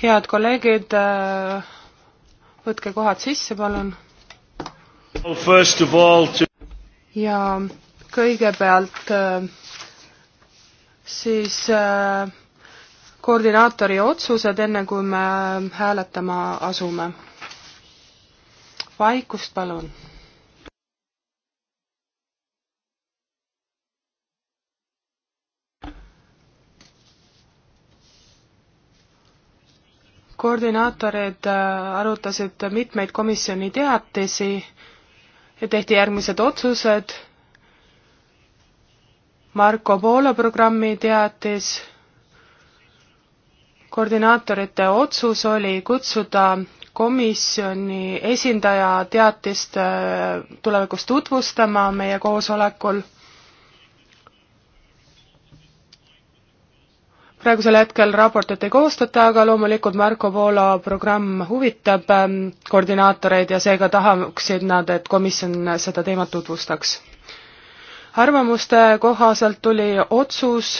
head kolleegid, äh, võtke kohad sisse, palun. ja kõigepealt äh, siis äh, koordinaatori otsused, enne kui me hääletama asume. vaikust palun koordinaatorid äh, arutasid mitmeid komisjoni teatisi ja tehti järgmised otsused. Marko Poola programmi teatis. koordinaatorite otsus oli kutsuda komisjoni esindaja teatist äh, tulevikus tutvustama meie koosolekul praegusel hetkel raportit ei koostata, aga loomulikult Marko Poola programm huvitab ähm, koordinaatoreid ja seega tahaksid nad, et komisjon seda teemat tutvustaks. arvamuste kohaselt tuli otsus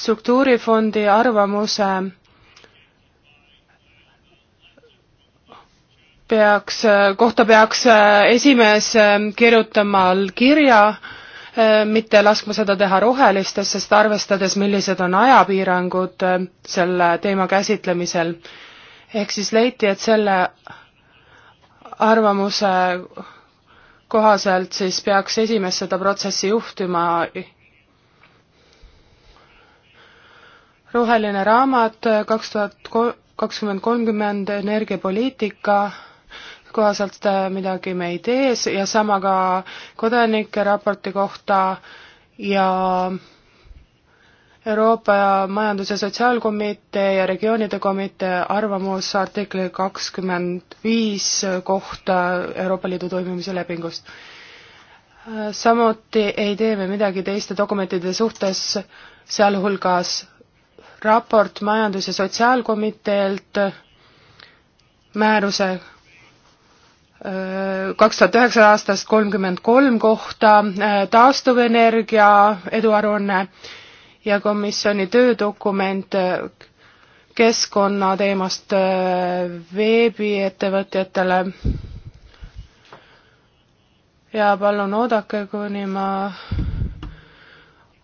struktuurifondi arvamuse peaks, kohta peaks äh, esimees ähm, kirjutama kirja, Äh, mitte laskma seda teha rohelistes, sest arvestades, millised on ajapiirangud äh, selle teema käsitlemisel, ehk siis leiti, et selle arvamuse kohaselt siis peaks esimees seda protsessi juhtima roheline raamat kaks tuhat kakskümmend kolmkümmend energiapoliitika kohaselt äh, midagi me ei tee ja sama ka kodanike raporti kohta ja Euroopa Majandus- ja Sotsiaalkomitee ja Regioonide Komitee arvamus artikli kakskümmend viis kohta Euroopa Liidu toimimise lepingust. Äh, samuti ei tee me midagi teiste dokumentide suhtes, sealhulgas raport Majandus- ja Sotsiaalkomiteelt määruse kaks tuhat üheksa aastast kolmkümmend kolm kohta äh, taastuvenergia eduaruanne ja komisjoni töödokument äh, keskkonnateemast äh, veebiettevõtjatele. ja palun oodake, kuni ma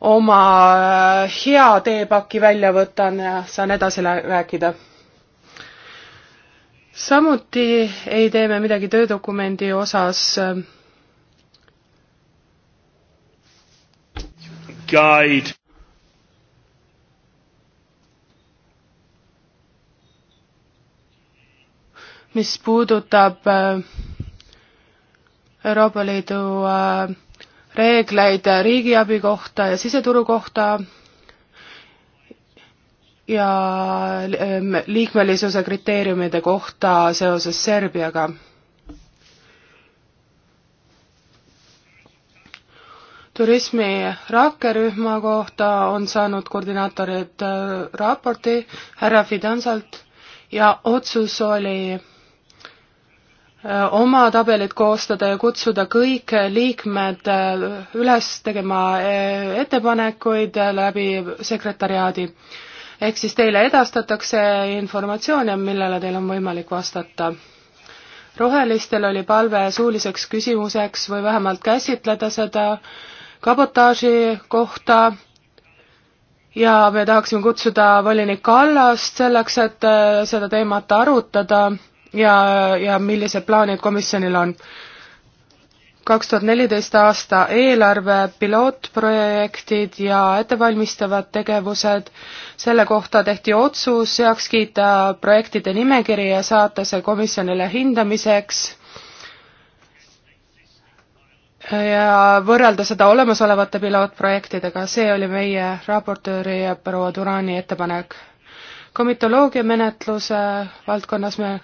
oma hea teepaki välja võtan ja saan edasi rääkida samuti ei tee me midagi töödokumendi osas. Guide. mis puudutab äh, Euroopa Liidu äh, reegleid riigiabi kohta ja siseturu kohta ja ähm, liikmelisuse kriteeriumide kohta seoses Serbiaga. turismi rakkerühma kohta on saanud koordinaatorid äh, raporti härra Fidansalt ja otsus oli äh, oma tabelid koostada ja kutsuda kõik liikmed äh, üles tegema ettepanekuid läbi sekretäriaadi ehk siis teile edastatakse informatsioone, millele teil on võimalik vastata. rohelistel oli palve suuliseks küsimuseks või vähemalt käsitleda seda kabotaaži kohta ja me tahaksime kutsuda volinik Kallast selleks, et äh, seda teemat arutada ja, ja millised plaanid komisjonil on kaks tuhat neliteist aasta eelarve pilootprojektid ja ettevalmistavad tegevused. selle kohta tehti otsus heaks kiita projektide nimekiri ja saata see komisjonile hindamiseks ja võrrelda seda olemasolevate pilootprojektidega, see oli meie raportööri ja proua Durani ettepanek. komitoloogia menetluse valdkonnas me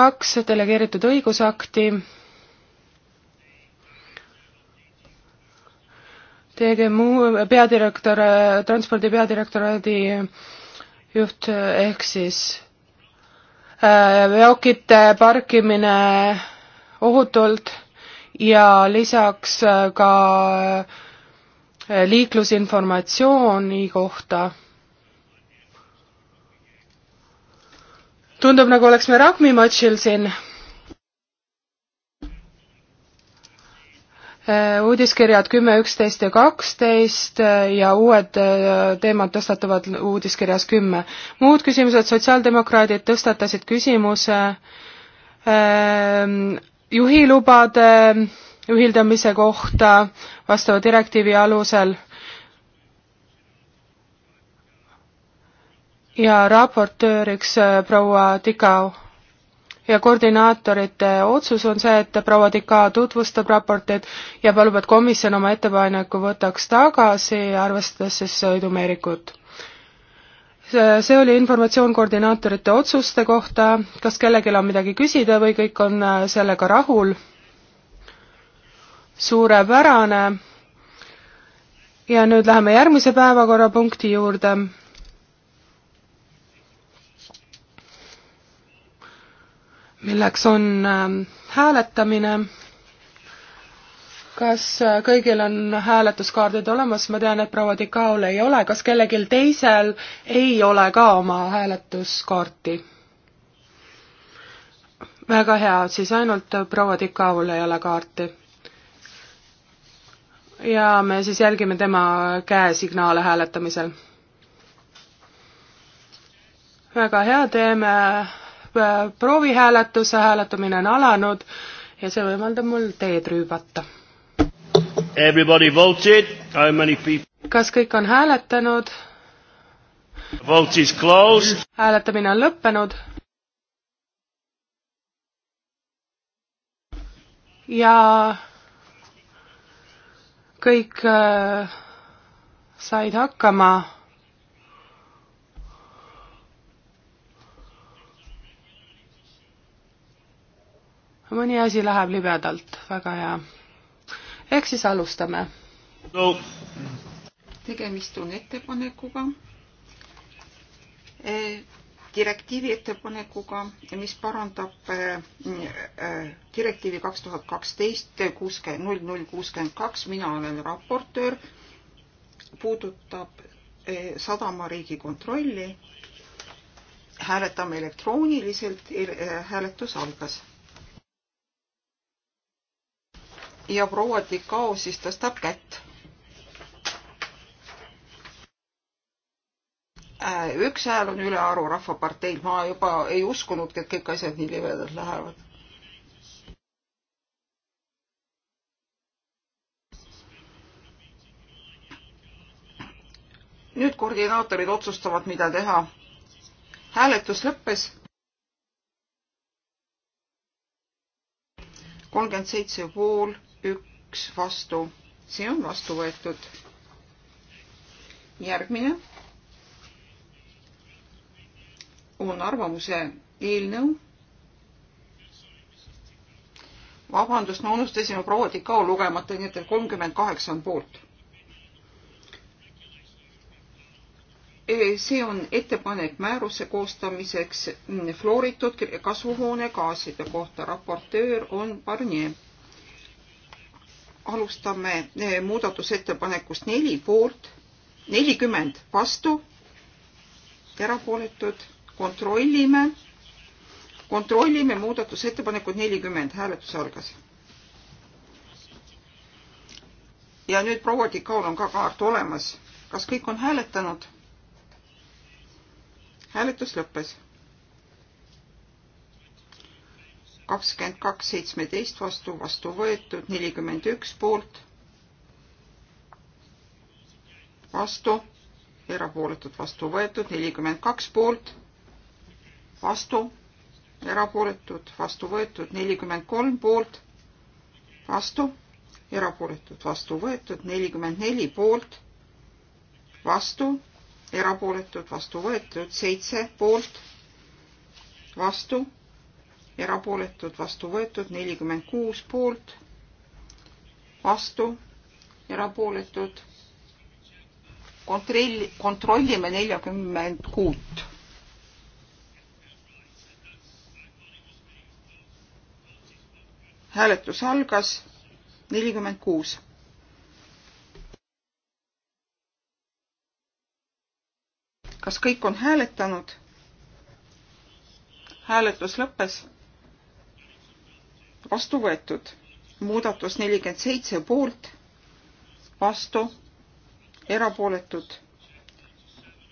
kaks delegeeritud õigusakti TGMU peadirektor, transpordi peadirektoraadi juht ehk siis äh, veokite parkimine ohutult ja lisaks äh, ka äh, liiklusinformatsiooni kohta tundub, nagu oleks me ragmimatšil siin Äh, uudiskirjad kümme, üksteist ja kaksteist äh, ja uued äh, teemad tõstatuvad uudiskirjas kümme. muud küsimused, sotsiaaldemokraadid tõstatasid küsimuse juhilubade ühildamise kohta vastava direktiivi alusel. ja raportööriks proua Tikau ja koordinaatorite otsus on see, et proua Dika tutvustab raportit ja palub, et komisjon oma ettepaneku võtaks tagasi, arvestades siis idumeerikut. see oli informatsioon koordinaatorite otsuste kohta, kas kellelgi on midagi küsida või kõik on äh, sellega rahul? suurepärane. ja nüüd läheme järgmise päevakorrapunkti juurde milleks on ähm, hääletamine. kas äh, kõigil on hääletuskaardid olemas, ma tean, et proua Dikaol ei ole, kas kellelgi teisel ei ole ka oma hääletuskaarti? väga hea, siis ainult proua Dikaol ei ole kaarti. ja me siis jälgime tema käesignaale hääletamisel. väga hea, teeme Äh, proovihääletuse, hääletamine on alanud ja see võimaldab mul teed rüübata. kas kõik on hääletanud? hääletamine on lõppenud. ja kõik äh, said hakkama mõni asi läheb libedalt, väga hea. ehk siis alustame no.. tegemist on ettepanekuga, eh, direktiivi ettepanekuga, mis parandab eh, eh, direktiivi kaks tuhat kaksteist kuuskümmend null null kuuskümmend kaks, mina olen raportöör, puudutab sadamariigi kontrolli hääletame elektrooniliselt, hääletus algas ja proua Tikao siis tõstab kätt. Äh, üks hääl on ülearu Rahvaparteil, ma juba ei uskunudki, et kõik asjad nii libedalt lähevad. nüüd koordinaatorid otsustavad, mida teha. hääletus lõppes kolmkümmend seitse pool, üks vastu, see on vastu võetud. järgmine on arvamuse eelnõu. vabandust, ma unustasin proua Tikao lugemata, nii et kolmkümmend kaheksa on poolt. see on ettepanek määruse koostamiseks mm, fluoritud kasvuhoonegaaside kohta. raportöör on Barnier alustame eh, muudatusettepanekust neli poolt, nelikümmend vastu, erapooletud, kontrollime, kontrollime muudatusettepanekut nelikümmend, hääletus algas. ja nüüd proua Tikaul on ka kaart olemas, kas kõik on hääletanud? hääletus lõppes kakskümmend kaks seitsmeteist vastu, vastu võetud, nelikümmend üks poolt, vastu, erapooletud vastu võetud, nelikümmend kaks poolt, vastu, erapooletud vastu võetud, nelikümmend kolm poolt, vastu, erapooletud vastu võetud, nelikümmend neli poolt, vastu, erapooletud vastu võetud, seitse poolt, vastu erapooletud, vastu võetud, nelikümmend kuus poolt, vastu, erapooletud. kontroll, kontrollime neljakümmend kuut. hääletus algas, nelikümmend kuus. kas kõik on hääletanud? hääletus lõppes vastu võetud. muudatus nelikümmend seitse poolt, vastu, erapooletud.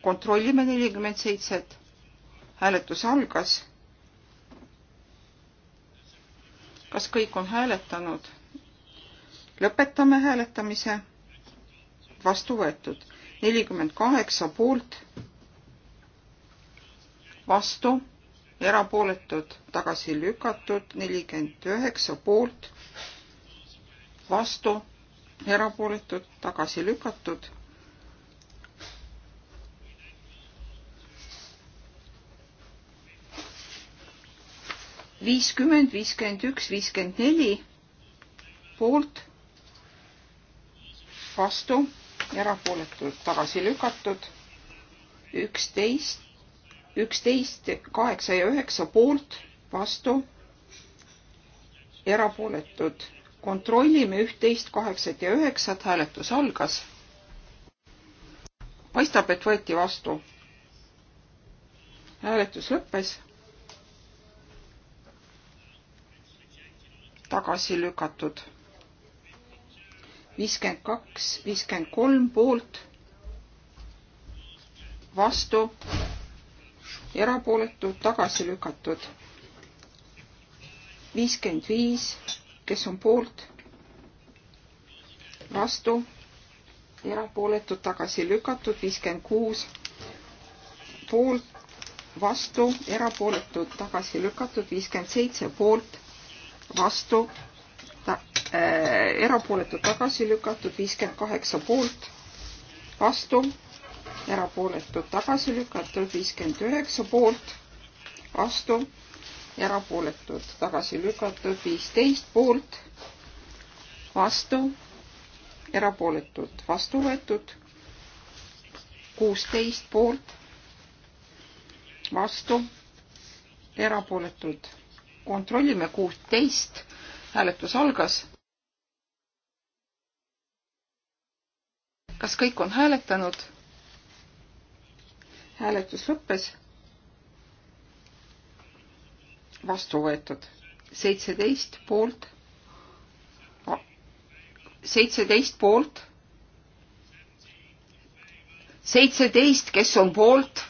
kontrollime nelikümmend seitset. hääletus algas. kas kõik on hääletanud? lõpetame hääletamise. vastu võetud. nelikümmend kaheksa poolt, vastu erapooletud, tagasi lükatud, nelikümmend üheksa poolt, vastu, erapooletud, tagasi lükatud. viiskümmend, viiskümmend üks, viiskümmend neli poolt, vastu, erapooletud, tagasi lükatud, üksteist üksteist, kaheksa ja üheksa poolt, vastu, erapooletud. kontrollime üht-teist, kaheksat ja üheksat, hääletus algas. paistab, et võeti vastu. hääletus lõppes. tagasi lükatud. viiskümmend kaks, viiskümmend kolm poolt, vastu erapooletud, tagasi lükatud. viiskümmend viis, kes on poolt, vastu, erapooletud, tagasi lükatud, viiskümmend kuus, poolt, vastu, erapooletud, tagasi lükatud, viiskümmend seitse poolt, vastu ta,, äh, erapooletud, tagasi lükatud, viiskümmend kaheksa poolt, vastu erapooletud tagasi lükatud, viiskümmend üheksa poolt, vastu, erapooletud tagasi lükatud, viisteist poolt, vastu, erapooletud vastu võetud, kuusteist poolt, vastu, erapooletud. kontrollime kuusteist, hääletus algas kas kõik on hääletanud? hääletus lõppes. vastu võetud seitseteist poolt, seitseteist poolt, seitseteist, kes on poolt,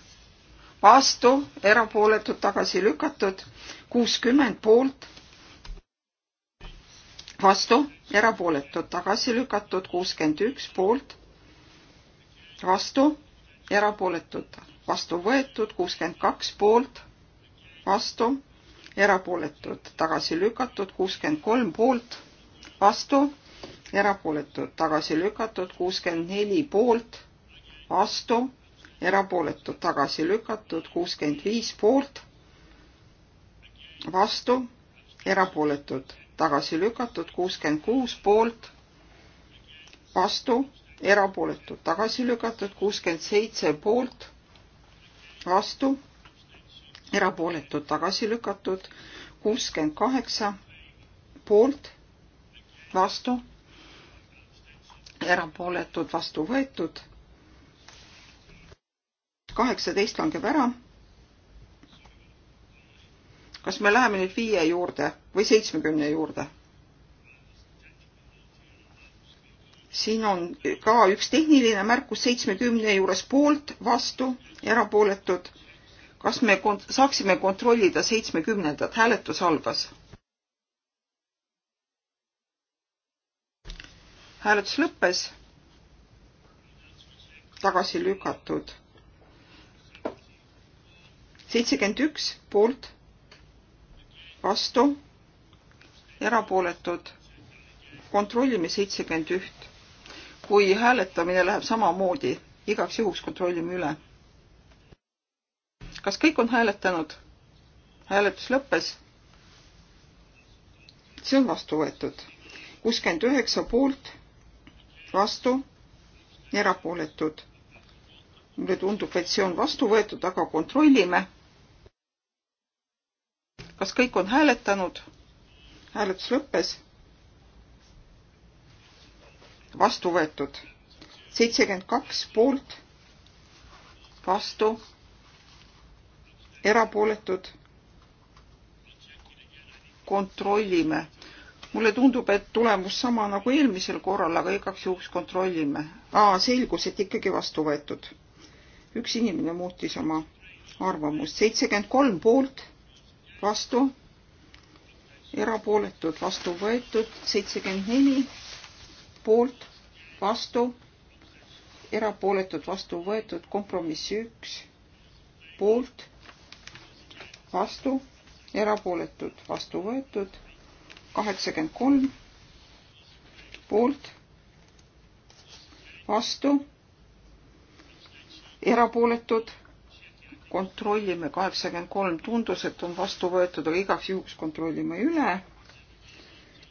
vastu, erapooletud, tagasi lükatud, kuuskümmend poolt vastu, erapooletud, tagasi lükatud, kuuskümmend üks poolt, vastu, erapooletud, vastu võetud, kuuskümmend kaks poolt, vastu, erapooletud, tagasi lükatud, kuuskümmend kolm poolt, vastu, erapooletud, tagasi lükatud, kuuskümmend neli poolt, vastu, erapooletud, tagasi lükatud, kuuskümmend viis poolt, vastu, erapooletud, tagasi lükatud, kuuskümmend kuus poolt, vastu, erapooletud, tagasi lükatud, kuuskümmend seitse poolt vastu, erapooletud tagasi lükatud, kuuskümmend kaheksa poolt, vastu, erapooletud vastu võetud, kaheksateist langeb ära. kas me läheme nüüd viie juurde või seitsmekümne juurde? siin on ka üks tehniline märkus seitsmekümne juures poolt, vastu, erapooletud. kas me kont saaksime kontrollida seitsmekümnendat, hääletus algas. hääletus lõppes. tagasi lükatud. seitsekümmend üks poolt, vastu, erapooletud. kontrollime seitsekümmend üht kui hääletamine läheb samamoodi, igaks juhuks kontrollime üle. kas kõik on hääletanud? hääletus lõppes. see on vastu võetud. kuuskümmend üheksa poolt, vastu, erapooletud. mulle tundub, et see on vastu võetud, aga kontrollime. kas kõik on hääletanud? hääletus lõppes vastu võetud. seitsekümmend kaks poolt, vastu, erapooletud. kontrollime. mulle tundub, et tulemus sama nagu eelmisel korral, aga igaks juhuks kontrollime. aa, selgus, et ikkagi vastu võetud. üks inimene muutis oma arvamust. seitsekümmend kolm poolt, vastu, erapooletud, vastu võetud, seitsekümmend neli poolt, vastu, erapooletud, vastu võetud, kompromiss üks, poolt, vastu, erapooletud, vastu võetud, kaheksakümmend kolm, poolt, vastu, erapooletud, kontrollime kaheksakümmend kolm, tundus, et on vastu võetud, aga igaks juhuks kontrollime üle.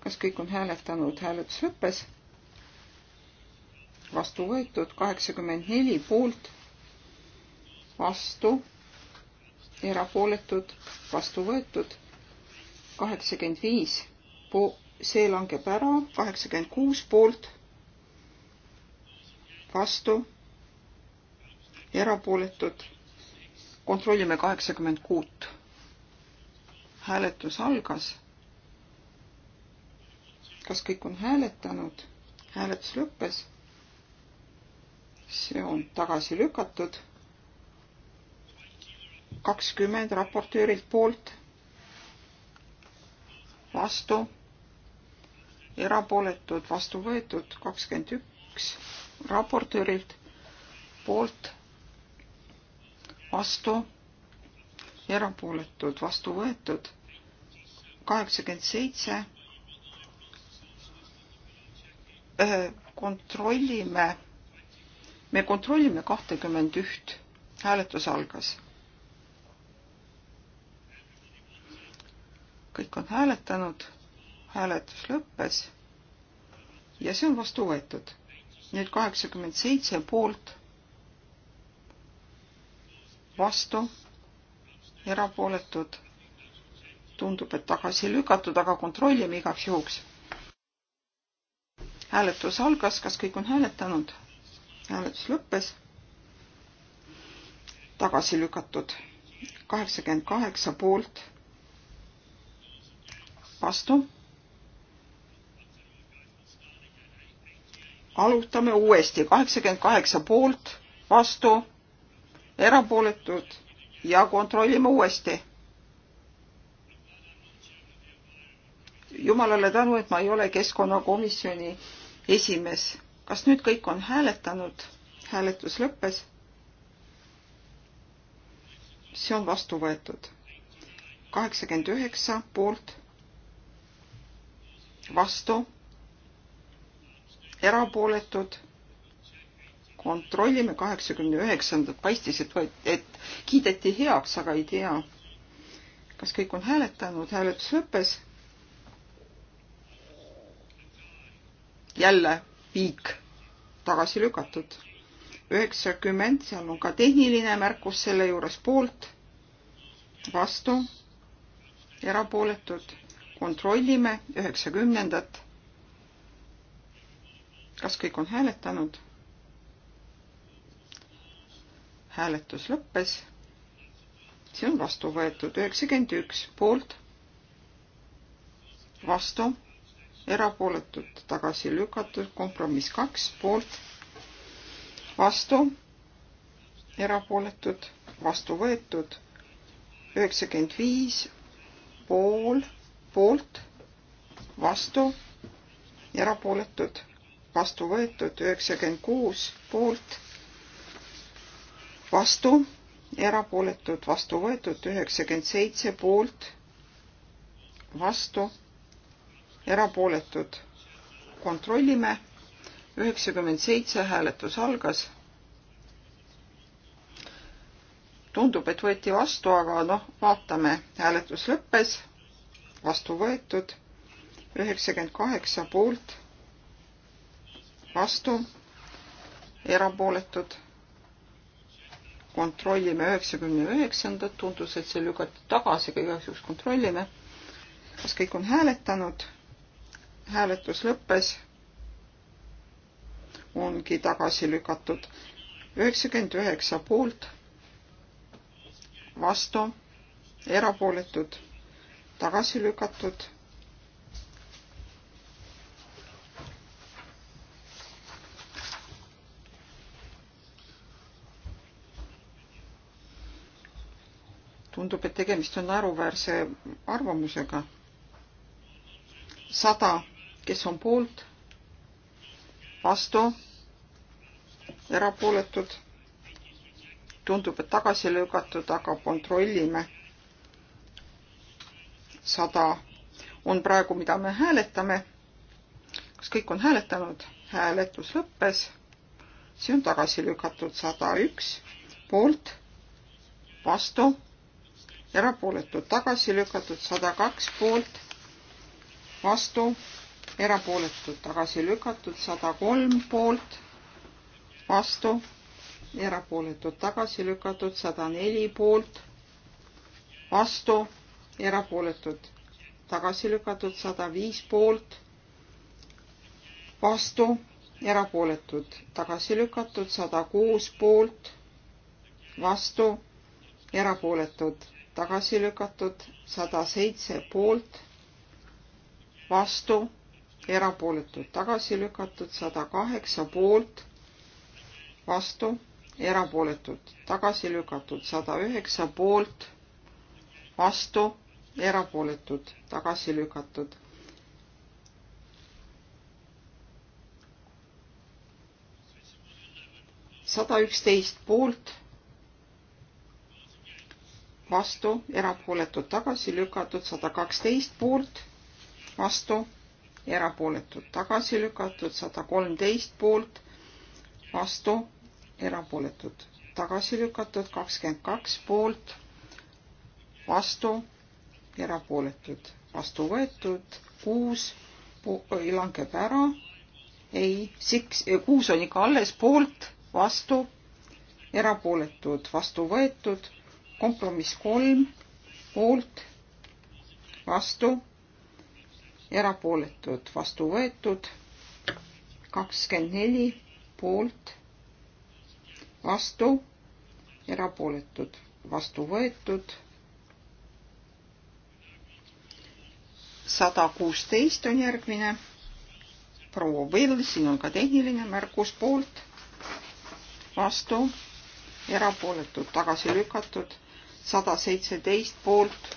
kas kõik on hääletanud, hääletus lõppes vastu võetud, kaheksakümmend neli poolt, vastu, erapooletud, vastu võetud, kaheksakümmend viis, see langeb ära, kaheksakümmend kuus poolt, vastu, erapooletud, kontrollime kaheksakümmend kuut. hääletus algas. kas kõik on hääletanud? hääletus lõppes see on tagasi lükatud. kakskümmend raportöörilt poolt, vastu, erapooletud, vastu võetud, kakskümmend üks raportöörilt poolt, vastu, erapooletud, vastu võetud, kaheksakümmend seitse. Äh, kontrollime me kontrollime kahtekümmend üht. hääletus algas. kõik on hääletanud, hääletus lõppes ja see on vastu võetud. nüüd kaheksakümmend seitse poolt, vastu, erapooletud. tundub, et tagasi lükatud, aga kontrollime igaks juhuks. hääletus algas, kas kõik on hääletanud? hääletus lõppes. tagasi lükatud kaheksakümmend kaheksa poolt, vastu. alustame uuesti, kaheksakümmend kaheksa poolt, vastu, erapooletud ja kontrollime uuesti jumalale tänu, et ma ei ole keskkonnakomisjoni esimees kas nüüd kõik on hääletanud? hääletus lõppes. see on vastu võetud. kaheksakümmend üheksa poolt, vastu, erapooletud. kontrollime kaheksakümne üheksandat, paistis, et, et kiideti heaks, aga ei tea, kas kõik on hääletanud, hääletus lõppes. jälle piik tagasi lükatud. üheksakümmend, seal on ka tehniline märkus selle juures poolt, vastu, erapooletud. kontrollime üheksakümnendat. kas kõik on hääletanud? hääletus lõppes. see on vastu võetud üheksakümmend üks poolt, vastu erapooletud tagasi lükatud, kompromiss kaks poolt, vastu, erapooletud, vastu võetud, üheksakümmend viis pool, poolt, vastu, erapooletud, vastu võetud, üheksakümmend kuus poolt, vastu, erapooletud, vastu võetud, üheksakümmend seitse poolt, vastu erapooletud. kontrollime. üheksakümmend seitse hääletus algas. tundub, et võeti vastu, aga noh, vaatame, hääletus lõppes, vastu võetud, üheksakümmend kaheksa poolt, vastu, erapooletud kontrollime üheksakümne üheksandat, tundus, et see lükati tagasi, aga igaks juhuks kontrollime, kas kõik on hääletanud hääletus lõppes, ongi tagasi lükatud. üheksakümmend üheksa poolt, vastu, erapooletud, tagasi lükatud. tundub, et tegemist on naeruväärse arvamusega sada kes on poolt, vastu, erapooletud. tundub, et tagasi lükatud, aga kontrollime. sada on praegu, mida me hääletame. kas kõik on hääletanud? hääletus lõppes. see on tagasi lükatud sada üks poolt, vastu, erapooletud, tagasi lükatud sada kaks poolt, vastu erapooletud tagasi lükatud, sada kolm poolt, vastu, erapooletud tagasi lükatud, sada neli poolt, vastu, erapooletud tagasi lükatud, sada viis poolt, vastu, erapooletud tagasi lükatud, sada kuus poolt, vastu, erapooletud tagasi lükatud, sada seitse poolt, vastu erapooletud tagasi lükatud, sada kaheksa poolt, vastu, erapooletud tagasi lükatud, sada üheksa poolt, vastu, erapooletud tagasi lükatud. sada üksteist poolt, vastu, erapooletud tagasi lükatud, sada kaksteist poolt, vastu erapooletud tagasi lükatud, sada kolmteist poolt, vastu, erapooletud tagasi lükatud, kakskümmend kaks poolt, vastu, erapooletud vastu võetud, kuus langeb ära, ei, siks, kuus on ikka alles, poolt, vastu, erapooletud, vastu võetud, kompromiss kolm, poolt, vastu erapooletud vastu võetud, kakskümmend neli poolt, vastu, erapooletud vastu võetud. sada kuusteist on järgmine. proua Vill, siin on ka tehniline märkus poolt, vastu, erapooletud tagasi lükatud, sada seitseteist poolt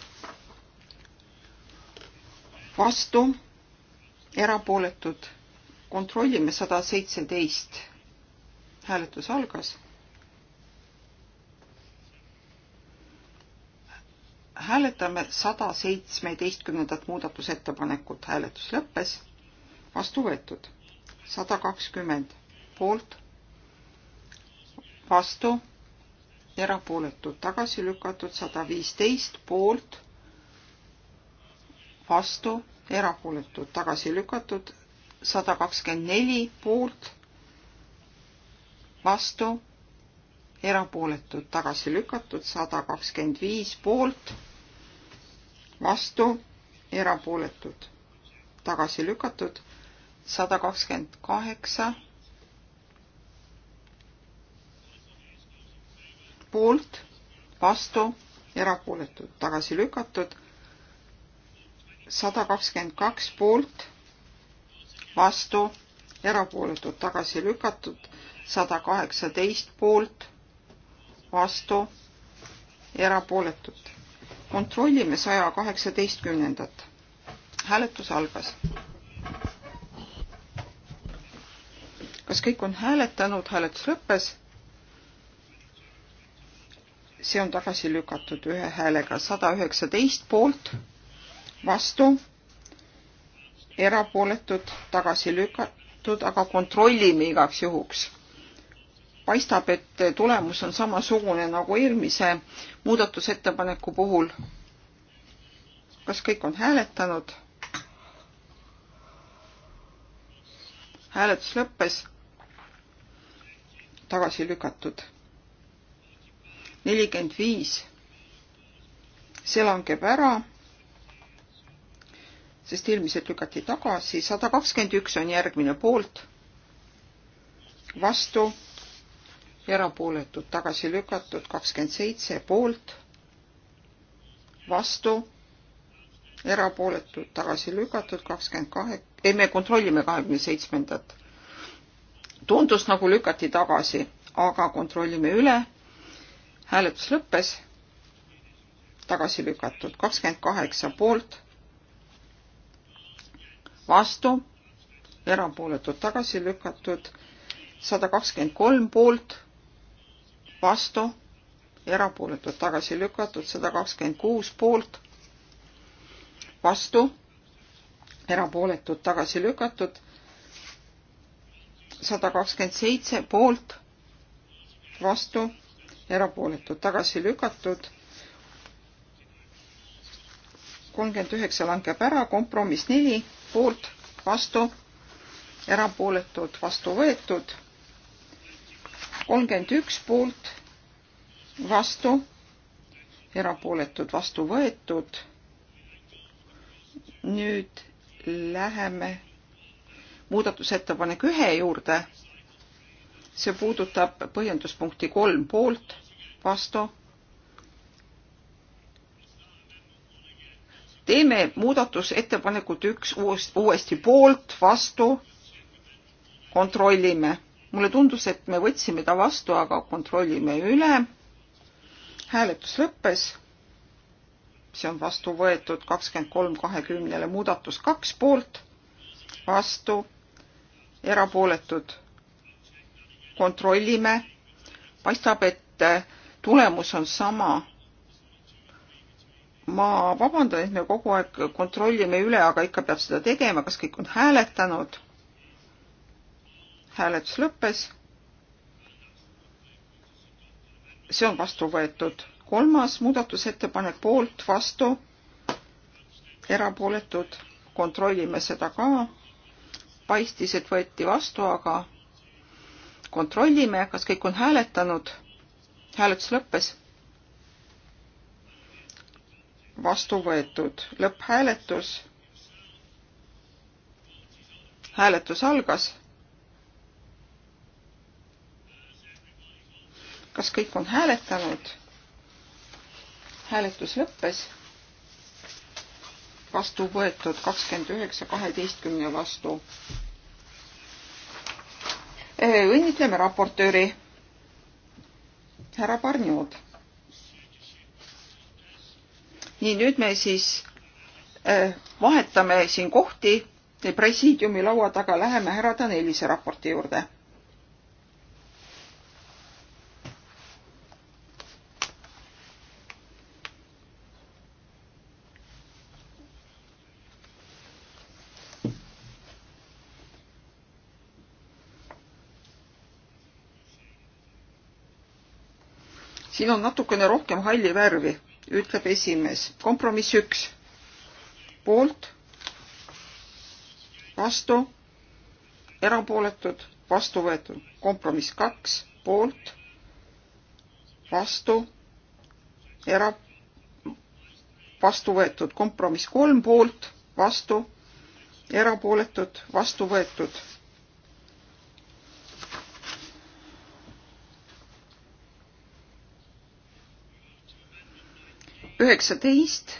vastu, erapooletud, kontrollime sada seitseteist. hääletus algas. hääletame sada seitsmeteistkümnendat muudatusettepanekut, hääletus lõppes, vastu võetud, sada kakskümmend poolt, vastu, erapooletud, tagasi lükatud, sada viisteist poolt vastu, erapooletud, tagasi lükatud, sada kakskümmend neli poolt, vastu, erapooletud, tagasi lükatud, sada kakskümmend viis poolt, vastu, erapooletud, tagasi lükatud, sada kakskümmend kaheksa poolt, vastu, erapooletud, tagasi lükatud sada kakskümmend kaks poolt, vastu, erapooletud tagasi lükatud, sada kaheksateist poolt, vastu, erapooletud. kontrollime saja kaheksateistkümnendat. hääletus algas. kas kõik on hääletanud, hääletus lõppes? see on tagasi lükatud ühe häälega, sada üheksateist poolt vastu, erapooletud, tagasi lükatud, aga kontrollime igaks juhuks. paistab, et tulemus on samasugune nagu eelmise muudatusettepaneku puhul. kas kõik on hääletanud? hääletus lõppes, tagasi lükatud. nelikümmend viis, see langeb ära sest eelmised lükati tagasi. sada kakskümmend üks on järgmine poolt, vastu, erapooletud, tagasi lükatud, kakskümmend seitse poolt, vastu, erapooletud, tagasi lükatud, kakskümmend kahe, ei me kontrollime kahekümne seitsmendat. tundus nagu lükati tagasi, aga kontrollime üle. hääletus lõppes, tagasi lükatud, kakskümmend kaheksa poolt vastu, erapooletud tagasi lükatud, sada kakskümmend kolm poolt, vastu, erapooletud tagasi lükatud, sada kakskümmend kuus poolt, vastu, erapooletud tagasi lükatud, sada kakskümmend seitse poolt, vastu, erapooletud tagasi lükatud kolmkümmend üheksa langeb ära, kompromiss neli, poolt, vastu, erapooletud, vastu võetud. kolmkümmend üks poolt, vastu, erapooletud, vastu võetud. nüüd läheme muudatusettepanek ühe juurde. see puudutab põhjenduspunkti kolm poolt, vastu teeme muudatusettepanekut üks uuesti poolt, vastu, kontrollime. mulle tundus, et me võtsime ta vastu, aga kontrollime üle. hääletus lõppes. see on vastu võetud kakskümmend kolm kahekümnele, muudatus kaks poolt, vastu, erapooletud. kontrollime. paistab, et tulemus on sama ma vabandan, et me kogu aeg kontrollime üle, aga ikka peab seda tegema, kas kõik on hääletanud. hääletus lõppes. see on vastu võetud. kolmas muudatusettepanek poolt, vastu, erapooletud, kontrollime seda ka. paistis, et võeti vastu, aga kontrollime, kas kõik on hääletanud. hääletus lõppes vastu võetud. lõpphääletus. hääletus algas. kas kõik on hääletanud? hääletus lõppes. vastu võetud kakskümmend üheksa kaheteistkümne vastu. õnnitleme raportööri härra Parniod nii, nüüd me siis äh, vahetame siin kohti presiidiumi laua taga, läheme härra Danelise raporti juurde siin on natukene rohkem halli värvi ütleb esimees. kompromiss üks, poolt, vastu, erapooletud, vastu võetud. kompromiss kaks, poolt, vastu, era-, vastu võetud. kompromiss kolm, poolt, vastu, erapooletud, vastu võetud üheksateist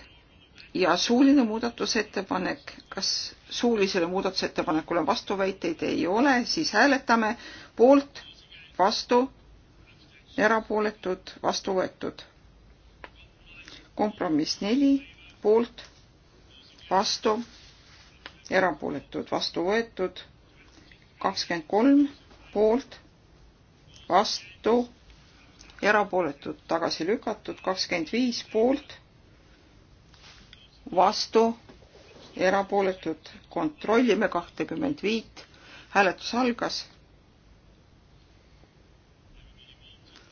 ja suuline muudatusettepanek, kas suulisele muudatusettepanekule vastuväiteid ei ole, siis hääletame poolt, vastu, erapooletud, vastu võetud. kompromiss neli, poolt, vastu, erapooletud, vastu võetud, kakskümmend kolm, poolt, vastu erapooletud tagasi lükatud, kakskümmend viis poolt, vastu, erapooletud, kontrollime kahtekümmend viit, hääletus algas.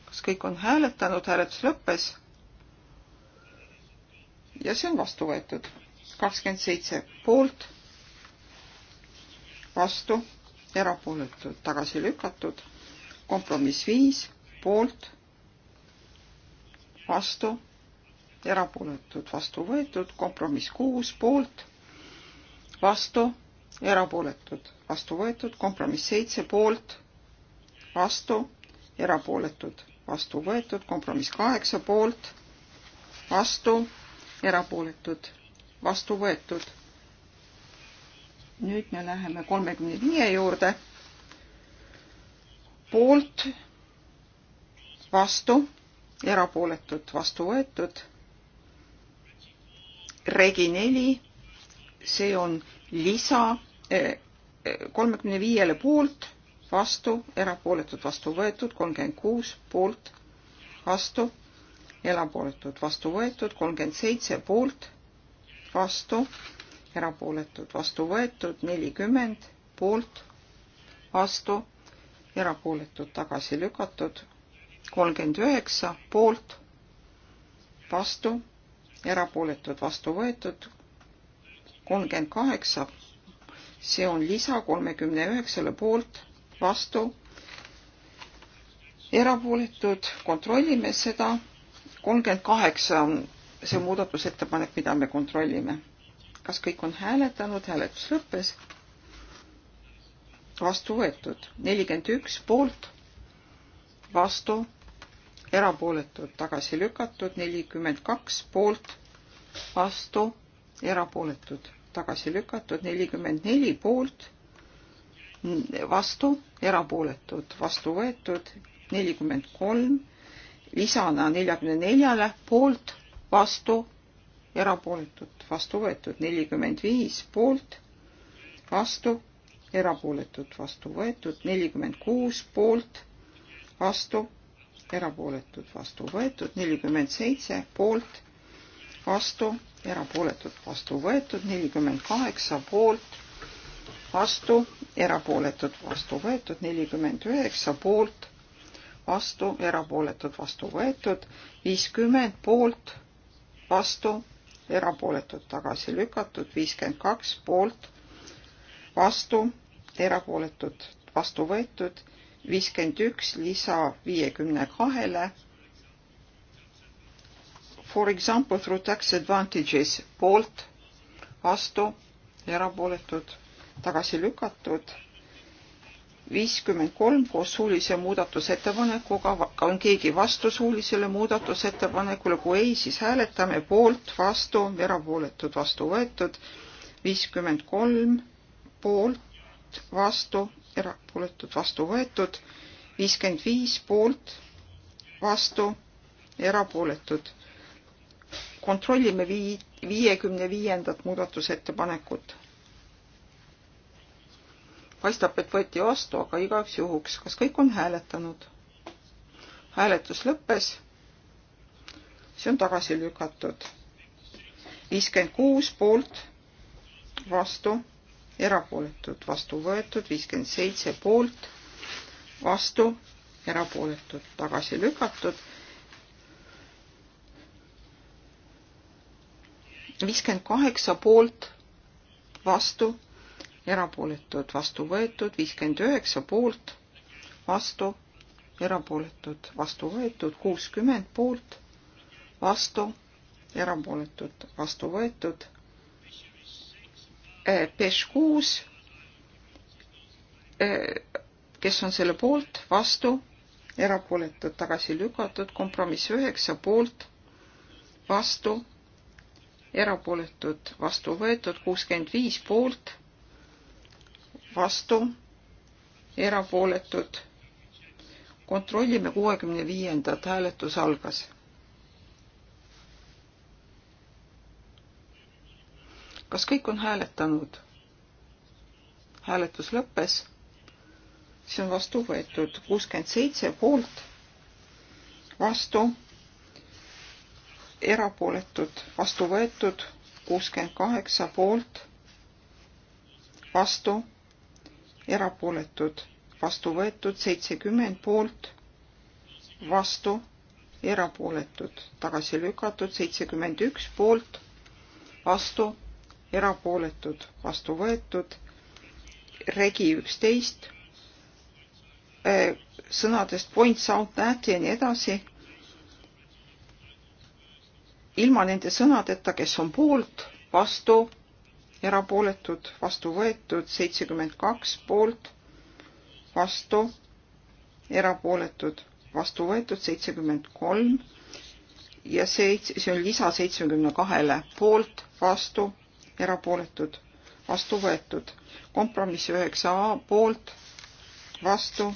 kas kõik on hääletanud, hääletus lõppes? ja see on vastu võetud, kakskümmend seitse poolt, vastu, erapooletud, tagasi lükatud, kompromiss viis poolt vastu, erapooletud, vastu võetud, kompromiss kuus poolt, vastu, erapooletud, vastu võetud, kompromiss seitse poolt, vastu, erapooletud, vastu võetud, kompromiss kaheksa poolt, vastu, erapooletud, vastu võetud. nüüd me läheme kolmekümne viie juurde. poolt, vastu erapooletud, vastu võetud. regi neli, see on lisa eh, eh, kolmekümne viiele poolt, vastu, erapooletud, vastu võetud, kolmkümmend kuus poolt, vastu, erapooletud, vastu võetud, kolmkümmend seitse poolt, vastu, erapooletud, vastu võetud, nelikümmend poolt, vastu, erapooletud, tagasi lükatud, kolmkümmend üheksa poolt, vastu, erapooletud, vastu võetud, kolmkümmend kaheksa, see on lisa kolmekümne üheksale poolt, vastu, erapooletud, kontrollime seda, kolmkümmend kaheksa on see muudatusettepanek, mida me kontrollime. kas kõik on hääletanud, hääletus lõppes vastu võetud, nelikümmend üks poolt, vastu, erapooletud tagasi lükatud, nelikümmend kaks poolt, vastu, erapooletud tagasi lükatud, nelikümmend neli poolt, vastu, erapooletud vastu võetud, nelikümmend kolm, lisana neljakümne neljale poolt, vastu, erapooletud vastu võetud, nelikümmend viis poolt, vastu, erapooletud vastu võetud, nelikümmend kuus poolt, vastu, erapooletud, vastu võetud, nelikümmend seitse poolt, vastu, erapooletud, vastu võetud, nelikümmend kaheksa poolt, vastu, erapooletud, vastu võetud, nelikümmend üheksa poolt, vastu, erapooletud, vastu võetud, viiskümmend poolt, vastu, erapooletud, tagasi lükatud, viiskümmend kaks poolt, vastu, erapooletud, vastu võetud viiskümmend üks lisa viiekümne kahele. For example through tax advantages poolt, vastu, erapooletud, tagasi lükatud. viiskümmend kolm koos suulise muudatusettepanekuga, on keegi vastu suulisele muudatusettepanekule, kui ei, siis hääletame poolt, vastu, erapooletud, vastu võetud. viiskümmend kolm poolt, vastu, erapooletud, vastu võetud, viiskümmend viis poolt, vastu, erapooletud. kontrollime vii-, viiekümne viiendat muudatusettepanekut. paistab, et võeti vastu, aga igaks juhuks, kas kõik on hääletanud? hääletus lõppes. see on tagasi lükatud. viiskümmend kuus poolt, vastu erapooletud, vastu võetud, viiskümmend seitse poolt, vastu, erapooletud, tagasi lükatud. viiskümmend kaheksa poolt, vastu, erapooletud, vastu võetud, viiskümmend üheksa poolt, vastu, erapooletud, vastu võetud, kuuskümmend poolt, vastu, erapooletud, vastu võetud Peshkuus, eh, kes on selle poolt, vastu, erapooletud, tagasi lükatud, kompromiss üheksa poolt, vastu, erapooletud, vastu võetud, kuuskümmend viis poolt, vastu, erapooletud. kontrollime kuuekümne viiendat, hääletus algas kas kõik on hääletanud? hääletus lõppes. see on vastu võetud kuuskümmend seitse poolt, vastu, erapooletud, vastu võetud kuuskümmend kaheksa poolt, vastu, erapooletud, vastu võetud seitsekümmend poolt, vastu, erapooletud, tagasi lükatud seitsekümmend üks poolt, vastu erapooletud, vastu võetud. regi üksteist, äh, sõnadest points out that ja nii edasi. ilma nende sõnadeta, kes on poolt, vastu, erapooletud, vastu võetud, seitsekümmend kaks poolt, vastu, erapooletud, vastu võetud, seitsekümmend kolm ja see, see on lisa seitsmekümne kahele poolt, vastu, erapooletud, vastu võetud. kompromiss üheksa A poolt, vastu,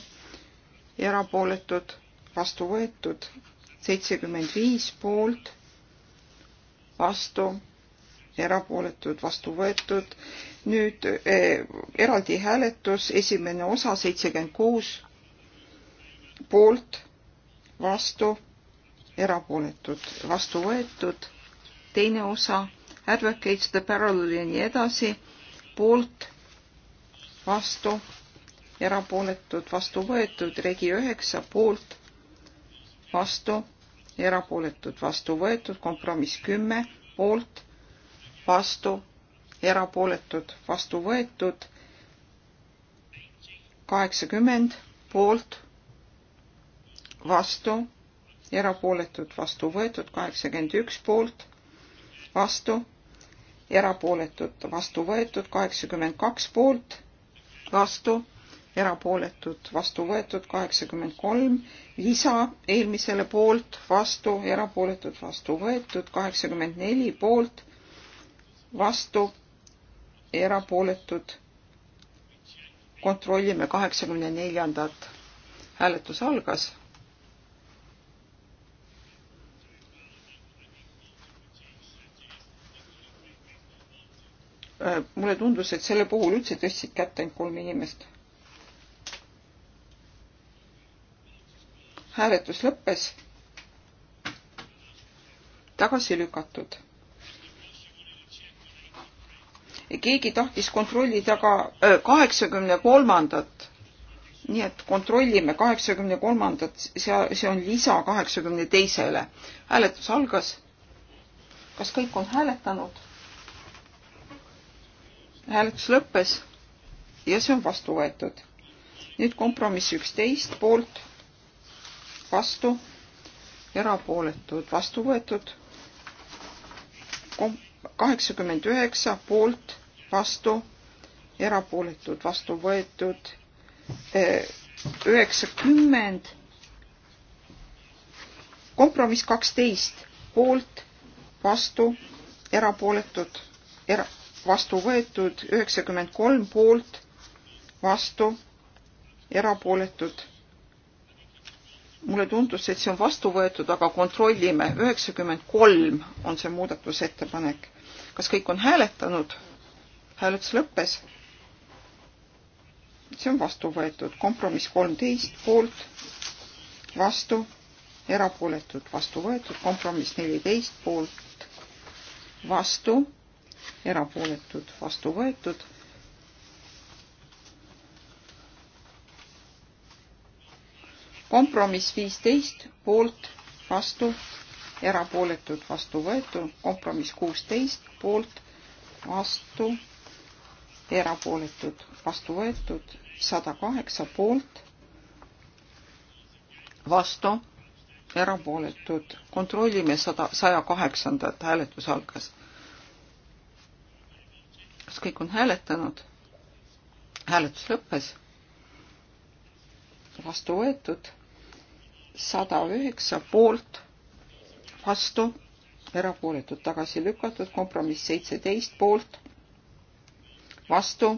erapooletud, vastu võetud. seitsekümmend viis poolt, vastu, erapooletud, vastu võetud. nüüd eh, eraldi hääletus, esimene osa seitsekümmend kuus poolt, vastu, erapooletud, vastu võetud. teine osa advocates the parallel ja nii edasi, poolt, vastu, erapooletud, vastu võetud, regi üheksa, poolt, vastu, erapooletud, vastu võetud, kompromiss kümme, poolt, vastu, erapooletud, vastu võetud, kaheksakümmend, poolt, vastu, erapooletud, vastu võetud, kaheksakümmend üks poolt, vastu erapooletud, vastu võetud, kaheksakümmend kaks poolt, vastu, erapooletud, vastu võetud, kaheksakümmend kolm, lisa eelmisele poolt, vastu, erapooletud, vastu võetud, kaheksakümmend neli poolt, vastu, erapooletud, kontrollime kaheksakümne neljandat, hääletus algas Äh, mulle tundus, et selle puhul üldse tõstsid kätt ainult kolm inimest. hääletus lõppes. tagasi lükatud. keegi tahtis kontrollida ka äh, kaheksakümne kolmandat. nii et kontrollime kaheksakümne kolmandat, see, see on lisa kaheksakümne teisele. hääletus algas. kas kõik on hääletanud? hääletus lõppes ja see on vastu võetud. nüüd kompromiss üksteist poolt, vastu, erapooletud, vastu võetud. kaheksakümmend üheksa poolt, vastu, erapooletud, vastu võetud. üheksakümmend, kompromiss kaksteist poolt, vastu, erapooletud, era-, vastu võetud, üheksakümmend kolm poolt, vastu, erapooletud. mulle tundus, et see on vastu võetud, aga kontrollime, üheksakümmend kolm on see muudatusettepanek. kas kõik on hääletanud? hääletus lõppes. see on vastu võetud, kompromiss kolmteist poolt, vastu, erapooletud, vastu võetud, kompromiss neliteist poolt, vastu erapooletud, vastu võetud. kompromiss viisteist, poolt, vastu, erapooletud, vastu võetud, kompromiss kuusteist, poolt, vastu, erapooletud, vastu võetud, sada kaheksa poolt, vastu, erapooletud, kontrollime sada, saja kaheksandat, hääletus algas kas kõik on hääletanud? hääletus lõppes. vastu võetud sada üheksa poolt, vastu, erapooletud tagasi lükatud, kompromiss seitseteist poolt, vastu,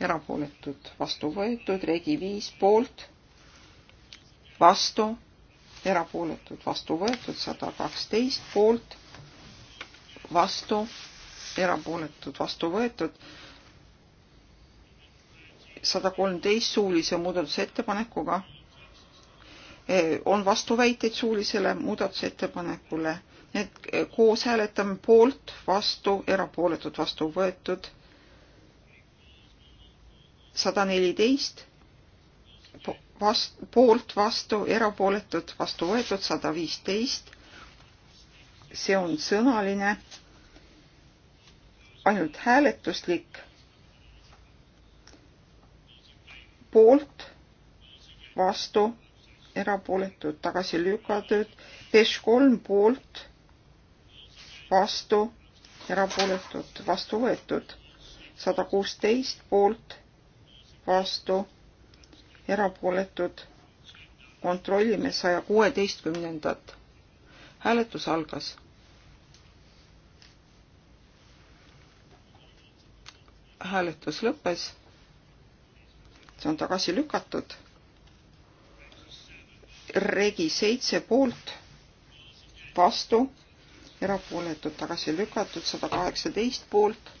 erapooletud vastu võetud, regi viis poolt, vastu, erapooletud vastu võetud, sada kaksteist poolt, vastu erapooletud, vastu võetud. sada kolmteist suulise muudatusettepanekuga. Eh, on vastuväiteid suulisele muudatusettepanekule. Need eh, koos hääletame poolt, vastu, erapooletud, vastu võetud. sada neliteist vast-, poolt, vastu, erapooletud, vastu võetud sada viisteist. see on sõnaline ainult hääletuslik poolt, vastu, erapooletud, tagasi lükatud, peš kolm poolt, vastu, erapooletud, vastu võetud, sada kuusteist poolt, vastu, erapooletud, kontrollime saja kuueteistkümnendat. hääletus algas hääletus lõppes. see on tagasi lükatud. regi seitse poolt, vastu, erapooletud tagasi lükatud, sada kaheksateist poolt,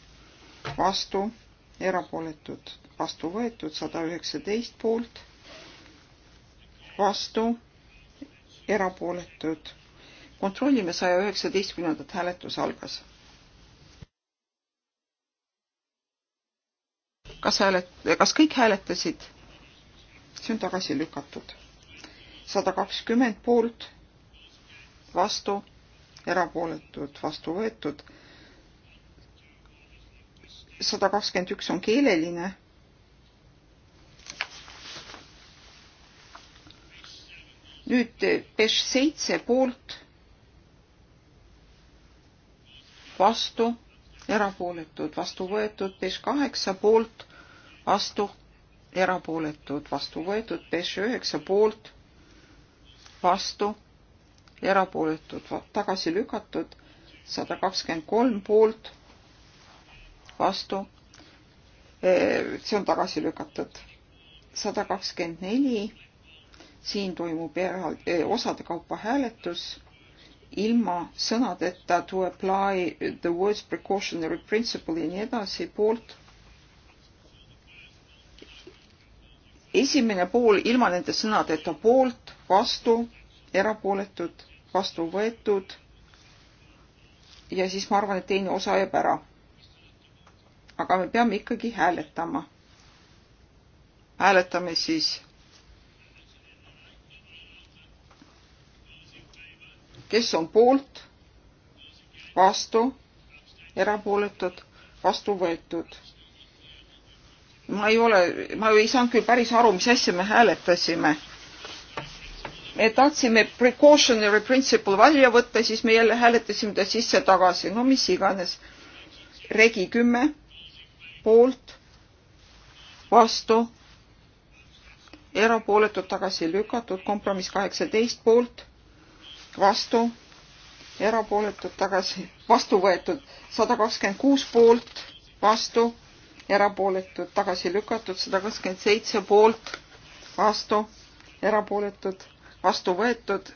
vastu, erapooletud vastu võetud, sada üheksateist poolt, vastu, erapooletud. kontrollime saja üheksateistkümnendat hääletus algas kas häälet-, kas kõik hääletasid? see on tagasi lükatud. sada kakskümmend poolt, vastu, erapooletud, vastu võetud. sada kakskümmend üks on keeleline. nüüd eh, Peš seitse poolt, vastu, erapooletud, vastu võetud, Peš kaheksa poolt vastu, erapooletud, vastu võetud, peš üheksa poolt, vastu, erapooletud, tagasi lükatud, sada kakskümmend kolm poolt, vastu, e, see on tagasi lükatud, sada kakskümmend neli, siin toimub eraldi e, osade kaupa hääletus ilma sõnadeta to apply the words precautionary principle ja nii edasi poolt esimene pool ilma nende sõnadeta poolt, vastu, erapooletud, vastu võetud. ja siis ma arvan, et teine osa jääb ära. aga me peame ikkagi hääletama. hääletame siis. kes on poolt, vastu, erapooletud, vastu võetud ma ei ole, ma ei saanud küll päris aru, mis asja me hääletasime. me tahtsime precautionary principle välja võtta, siis me jälle hääletasime ta sisse tagasi, no mis iganes. regi kümme, poolt, vastu, erapooletud tagasi lükatud, kompromiss kaheksateist poolt, vastu, erapooletud tagasi, vastu võetud sada kakskümmend kuus poolt, vastu erapooletud, tagasi lükatud, sada kakskümmend seitse poolt, vastu, erapooletud, vastu võetud,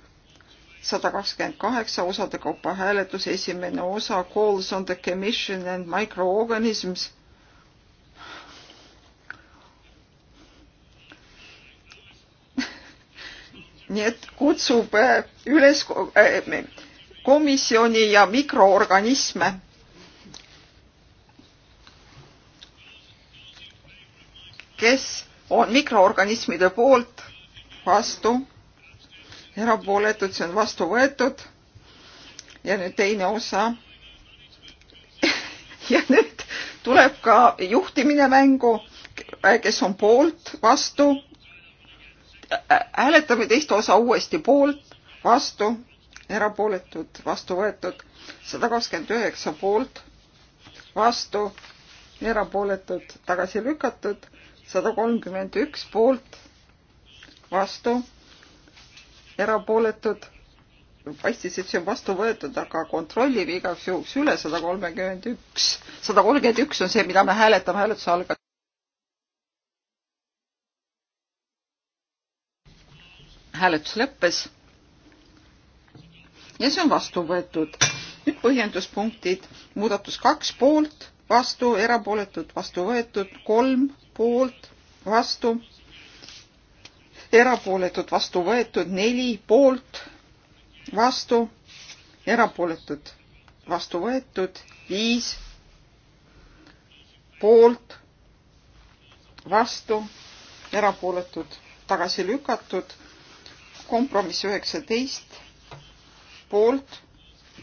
sada kakskümmend kaheksa osade kaupa hääletus, esimene osa calls on the commission and microorganisms. nii et kutsub äh, üles äh, komisjoni ja mikroorganisme kes on mikroorganismide poolt vastu, erapooletud, see on vastu võetud. ja nüüd teine osa. ja nüüd tuleb ka juhtimine mängu, kes on poolt, vastu. hääletame teist osa uuesti poolt, vastu, erapooletud, vastu võetud, sada kakskümmend üheksa poolt, vastu, erapooletud, tagasi lükatud sada kolmkümmend üks poolt, vastu, erapooletud, paistis, et see on vastu võetud, aga kontrollime igaks juhuks üle, sada kolmekümmend üks, sada kolmkümmend üks on see, mida me hääletame, hääletus algab. hääletus lõppes ja see on vastu võetud. nüüd põhjenduspunktid, muudatus kaks poolt, vastu, erapooletud, vastu võetud, kolm poolt, vastu, erapooletud, vastu võetud, neli poolt, vastu, erapooletud, vastu võetud, viis poolt, vastu, erapooletud, tagasi lükatud, kompromiss üheksateist, poolt,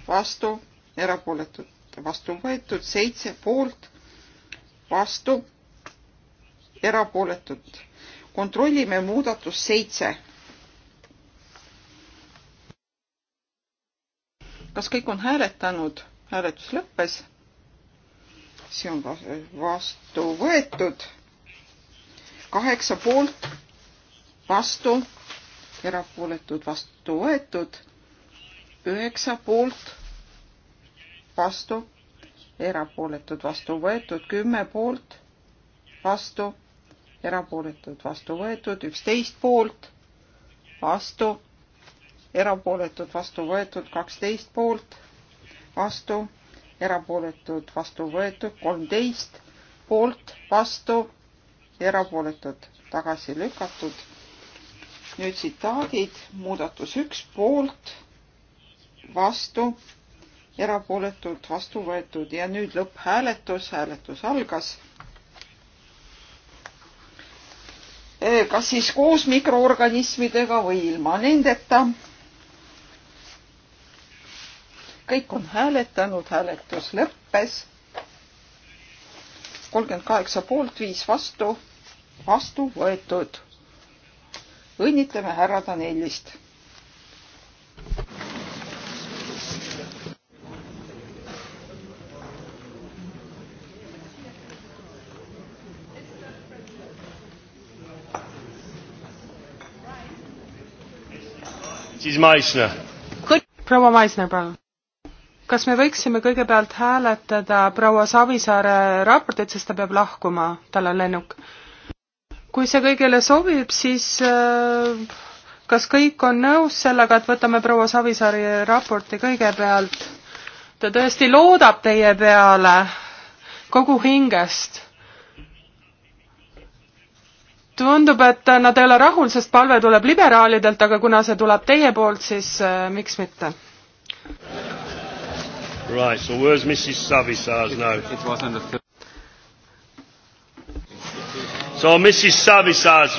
vastu, erapooletud, vastu võetud, seitse poolt, vastu erapooletut. kontrollime muudatus seitse. kas kõik on hääletanud? hääletus lõppes. see on vastu võetud. kaheksa poolt, vastu, erapooletud, vastu võetud. üheksa poolt, vastu, erapooletud, vastu võetud, kümme poolt, vastu erapooletud, vastu võetud, üksteist poolt, vastu, erapooletud, vastu võetud, kaksteist poolt, vastu, erapooletud, vastu võetud, kolmteist poolt, vastu, erapooletud, tagasi lükatud. nüüd tsitaadid, muudatus üks poolt, vastu, erapooletult vastu võetud ja nüüd lõpphääletus, hääletus algas Eh, kas siis koos mikroorganismidega või ilma nendeta. kõik on hääletanud, hääletus lõppes. kolmkümmend kaheksa poolt, viis vastu, vastu võetud. õnnitleme härra Danellist proua Maisner, palun. kas me võiksime kõigepealt hääletada proua Savisaare raportit, sest ta peab lahkuma, tal on lennuk? kui see kõigile sobib, siis äh, kas kõik on nõus sellega, et võtame proua Savisaari raporti kõigepealt? ta tõesti loodab teie peale kogu hingest tundub, et nad ei ole rahul, sest palve tuleb liberaalidelt, aga kuna see tuleb teie poolt, siis äh, miks mitte? Right, so where's Mrs Savisaar now? It was under So Mrs Savisaar's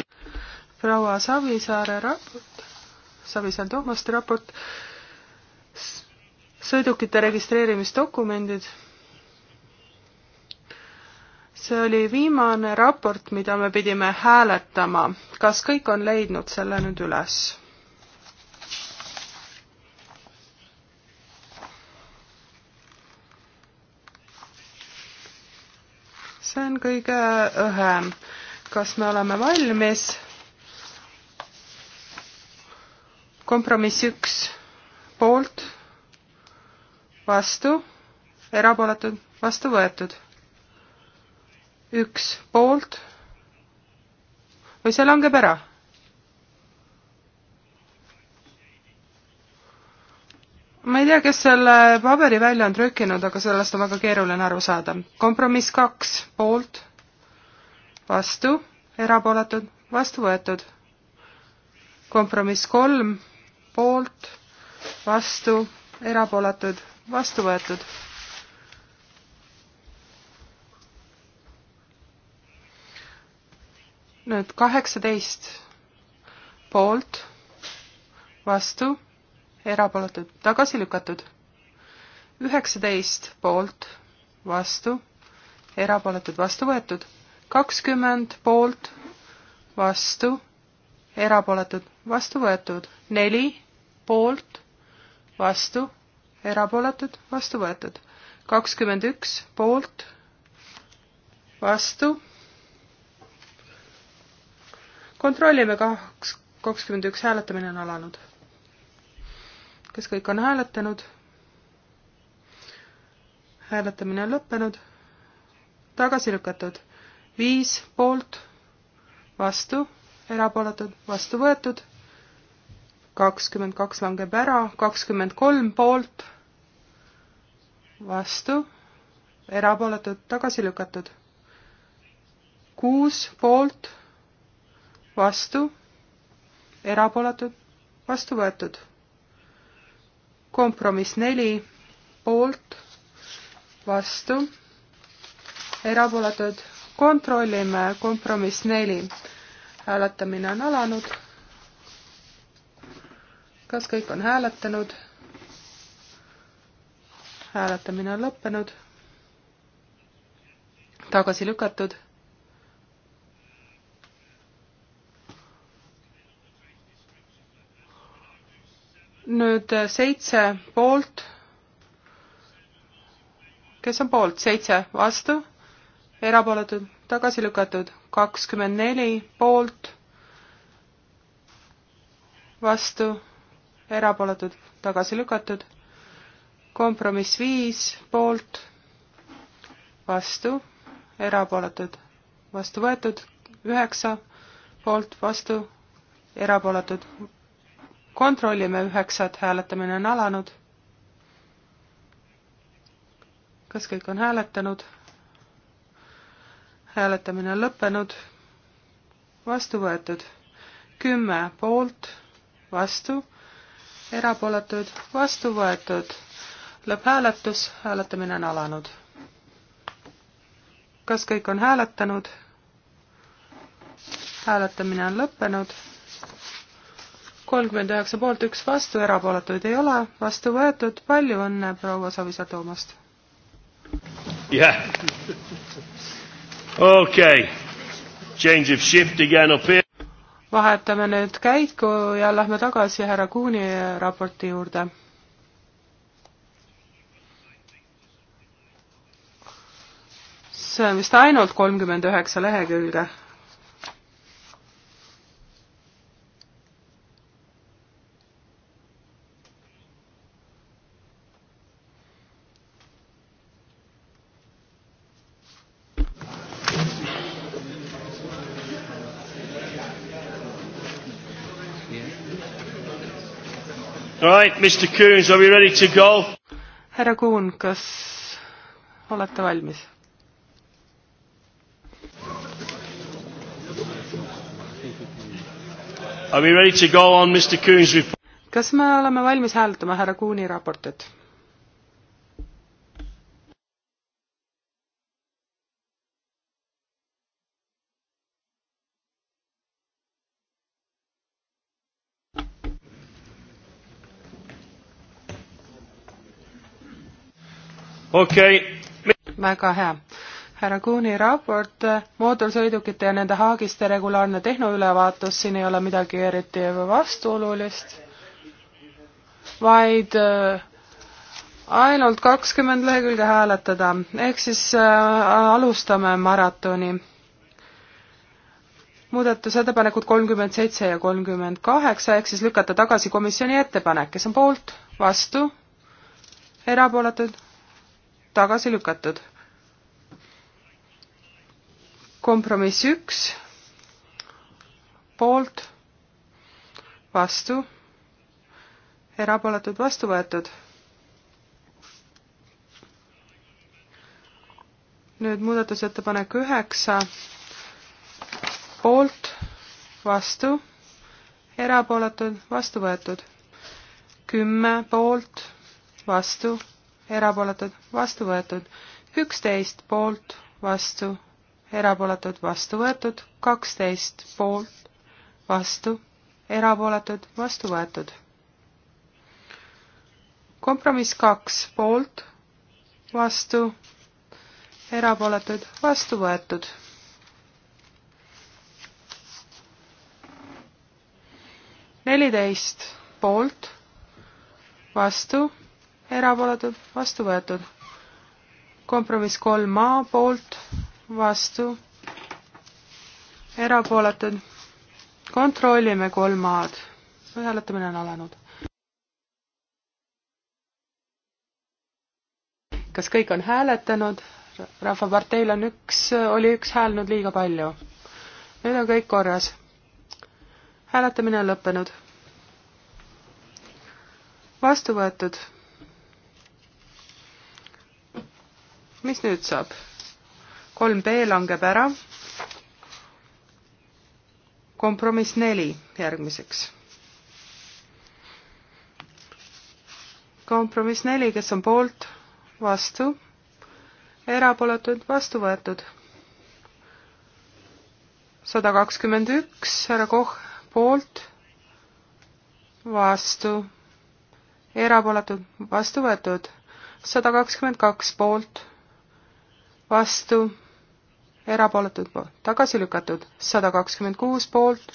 proua Savisaare raport, Savisaar Toomaste raport, sõidukite registreerimisdokumendid see oli viimane raport, mida me pidime hääletama. kas kõik on leidnud selle nüüd üles? see on kõige õhem. kas me oleme valmis? kompromiss üks, poolt, vastu, erapooletud, vastu võetud üks poolt või see langeb ära? ma ei tea, kes selle paberi välja on trükkinud, aga sellest on väga keeruline aru saada. kompromiss kaks poolt, vastu, erapooletud, vastu võetud. kompromiss kolm poolt, vastu, erapooletud, vastu võetud nüüd kaheksateist poolt, vastu, erapooletud, tagasi lükatud. üheksateist poolt, vastu, erapooletud, vastu võetud. kakskümmend poolt, vastu, erapooletud, vastu võetud. neli poolt, vastu, erapooletud, vastu võetud. kakskümmend üks poolt, vastu kontrollime kaks, kakskümmend üks, hääletamine on alanud. kas kõik on hääletanud? hääletamine on lõppenud. tagasi lükatud. viis poolt, vastu, erapooletud, vastu võetud. kakskümmend kaks langeb ära, kakskümmend kolm poolt, vastu, erapooletud, tagasi lükatud. kuus poolt vastu, erapooletud, vastu võetud. kompromiss neli, poolt, vastu, erapooletud, kontrollime kompromiss neli. hääletamine on alanud. kas kõik on hääletanud? hääletamine on lõppenud. tagasi lükatud nüüd seitse poolt. kes on poolt? seitse vastu, erapooletud, tagasi lükatud, kakskümmend neli poolt, vastu, erapooletud, tagasi lükatud, kompromiss viis poolt, vastu, erapooletud, vastu võetud, üheksa poolt, vastu, erapooletud, kontrollime üheksat, hääletamine on alanud. kas kõik on hääletanud? hääletamine on lõppenud. vastu võetud. kümme poolt, vastu, erapooletuid, vastu võetud. lõpphääletus, hääletamine on alanud. kas kõik on hääletanud? hääletamine on lõppenud kolmkümmend üheksa poolt, üks vastu, erapooletuid ei ole, vastu võetud, palju õnne proua Savisaar Toomast! jah yeah., okei okay., change of shift again up here. vahetame nüüd käiku ja lähme tagasi härra Kuuni raporti juurde see on vist ainult kolmkümmend üheksa lehekülge. Right, Mr Coons, are we ready to go? härra Kuhn, kas olete valmis? Are we ready to go on Mr Coons report? kas me oleme valmis hääletama härra Kuhni raportit? okei okay.. väga hea. härra Kuuni raport mootorsõidukite ja nende haagiste regulaarne tehnoülevaatus, siin ei ole midagi eriti vastuolulist, vaid äh, ainult kakskümmend lehekülge hääletada, ehk siis äh, alustame maratoni. muudatusettepanekud kolmkümmend seitse ja kolmkümmend kaheksa, ehk siis lükata tagasi komisjoni ettepanek, kes on poolt, vastu, erapooletud tagasi lükatud. kompromiss üks, poolt, vastu, erapooletud, vastu võetud. nüüd muudatusettepanek üheksa, poolt, vastu, erapooletud, vastu võetud. kümme poolt, vastu erapooletud, vastu võetud, üksteist poolt, vastu, erapooletud, vastu võetud, kaksteist poolt, vastu, erapooletud, vastu võetud. kompromiss kaks poolt, vastu, erapooletud, vastu võetud. neliteist poolt, vastu erapooletud, vastu võetud. kompromiss kolm A poolt, vastu, erapooletud. kontrollime kolm A-d. hääletamine on alanud. kas kõik on hääletanud? rahvaparteil on üks, oli üks hääl nüüd liiga palju. nüüd on kõik korras. hääletamine on lõppenud. vastu võetud mis nüüd saab? kolm B langeb ära. kompromiss neli järgmiseks. kompromiss neli, kes on poolt, vastu, erapooletud, vastu võetud. sada kakskümmend üks, härra Koch, poolt, vastu, erapooletud, vastu võetud. sada kakskümmend kaks poolt vastu, erapooletud, tagasi lükatud, sada kakskümmend kuus poolt,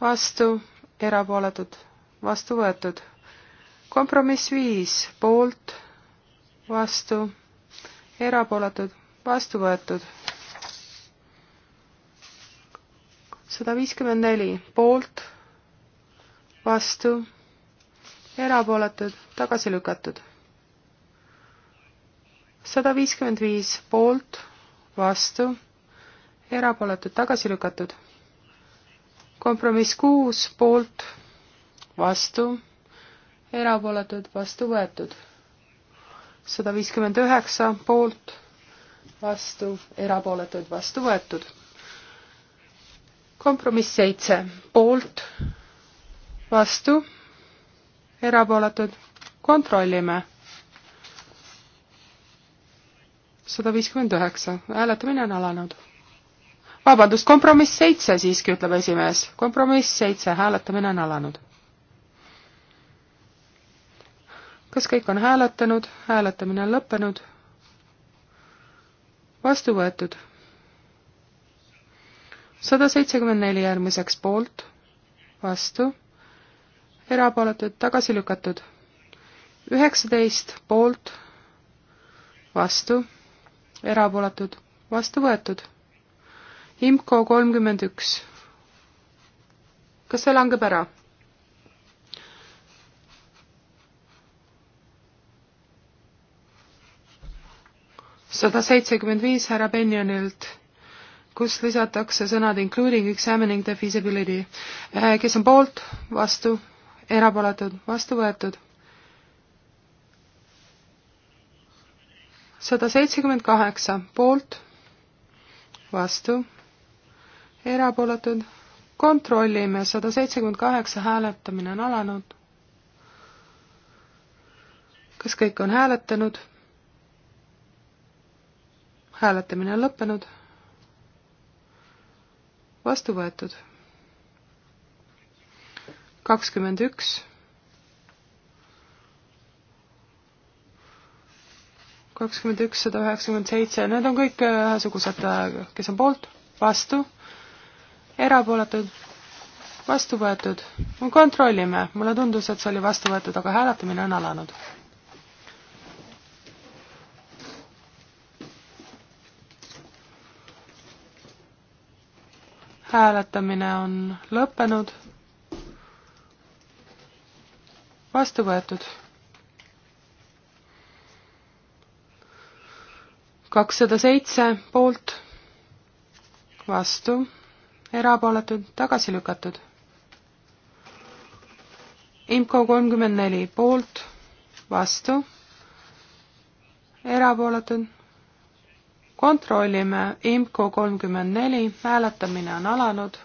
vastu, erapooletud, vastu võetud. kompromiss viis poolt, vastu, erapooletud, vastu võetud. sada viiskümmend neli poolt, vastu, erapooletud, tagasi lükatud sada viiskümmend viis poolt, vastu, erapooletud, tagasi lükatud. kompromiss kuus poolt, vastu, erapooletud, vastu võetud. sada viiskümmend üheksa poolt, vastu, erapooletud, vastu võetud. kompromiss seitse poolt, vastu, erapooletud, kontrollime sada viiskümmend üheksa, hääletamine on alanud. vabandust, kompromiss seitse siiski, ütleb esimees. kompromiss seitse, hääletamine on alanud. kas kõik on hääletanud, hääletamine on lõppenud? vastu võetud. sada seitsekümmend neli järgmiseks poolt, vastu, erapooletud, tagasi lükatud. üheksateist poolt, vastu erapooletud, vastu võetud. IMCO kolmkümmend üks. kas see langeb ära? sada seitsekümmend viis härra Benjonilt, kus lisatakse sõnad including examining the feasibility. Äh, kes on poolt, vastu, erapooletud, vastu võetud sada seitsekümmend kaheksa poolt, vastu, erapooletud, kontrollime, sada seitsekümmend kaheksa hääletamine on alanud. kas kõik on hääletanud? hääletamine on lõppenud. vastu võetud. kakskümmend üks kakskümmend üks, sada üheksakümmend seitse, need on kõik äh, ühesugused, äh, kes on poolt, vastu, erapooletud, vastu võetud. kontrollime, mulle tundus, et see oli vastu võetud, aga hääletamine on alanud. hääletamine on lõppenud. vastu võetud kakssada seitse poolt, vastu, erapooletud, tagasi lükatud. IMCO kolmkümmend neli poolt, vastu, erapooletud. kontrollime IMCO kolmkümmend neli, hääletamine on alanud.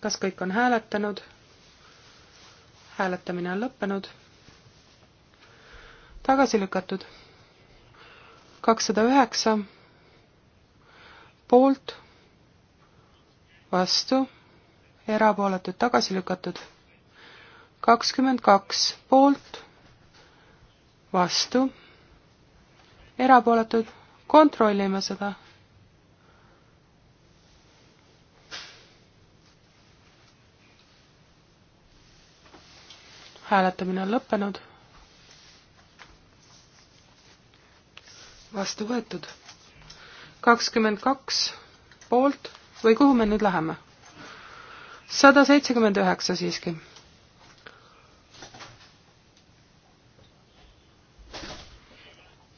kas kõik on hääletanud? hääletamine on lõppenud. tagasi lükatud kakssada üheksa poolt, vastu, erapooletud, tagasi lükatud. kakskümmend kaks poolt, vastu, erapooletud, kontrollime seda. hääletamine on lõppenud vastu võetud. kakskümmend kaks poolt või kuhu me nüüd läheme? sada seitsekümmend üheksa siiski.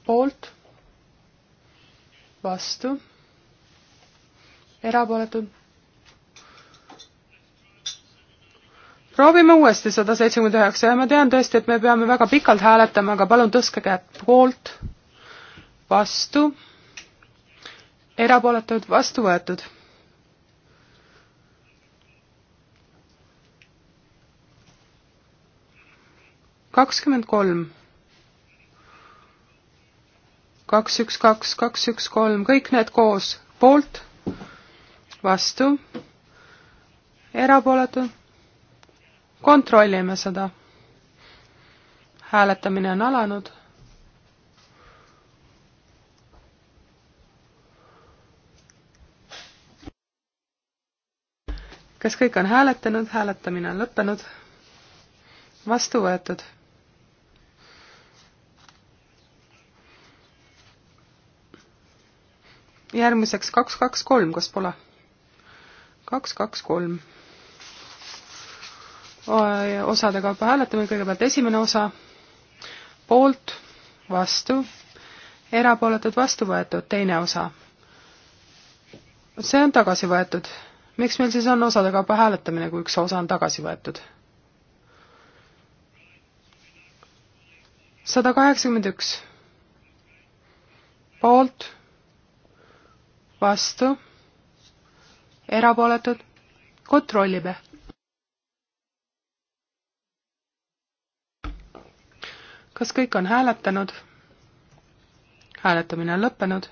poolt, vastu, erapooletud. proovime uuesti sada seitsekümmend üheksa ja ma tean tõesti, et me peame väga pikalt hääletama, aga palun tõstke käed poolt vastu, erapooletud, vastu võetud. kakskümmend kolm, kaks, üks, kaks, kaks, üks, kolm, kõik need koos, poolt, vastu, erapooletud, kontrollime seda. hääletamine on alanud kas kõik on hääletanud, hääletamine on lõppenud, vastu võetud. järgmiseks kaks, kaks, kolm, kas pole? kaks, kaks, kolm. osade kaupa hääletame, kõigepealt esimene osa, poolt, vastu, erapooletud, vastu võetud, teine osa. see on tagasi võetud miks meil siis on osade kaupa hääletamine, kui üks osa on tagasi võetud? sada kaheksakümmend üks. poolt, vastu, erapooletud, kontrollime. kas kõik on hääletanud? hääletamine on lõppenud.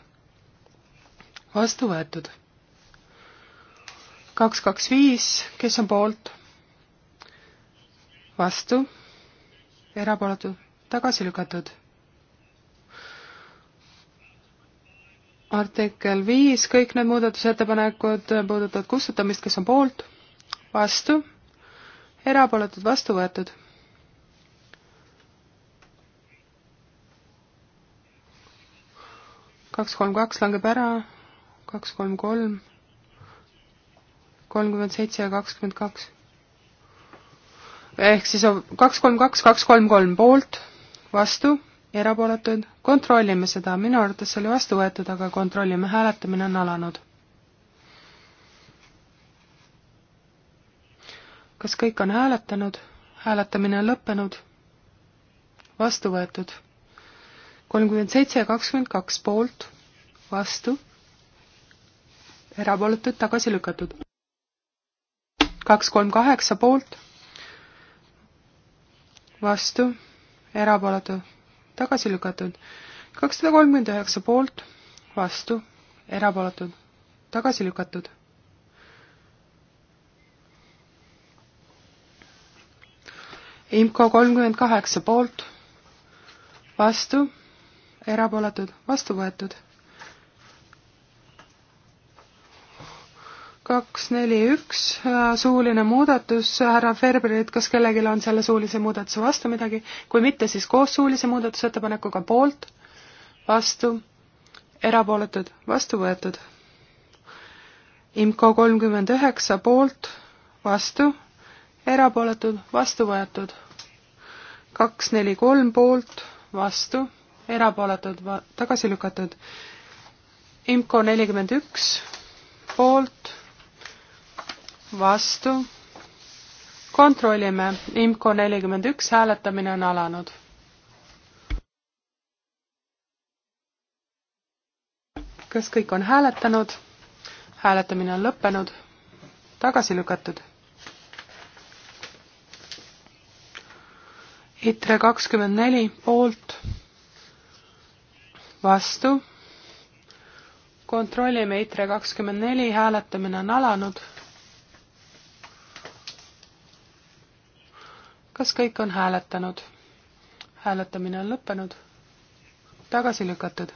vastu võetud kaks, kaks, viis, kes on poolt? vastu, erapooletu, tagasi lükatud. artikkel viis, kõik need muudatusettepanekud puudutavad kustutamist, kes on poolt, vastu, erapooletud, vastu võetud kaks, kolm, kaks langeb ära, kaks, kolm, kolm kolmkümmend seitse ja kakskümmend kaks. ehk siis kaks, kolm, kaks, kaks, kolm, kolm poolt, vastu, erapooletuid, kontrollime seda, minu arvates see oli vastu võetud, aga kontrollime, hääletamine on alanud. kas kõik on hääletanud? hääletamine on lõppenud. vastu võetud. kolmkümmend seitse ja kakskümmend kaks poolt, vastu, erapooletud, tagasi lükatud kaks, kolm, kaheksa poolt, vastu, erapooletu, tagasi lükatud. kakssada kolmkümmend üheksa poolt, vastu, erapooletud, tagasi lükatud. IMCO kolmkümmend kaheksa poolt, vastu, erapooletud, vastu võetud kaks, neli, üks, äh, suuline muudatus, härra Ferberilt, kas kellelgi on selle suulise muudatuse vastu midagi? kui mitte, siis koos suulise muudatusettepanekuga poolt, vastu, erapooletud, vastu võetud. IMCO kolmkümmend üheksa poolt, vastu, erapooletud, vastu võetud. kaks, neli, kolm poolt, vastu, erapooletud, tagasi lükatud. IMCO nelikümmend üks poolt vastu. kontrollime, IMCO nelikümmend üks hääletamine on alanud. kas kõik on hääletanud? hääletamine on lõppenud, tagasi lükatud. ITRE kakskümmend neli poolt, vastu kontrollime ITRE kakskümmend neli, hääletamine on alanud. kas kõik on hääletanud? hääletamine on lõppenud. tagasi lükatud.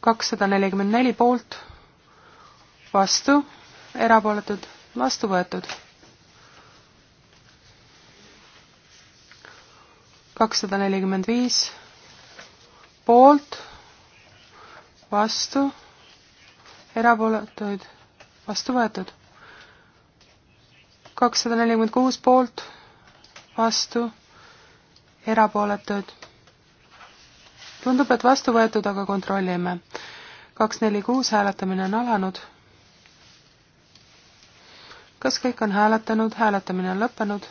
kakssada nelikümmend neli poolt, vastu, erapooletud, vastu võetud. kakssada nelikümmend viis poolt, vastu, erapooletuid, vastu võetud kakssada nelikümmend kuus poolt, vastu, erapooletud. tundub, et vastu võetud, aga kontrollime. kaks, neli, kuus, hääletamine on alanud. kas kõik on hääletanud, hääletamine on lõppenud?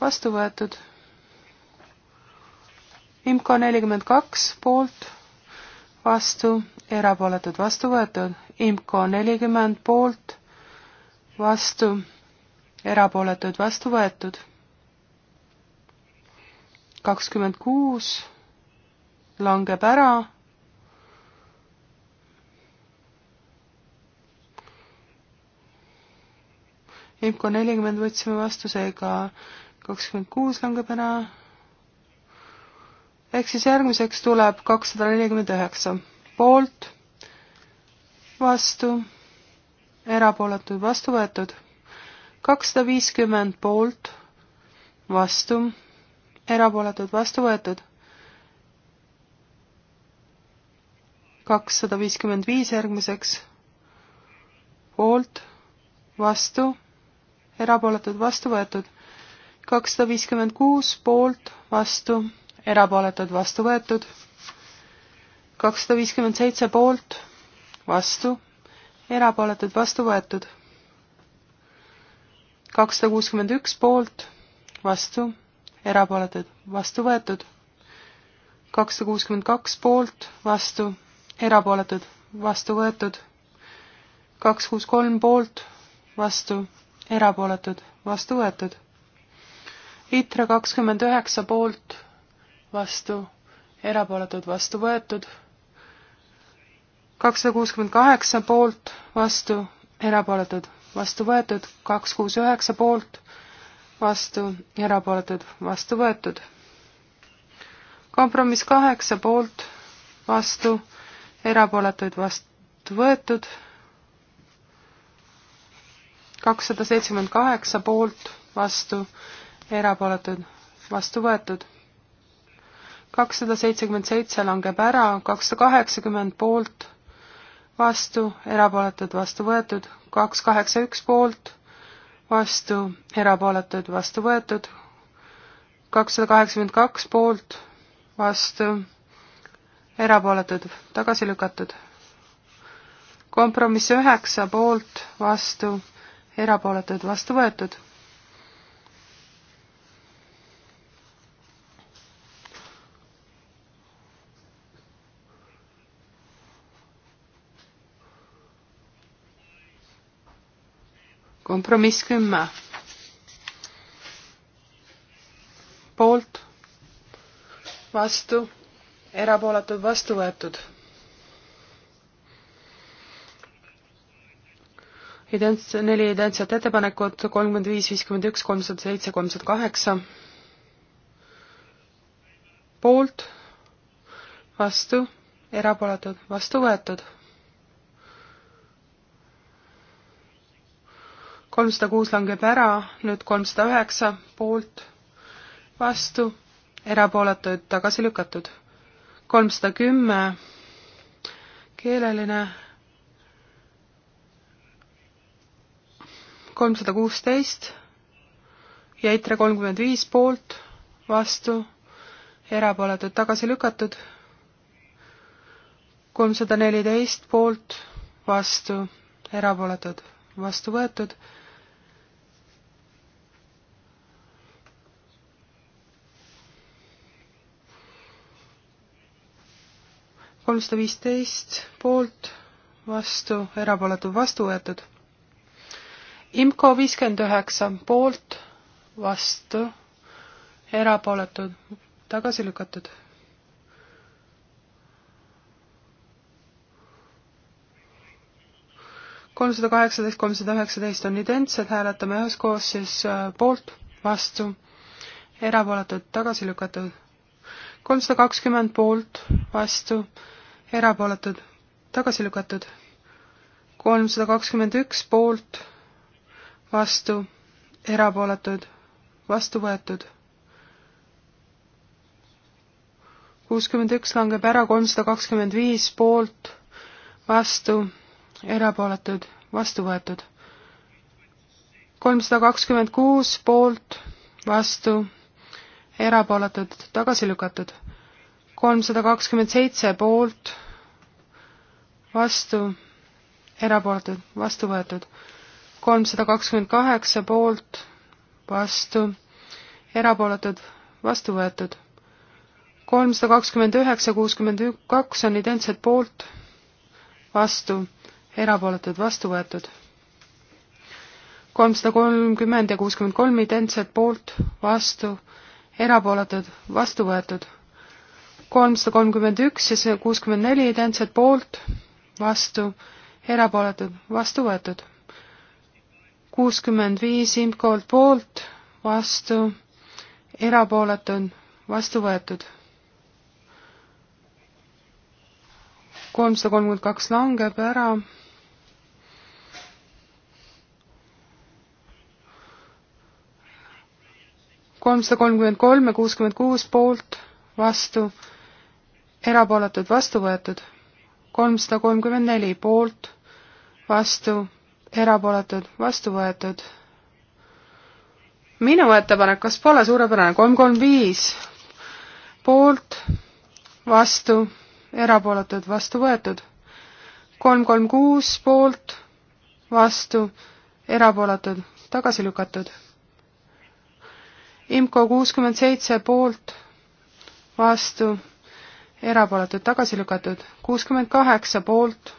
vastu võetud. IMCO nelikümmend kaks poolt, vastu, erapooletud, vastu võetud. IMCO nelikümmend poolt vastu, erapooletuid vastu võetud. kakskümmend kuus langeb ära. IMCO nelikümmend võtsime vastu, seega kakskümmend kuus langeb ära. ehk siis järgmiseks tuleb kakssada nelikümmend üheksa poolt, vastu erapooletud vastu võetud. kakssada viiskümmend poolt, vastu, erapooletud vastu võetud. kakssada viiskümmend viis järgmiseks, poolt, vastu, erapooletud vastu võetud. kakssada viiskümmend kuus poolt, vastu, erapooletud vastu võetud. kakssada viiskümmend seitse poolt, vastu erapooletud, vastu võetud. kakssada kuuskümmend üks poolt, vastu, erapooletud, vastu võetud. kakssada kuuskümmend kaks poolt, vastu, erapooletud, vastu võetud. kaks kuus kolm poolt, vastu, erapooletud, vastu võetud. ITRE kakskümmend üheksa poolt, vastu, erapooletud, vastu võetud kakssada kuuskümmend kaheksa poolt, vastu, erapooletud, vastu võetud, kaks kuus üheksa poolt, vastu, erapooletud, vastu võetud. kompromiss kaheksa poolt, vastu, erapooletuid vastu võetud, kakssada seitsekümmend kaheksa poolt, vastu, erapooletuid vastu võetud kakssada seitsekümmend seitse langeb ära, kakssada kaheksakümmend poolt, vastu, erapooletud, vastu võetud, kaks kaheksa üks poolt, vastu, erapooletud, vastu võetud, kakssada kaheksakümmend kaks poolt, vastu, erapooletud, tagasi lükatud. kompromiss üheksa poolt, vastu, erapooletud, vastu võetud. kompromiss kümme. poolt, vastu, erapooletud, vastu võetud. idents-, neli identset ettepanekut, kolmkümmend viis, viiskümmend üks, kolmsada seitse, kolmsada kaheksa. poolt, vastu, erapooletud, vastu võetud kolmsada kuus langeb ära, nüüd kolmsada üheksa poolt, vastu, erapooletuid tagasi lükatud. kolmsada kümme, keeleline, kolmsada kuusteist ja ITRE kolmkümmend viis poolt, vastu, erapooletuid tagasi lükatud, kolmsada neliteist poolt, vastu, erapooletud, vastu võetud kolmsada viisteist poolt, vastu, erapooletud, vastu võetud. IMCO viiskümmend üheksa poolt, vastu, erapooletud, tagasi lükatud. kolmsada kaheksateist, kolmsada üheksateist on identsed, hääletame üheskoos siis äh, poolt, vastu, erapooletud, tagasi lükatud kolmsada kakskümmend poolt, vastu, erapooletud, tagasi lükatud. kolmsada kakskümmend üks poolt, vastu, erapooletud, vastu võetud. kuuskümmend üks langeb ära, kolmsada kakskümmend viis poolt, vastu, erapooletud, vastu võetud. kolmsada kakskümmend kuus poolt, vastu, erapooletud, tagasi lükatud. kolmsada kakskümmend seitse poolt, vastu, erapooletud, vastu võetud. kolmsada kakskümmend kaheksa poolt, vastu, erapooletud, vastu võetud. kolmsada kakskümmend üheksa, kuuskümmend kaks on identsed poolt, vastu, erapooletud, vastu võetud kolmsada kolmkümmend ja kuuskümmend kolm identset poolt, vastu, erapooletud, vastu võetud. kolmsada kolmkümmend üks ja see kuuskümmend neli identsed poolt, vastu, erapooletud, vastu võetud. kuuskümmend viis imkolt poolt, vastu, erapooletud, vastu võetud. kolmsada kolmkümmend kaks langeb ära kolmsada kolmkümmend kolm ja kuuskümmend kuus poolt, vastu, erapooletud, vastu võetud. kolmsada kolmkümmend neli poolt, vastu, erapooletud, vastu võetud. minu ettepanek, kas pole suurepärane, kolm kolm viis poolt, vastu, erapooletud, vastu võetud. kolm kolm kuus poolt, vastu, erapooletud, tagasi lükatud IMCO kuuskümmend seitse poolt, vastu, erapooletud, tagasi lükatud. kuuskümmend kaheksa poolt,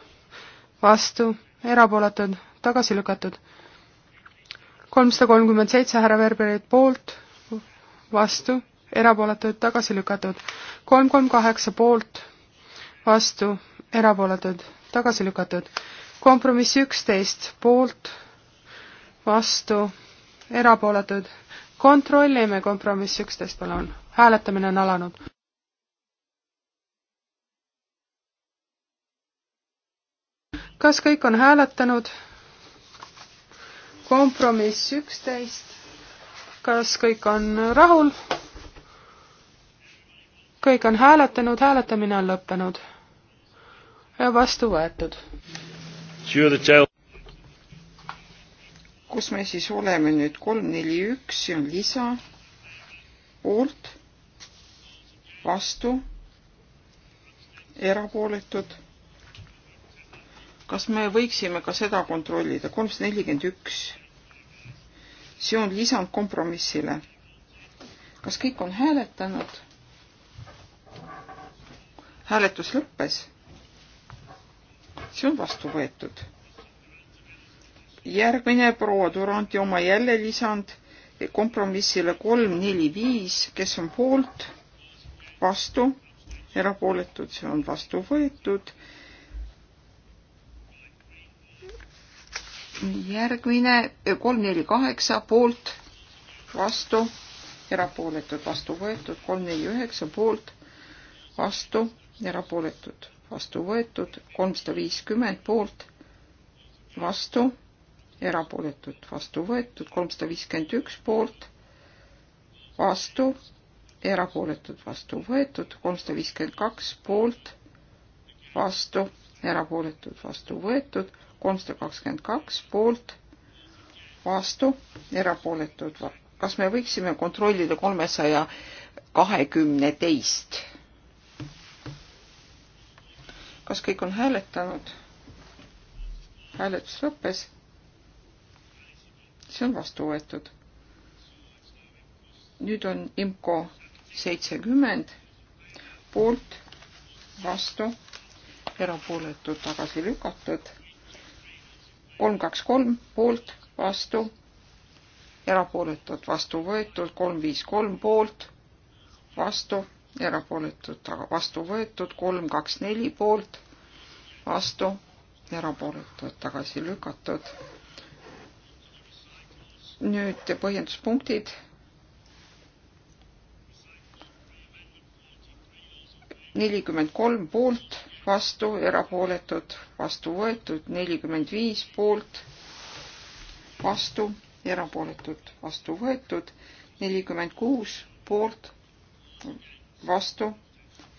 vastu, erapooletud, tagasi lükatud. kolmsada kolmkümmend seitse härra Verberit poolt, vastu, erapooletud, tagasi lükatud. kolm kolm kaheksa poolt, vastu, erapooletud, tagasi lükatud. kompromiss üksteist poolt, vastu, erapooletud kontrollime kompromiss üksteist, palun. hääletamine on alanud. kas kõik on hääletanud? kompromiss üksteist. kas kõik on rahul? kõik on hääletanud, hääletamine on lõppenud ja vastu võetud kus me siis oleme nüüd, kolm, neli, üks, see on lisa, poolt, vastu, erapooletud. kas me võiksime ka seda kontrollida, kolmsada nelikümmend üks, see on lisand kompromissile. kas kõik on hääletanud? hääletus lõppes. see on vastu võetud järgmine proua Duranti oma jälle lisand kompromissile kolm, neli, viis, kes on poolt, vastu, erapooletud, see on vastu võetud. järgmine eh, kolm, neli, kaheksa poolt, vastu, erapooletud, vastu võetud, kolm, neli, üheksa poolt, vastu, erapooletud, vastu võetud, kolmsada viiskümmend poolt, vastu erapooletud vastu võetud, kolmsada viiskümmend üks poolt, vastu, erapooletud vastu võetud, kolmsada viiskümmend kaks poolt, vastu, erapooletud vastu võetud, kolmsada kakskümmend kaks poolt, vastu, erapooletud. kas me võiksime kontrollida kolmesaja kahekümne teist? kas kõik on hääletanud? hääletus lõppes see on vastu võetud. nüüd on IMCO seitsekümmend poolt, vastu, erapooletud, tagasi lükatud. kolm, kaks, kolm poolt, vastu, erapooletud, vastu võetud, kolm, viis, kolm poolt, vastu, erapooletud, vastu võetud, kolm, kaks, neli poolt, vastu, erapooletud, tagasi lükatud nüüd põhjenduspunktid. nelikümmend kolm poolt, vastu, erapooletud, vastu võetud, nelikümmend viis poolt, vastu, erapooletud, vastu võetud, nelikümmend kuus poolt, vastu,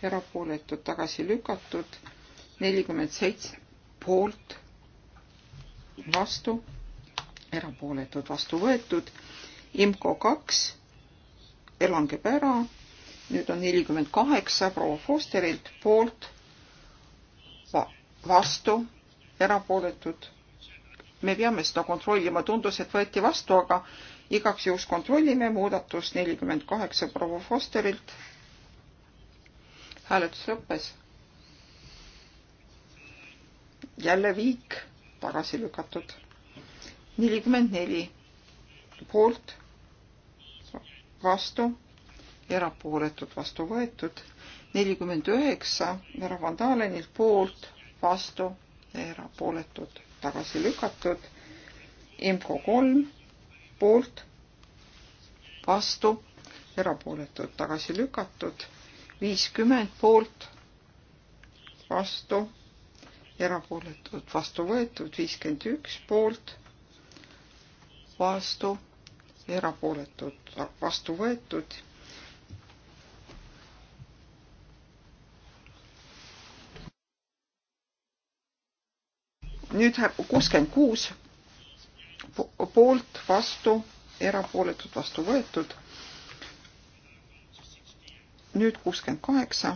erapooletud, tagasi lükatud, nelikümmend seitse poolt, vastu erapooletud vastu võetud. IMCO kaks langeb ära. nüüd on nelikümmend kaheksa proua Fosterilt poolt va, vastu erapooletud. me peame seda kontrollima, tundus, et võeti vastu, aga igaks juhuks kontrollime muudatus nelikümmend kaheksa proua Fosterilt. hääletus lõppes. jälle viik tagasi lükatud nelikümmend neli poolt, vastu, erapooletud, vastu võetud, nelikümmend üheksa härra Van Dalenilt poolt, vastu, erapooletud, tagasi lükatud, MK kolm poolt, vastu, erapooletud, tagasi lükatud, viiskümmend poolt, vastu, erapooletud, vastu võetud, viiskümmend üks poolt vastu, erapooletud, vastu võetud. nüüd kuuskümmend kuus poolt, vastu, erapooletud, vastu võetud. nüüd kuuskümmend kaheksa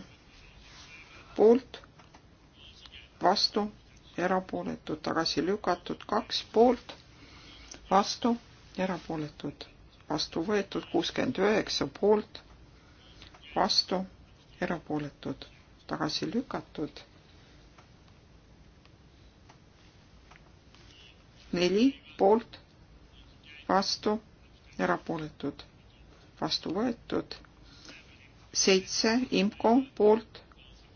poolt, vastu, erapooletud, tagasi lükatud, kaks poolt vastu, erapooletud, vastu võetud, kuuskümmend üheksa poolt, vastu, erapooletud, tagasi lükatud. neli poolt, vastu, erapooletud, vastu võetud. seitse IMCO poolt,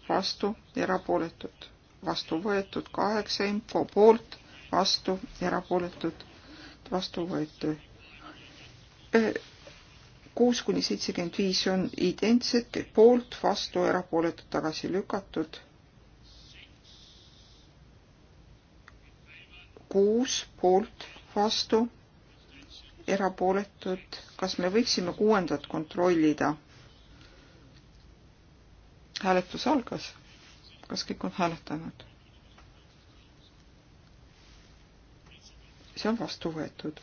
vastu, erapooletud, vastu võetud, kaheksa IMCO poolt, vastu, erapooletud vastu võetud. kuus kuni seitsekümmend viis on identsed, poolt, vastu, erapooletud, tagasi lükatud. kuus poolt, vastu, erapooletud. kas me võiksime kuuendat kontrollida? hääletus algas. kas kõik on hääletanud? see on vastu võetud.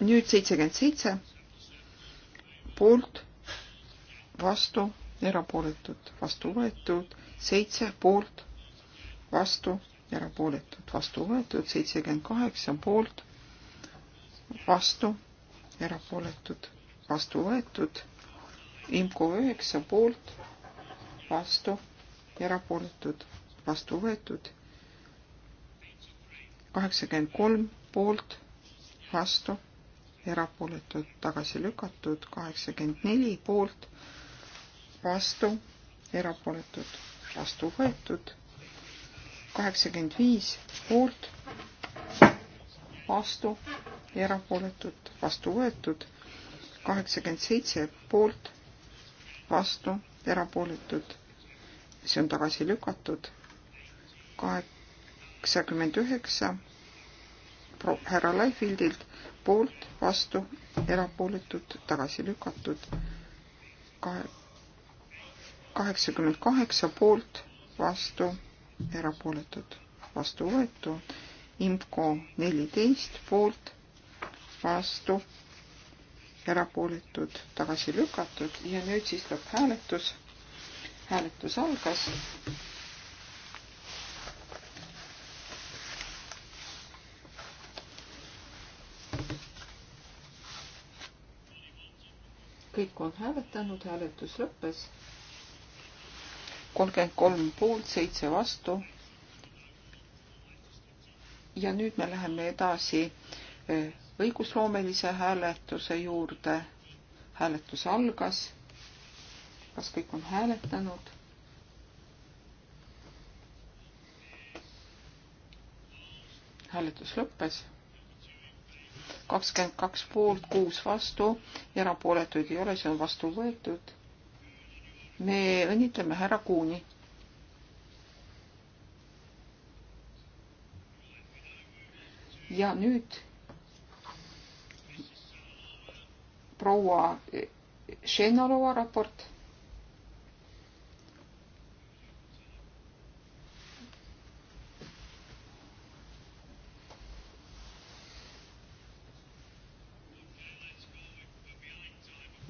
nüüd seitsekümmend seitse poolt, vastu, erapooletud, vastu võetud, seitse poolt, vastu, erapooletud, vastu võetud, seitsekümmend kaheksa poolt, vastu, erapooletud, vastu võetud, IMCO üheksa poolt, vastu, erapooletud, vastu võetud kaheksakümmend kolm poolt, vastu, erapooletud, tagasi lükatud, kaheksakümmend neli poolt, vastu, erapooletud, vastu võetud, kaheksakümmend viis poolt, vastu, erapooletud, vastu võetud, kaheksakümmend seitse poolt, vastu, erapooletud, see on tagasi lükatud, kahe üheksakümmend üheksa härra Laifieldilt poolt, vastu, erapooletud, tagasi lükatud. kahe, kaheksakümmend kaheksa poolt, vastu, erapooletud, vastu võetud. IMCO neliteist poolt, vastu, erapooletud, tagasi lükatud ja nüüd siis lõpphääletus. hääletus algas. kõik on hääletanud, hääletus lõppes. kolmkümmend kolm poolt, seitse vastu. ja nüüd me läheme edasi eh, õigusloomelise hääletuse juurde. hääletus algas. kas kõik on hääletanud? hääletus lõppes kakskümmend kaks poolt, kuus vastu, erapooletuid ei ole, see on vastu võetud. me õnnitleme härra Kuuni. ja nüüd proua Šenalova raport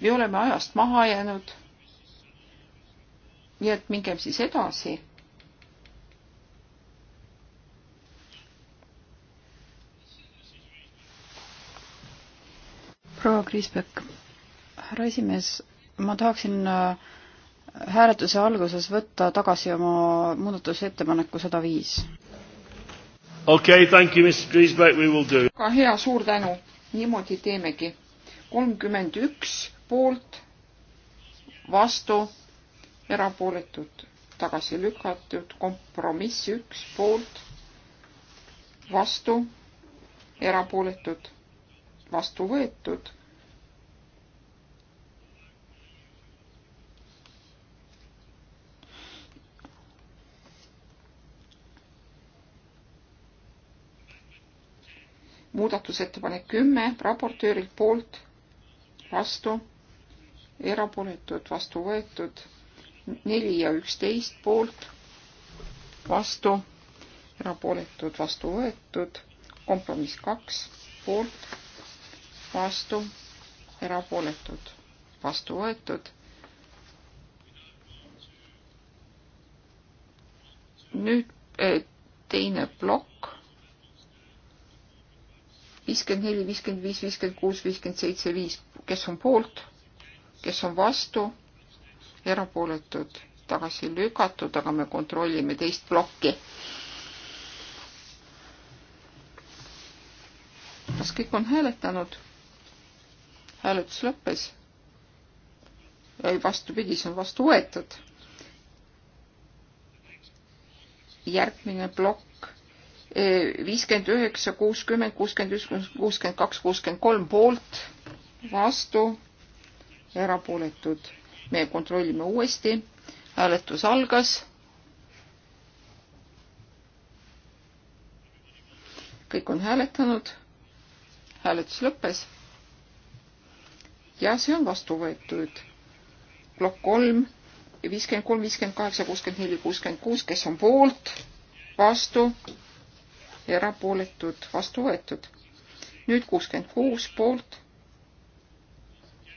me oleme ajast maha jäänud. nii et mingem siis edasi. proua Kriisbek, härra esimees, ma tahaksin äh, hääletuse alguses võtta tagasi oma muudatusettepaneku sada viis. okei okay,, thank you, Mr Kriisbek, we will do. väga hea, suur tänu. niimoodi teemegi. kolmkümmend üks poolt, vastu, erapooletud, tagasi lükatud, kompromiss üks poolt, vastu, erapooletud, vastu võetud. muudatusettepanek kümme raportöörilt poolt, vastu erapooletud, vastu võetud, neli ja üksteist poolt, vastu, erapooletud, vastu võetud, kompromiss kaks poolt, vastu, erapooletud, vastu võetud. nüüd eh, teine plokk viiskümmend neli, viiskümmend viis, viiskümmend kuus, viiskümmend seitse, viis, kes on poolt, kes on vastu, erapooletud, tagasi lükatud, aga me kontrollime teist plokki. kas kõik on hääletanud? hääletus lõppes. ei, vastupidi, see on vastu võetud. järgmine plokk e, viiskümmend üheksa, kuuskümmend, kuuskümmend üks, kuuskümmend kaks, kuuskümmend kolm poolt, vastu erapooletud. me kontrollime uuesti. hääletus algas. kõik on hääletanud. hääletus lõppes. ja see on vastu võetud. plokk kolm, viiskümmend kolm, viiskümmend kaheksa, kuuskümmend neli, kuuskümmend kuus, kes on poolt, vastu, erapooletud, vastu võetud. nüüd kuuskümmend kuus poolt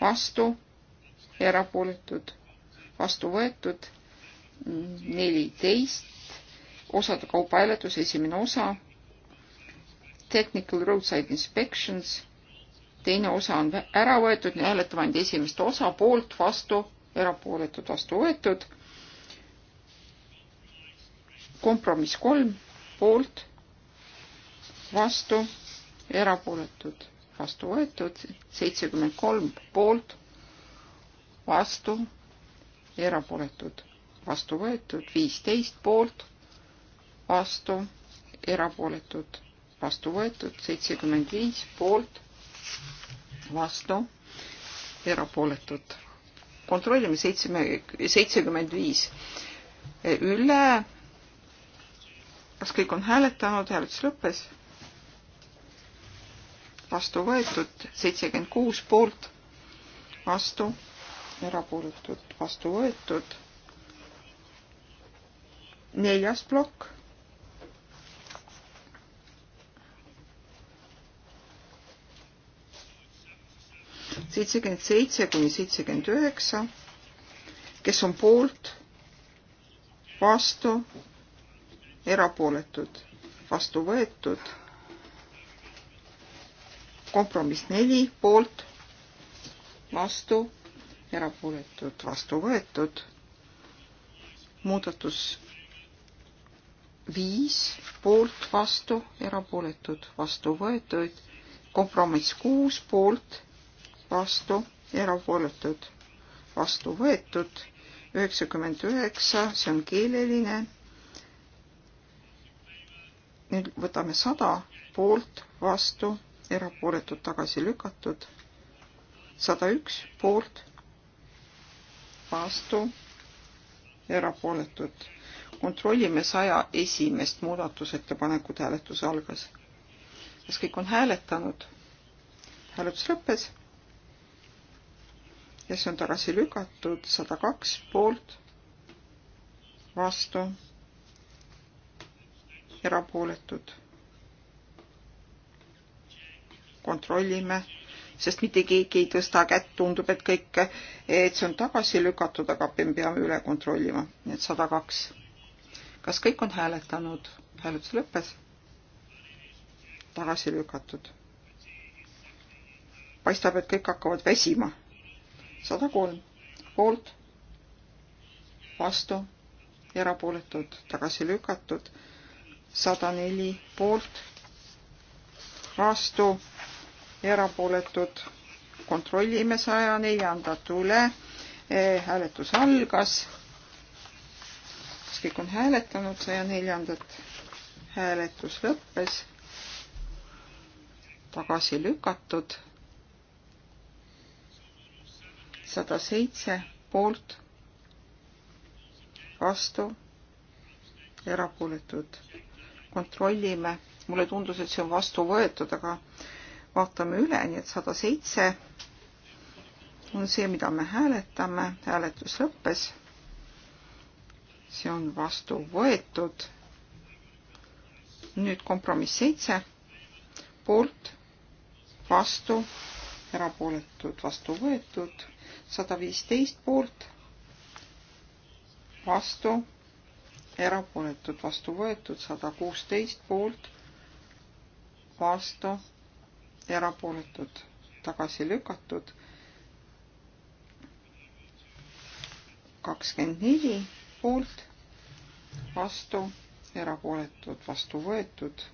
vastu, erapooletud, vastu võetud, neliteist, osade kaupa hääletus, esimene osa, technical roadside inspections, teine osa on ära võetud, hääletame ainult esimest osa, poolt, vastu, erapooletud, vastu võetud, kompromiss kolm, poolt, vastu, erapooletud, vastu võetud, seitsekümmend kolm poolt vastu, erapooletud, vastu võetud, viisteist poolt, vastu, erapooletud, vastu võetud, seitsekümmend viis poolt, vastu, erapooletud. kontrollime seitsme, seitsekümmend viis üle. kas kõik on hääletanud, hääletus lõppes? vastu võetud, seitsekümmend kuus poolt, vastu erapooletud vastu võetud. neljas plokk. seitsekümmend seitse kuni seitsekümmend üheksa, kes on poolt, vastu, erapooletud, vastu võetud. kompromiss neli poolt, vastu erapooletud, vastu võetud. muudatus viis poolt, vastu, erapooletud, vastu võetud. kompromiss kuus poolt, vastu, erapooletud, vastu võetud. üheksakümmend üheksa, see on keeleline. nüüd võtame sada poolt, vastu, erapooletud, tagasi lükatud. sada üks poolt vastu, erapooletud. kontrollime saja esimest muudatusettepanekut, hääletus algas. kas kõik on hääletanud? hääletus lõppes. ja see on tagasi lükatud, sada kaks poolt, vastu, erapooletud. kontrollime sest mitte keegi ei tõsta kätt, tundub, et kõik, et see on tagasi lükatud, aga me peame üle kontrollima, nii et sada kaks. kas kõik on hääletanud? hääletus lõppes. tagasi lükatud. paistab, et kõik hakkavad väsima. sada kolm poolt, vastu, erapooletud, tagasi lükatud, sada neli poolt, vastu erapooletud. kontrollime saja neljandat üle. Eh, hääletus algas. kas kõik on hääletanud saja neljandat? hääletus lõppes. tagasi lükatud. sada seitse poolt, vastu, erapooletud. kontrollime mulle tundus, et see on vastu võetud, aga vaatame üle, nii et sada seitse on see, mida me hääletame, hääletus lõppes. see on vastu võetud. nüüd kompromiss seitse, poolt, vastu, erapooletud, vastu võetud, sada viisteist poolt, vastu, erapooletud, vastu võetud, sada kuusteist poolt, vastu erapooletud, tagasi lükatud. kakskümmend neli poolt, vastu, erapooletud, vastu võetud.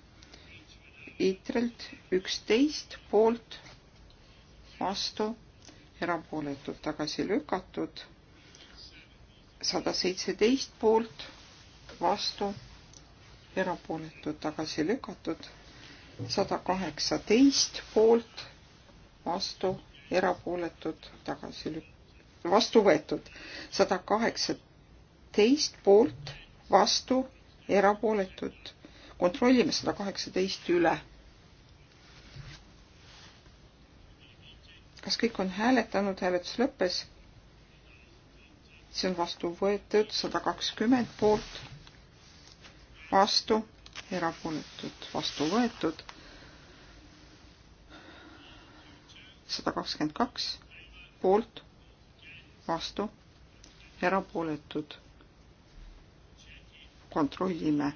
Itrelt üksteist poolt, vastu, erapooletud, tagasi lükatud. sada seitseteist poolt, vastu, erapooletud, tagasi lükatud sada kaheksateist poolt, vastu, erapooletud, tagasi lük-, vastu võetud. sada kaheksateist poolt, vastu, erapooletud. kontrollime sada kaheksateist üle. kas kõik on hääletanud, hääletus lõppes? see on vastu võetud, sada kakskümmend poolt, vastu erapooletud, vastu võetud. sada kakskümmend kaks poolt, vastu, erapooletud. kontrollime.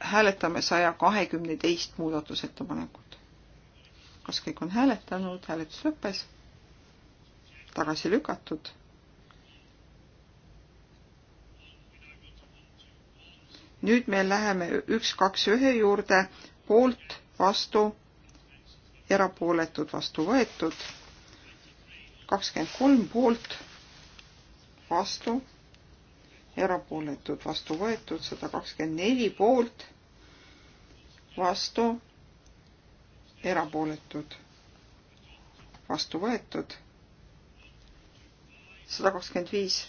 hääletame saja kahekümne teist muudatusettepanekut. kas kõik on hääletanud, hääletus lõppes, tagasi lükatud nüüd me läheme üks, kaks, ühe juurde, poolt, vastu, erapooletud, vastu võetud, kakskümmend kolm poolt, vastu, erapooletud, vastu võetud, sada kakskümmend neli poolt, vastu, erapooletud, vastu võetud, sada kakskümmend viis,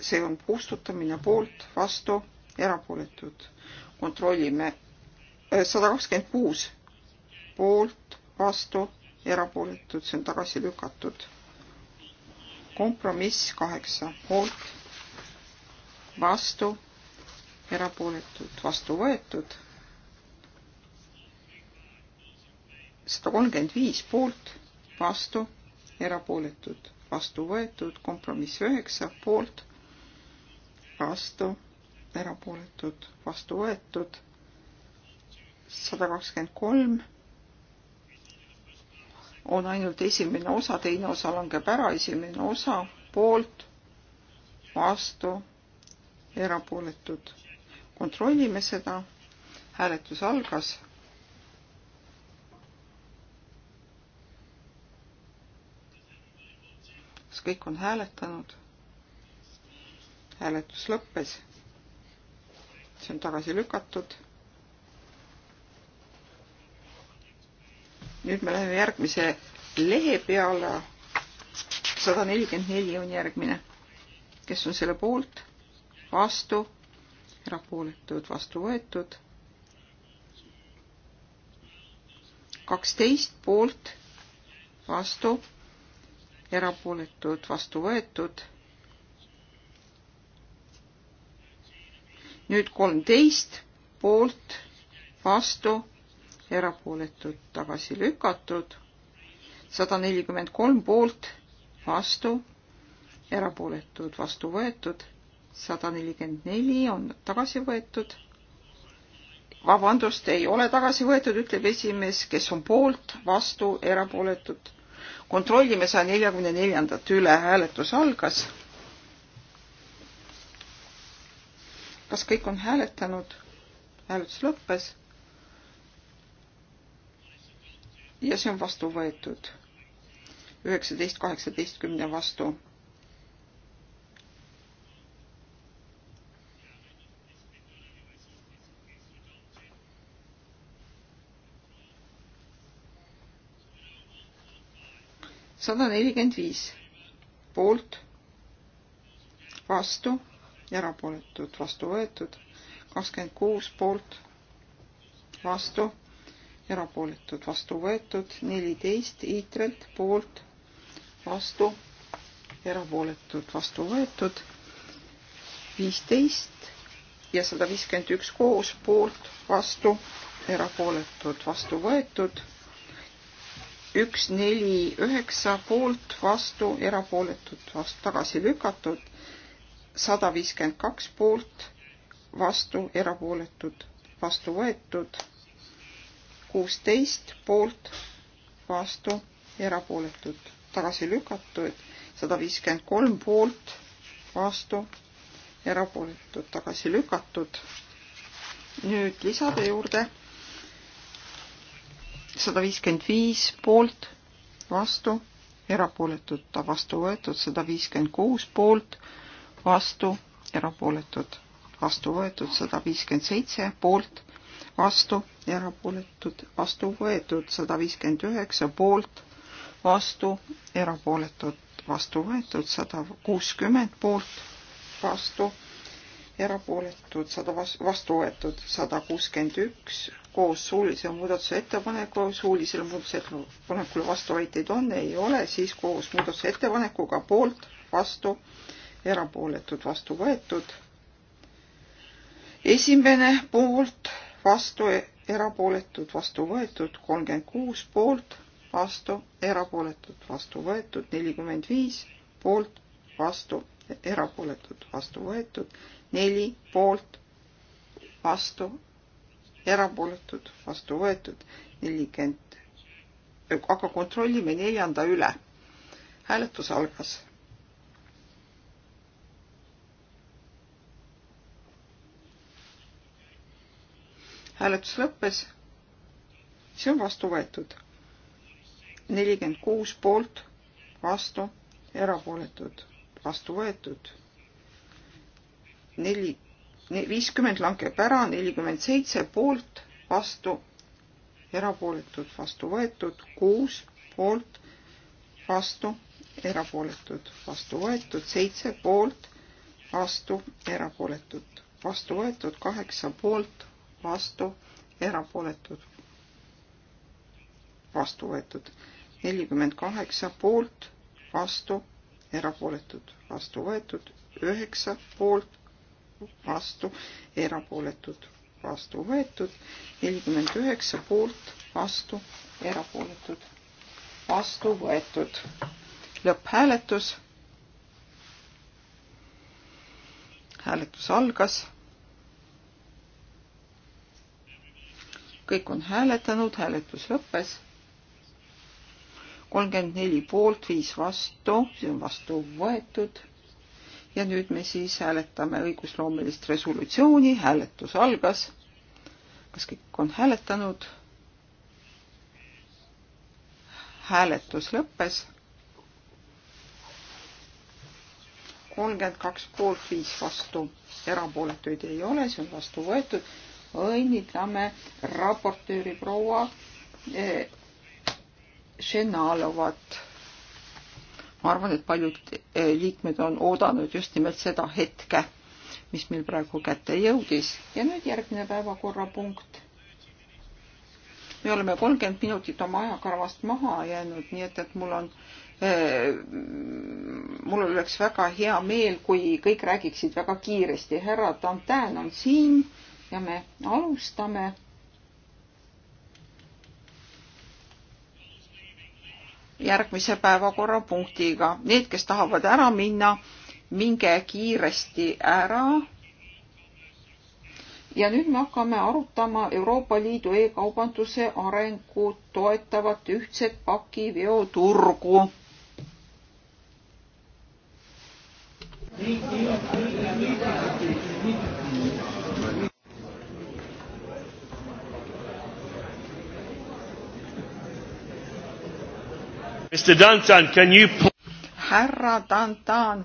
see on kustutamine poolt, vastu erapooletud, kontrollime. Äh, sada kakskümmend kuus poolt, vastu, erapooletud, see on tagasi lükatud. kompromiss kaheksa poolt, vastu, erapooletud, vastu võetud. sada kolmkümmend viis poolt, vastu, erapooletud, vastu võetud, kompromiss üheksa poolt, vastu erapooletud, vastu võetud. sada kakskümmend kolm on ainult esimene osa, teine osa langeb ära, esimene osa poolt, vastu, erapooletud. kontrollime seda. hääletus algas. kas kõik on hääletanud? hääletus lõppes see on tagasi lükatud. nüüd me läheme järgmise lehe peale. sada nelikümmend neli on järgmine. kes on selle poolt? vastu? erapooletud, vastu võetud. kaksteist poolt, vastu, erapooletud, vastu võetud nüüd kolmteist poolt, vastu, erapooletud, tagasi lükatud. sada nelikümmend kolm poolt, vastu, erapooletud, vastu võetud. sada nelikümmend neli on tagasi võetud. vabandust, ei ole tagasi võetud, ütleb esimees, kes on poolt, vastu, erapooletud. kontrollime saja neljakümne neljandat üle, hääletus algas kas kõik on hääletanud? hääletus lõppes. ja see on vastu võetud. üheksateist kaheksateistkümne vastu. sada nelikümmend viis poolt, vastu erapooletud, vastu võetud, kakskümmend kuus poolt, vastu, erapooletud, vastu võetud, neliteist Iitrelt poolt, vastu, erapooletud, vastu võetud, viisteist ja sada viiskümmend üks koos poolt, vastu, erapooletud, vastu võetud üks, neli, üheksa poolt, vastu, erapooletud, vastu tagasi lükatud, sada viiskümmend kaks poolt, vastu, erapooletud, vastu võetud, kuusteist poolt, vastu, erapooletud, tagasi lükatud, sada viiskümmend kolm poolt, vastu, erapooletud, tagasi lükatud. nüüd lisade juurde sada viiskümmend viis poolt, vastu, erapooletud, ta vastu võetud, sada viiskümmend kuus poolt, vastu, erapooletud, vastu võetud sada viiskümmend seitse, poolt, vastu, erapooletud, vastu võetud sada viiskümmend üheksa, poolt, vastu, erapooletud, vastu võetud sada kuuskümmend, poolt, vastu, erapooletud, sada vastu võetud sada kuuskümmend üks, koos suulise muudatusettepaneku, suulisele muudatusettepanekule vastuväiteid on, ei ole, siis koos muudatusettepanekuga poolt, vastu, erapooletud vastu võetud. esimene poolt vastu erapooletud vastu võetud, kolmkümmend kuus poolt vastu erapooletud vastu võetud, nelikümmend viis poolt vastu erapooletud vastu võetud, neli poolt vastu erapooletud vastu võetud, nelikümmend, aga kontrollime neljanda üle. hääletus algas hääletus lõppes. see on vastu võetud. nelikümmend kuus poolt, vastu, erapooletud, vastu võetud. neli, viiskümmend langeb ära, nelikümmend seitse poolt, vastu, erapooletud, vastu võetud, kuus poolt, vastu, erapooletud, vastu võetud, seitse poolt, vastu, erapooletud, vastu võetud, kaheksa poolt, vastu, erapooletud, vastu võetud. nelikümmend kaheksa poolt, vastu, erapooletud, vastu võetud, üheksa poolt, vastu, erapooletud, vastu võetud, nelikümmend üheksa poolt, vastu, erapooletud, vastu võetud. lõpphääletus. hääletus algas kõik on hääletanud, hääletus lõppes. kolmkümmend neli poolt, viis vastu, see on vastu võetud. ja nüüd me siis hääletame õigusloomelist resolutsiooni, hääletus algas. kas kõik on hääletanud? hääletus lõppes kolmkümmend kaks poolt, viis vastu, erapooletuid ei ole, see on vastu võetud õnnitleme raportööri proua eh, Šenalovat. ma arvan, et paljud eh, liikmed on oodanud just nimelt seda hetke, mis meil praegu kätte jõudis ja nüüd järgmine päevakorrapunkt. me oleme kolmkümmend minutit oma ajakarvast maha jäänud, nii et, et mul on eh, mul oleks väga hea meel, kui kõik räägiksid väga kiiresti. härra Dantin on siin ja me alustame. järgmise päevakorrapunktiga. Need, kes tahavad ära minna, minge kiiresti ära. ja nüüd me hakkame arutama Euroopa Liidu e-kaubanduse arengut toetavat ühtset pakiveoturgu You... härra Dantan,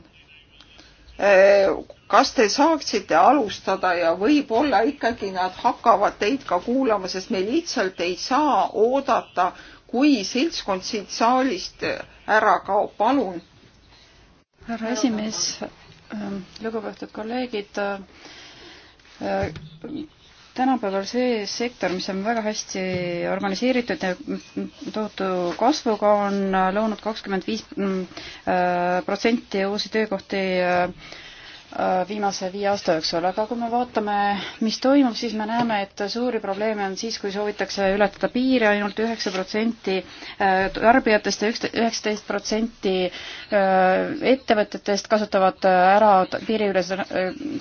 eh, kas te saaksite alustada ja võib-olla ikkagi nad hakkavad teid ka kuulama, sest me lihtsalt ei saa oodata, kui seltskond siit saalist eh, ära kaob, palun. härra esimees, eh, lugupeetud kolleegid tänapäeval see sektor, mis on väga hästi organiseeritud ja tohutu kasvuga, on loonud kakskümmend viis mm, äh, protsenti uusi töökohti äh, äh, viimase viie aasta jooksul, aga kui me vaatame, mis toimub, siis me näeme, et suuri probleeme on siis, kui soovitakse ületada piire ainult üheksa protsenti tarbijatest ja üheksateist protsenti ettevõtetest kasutavad ära piiriülese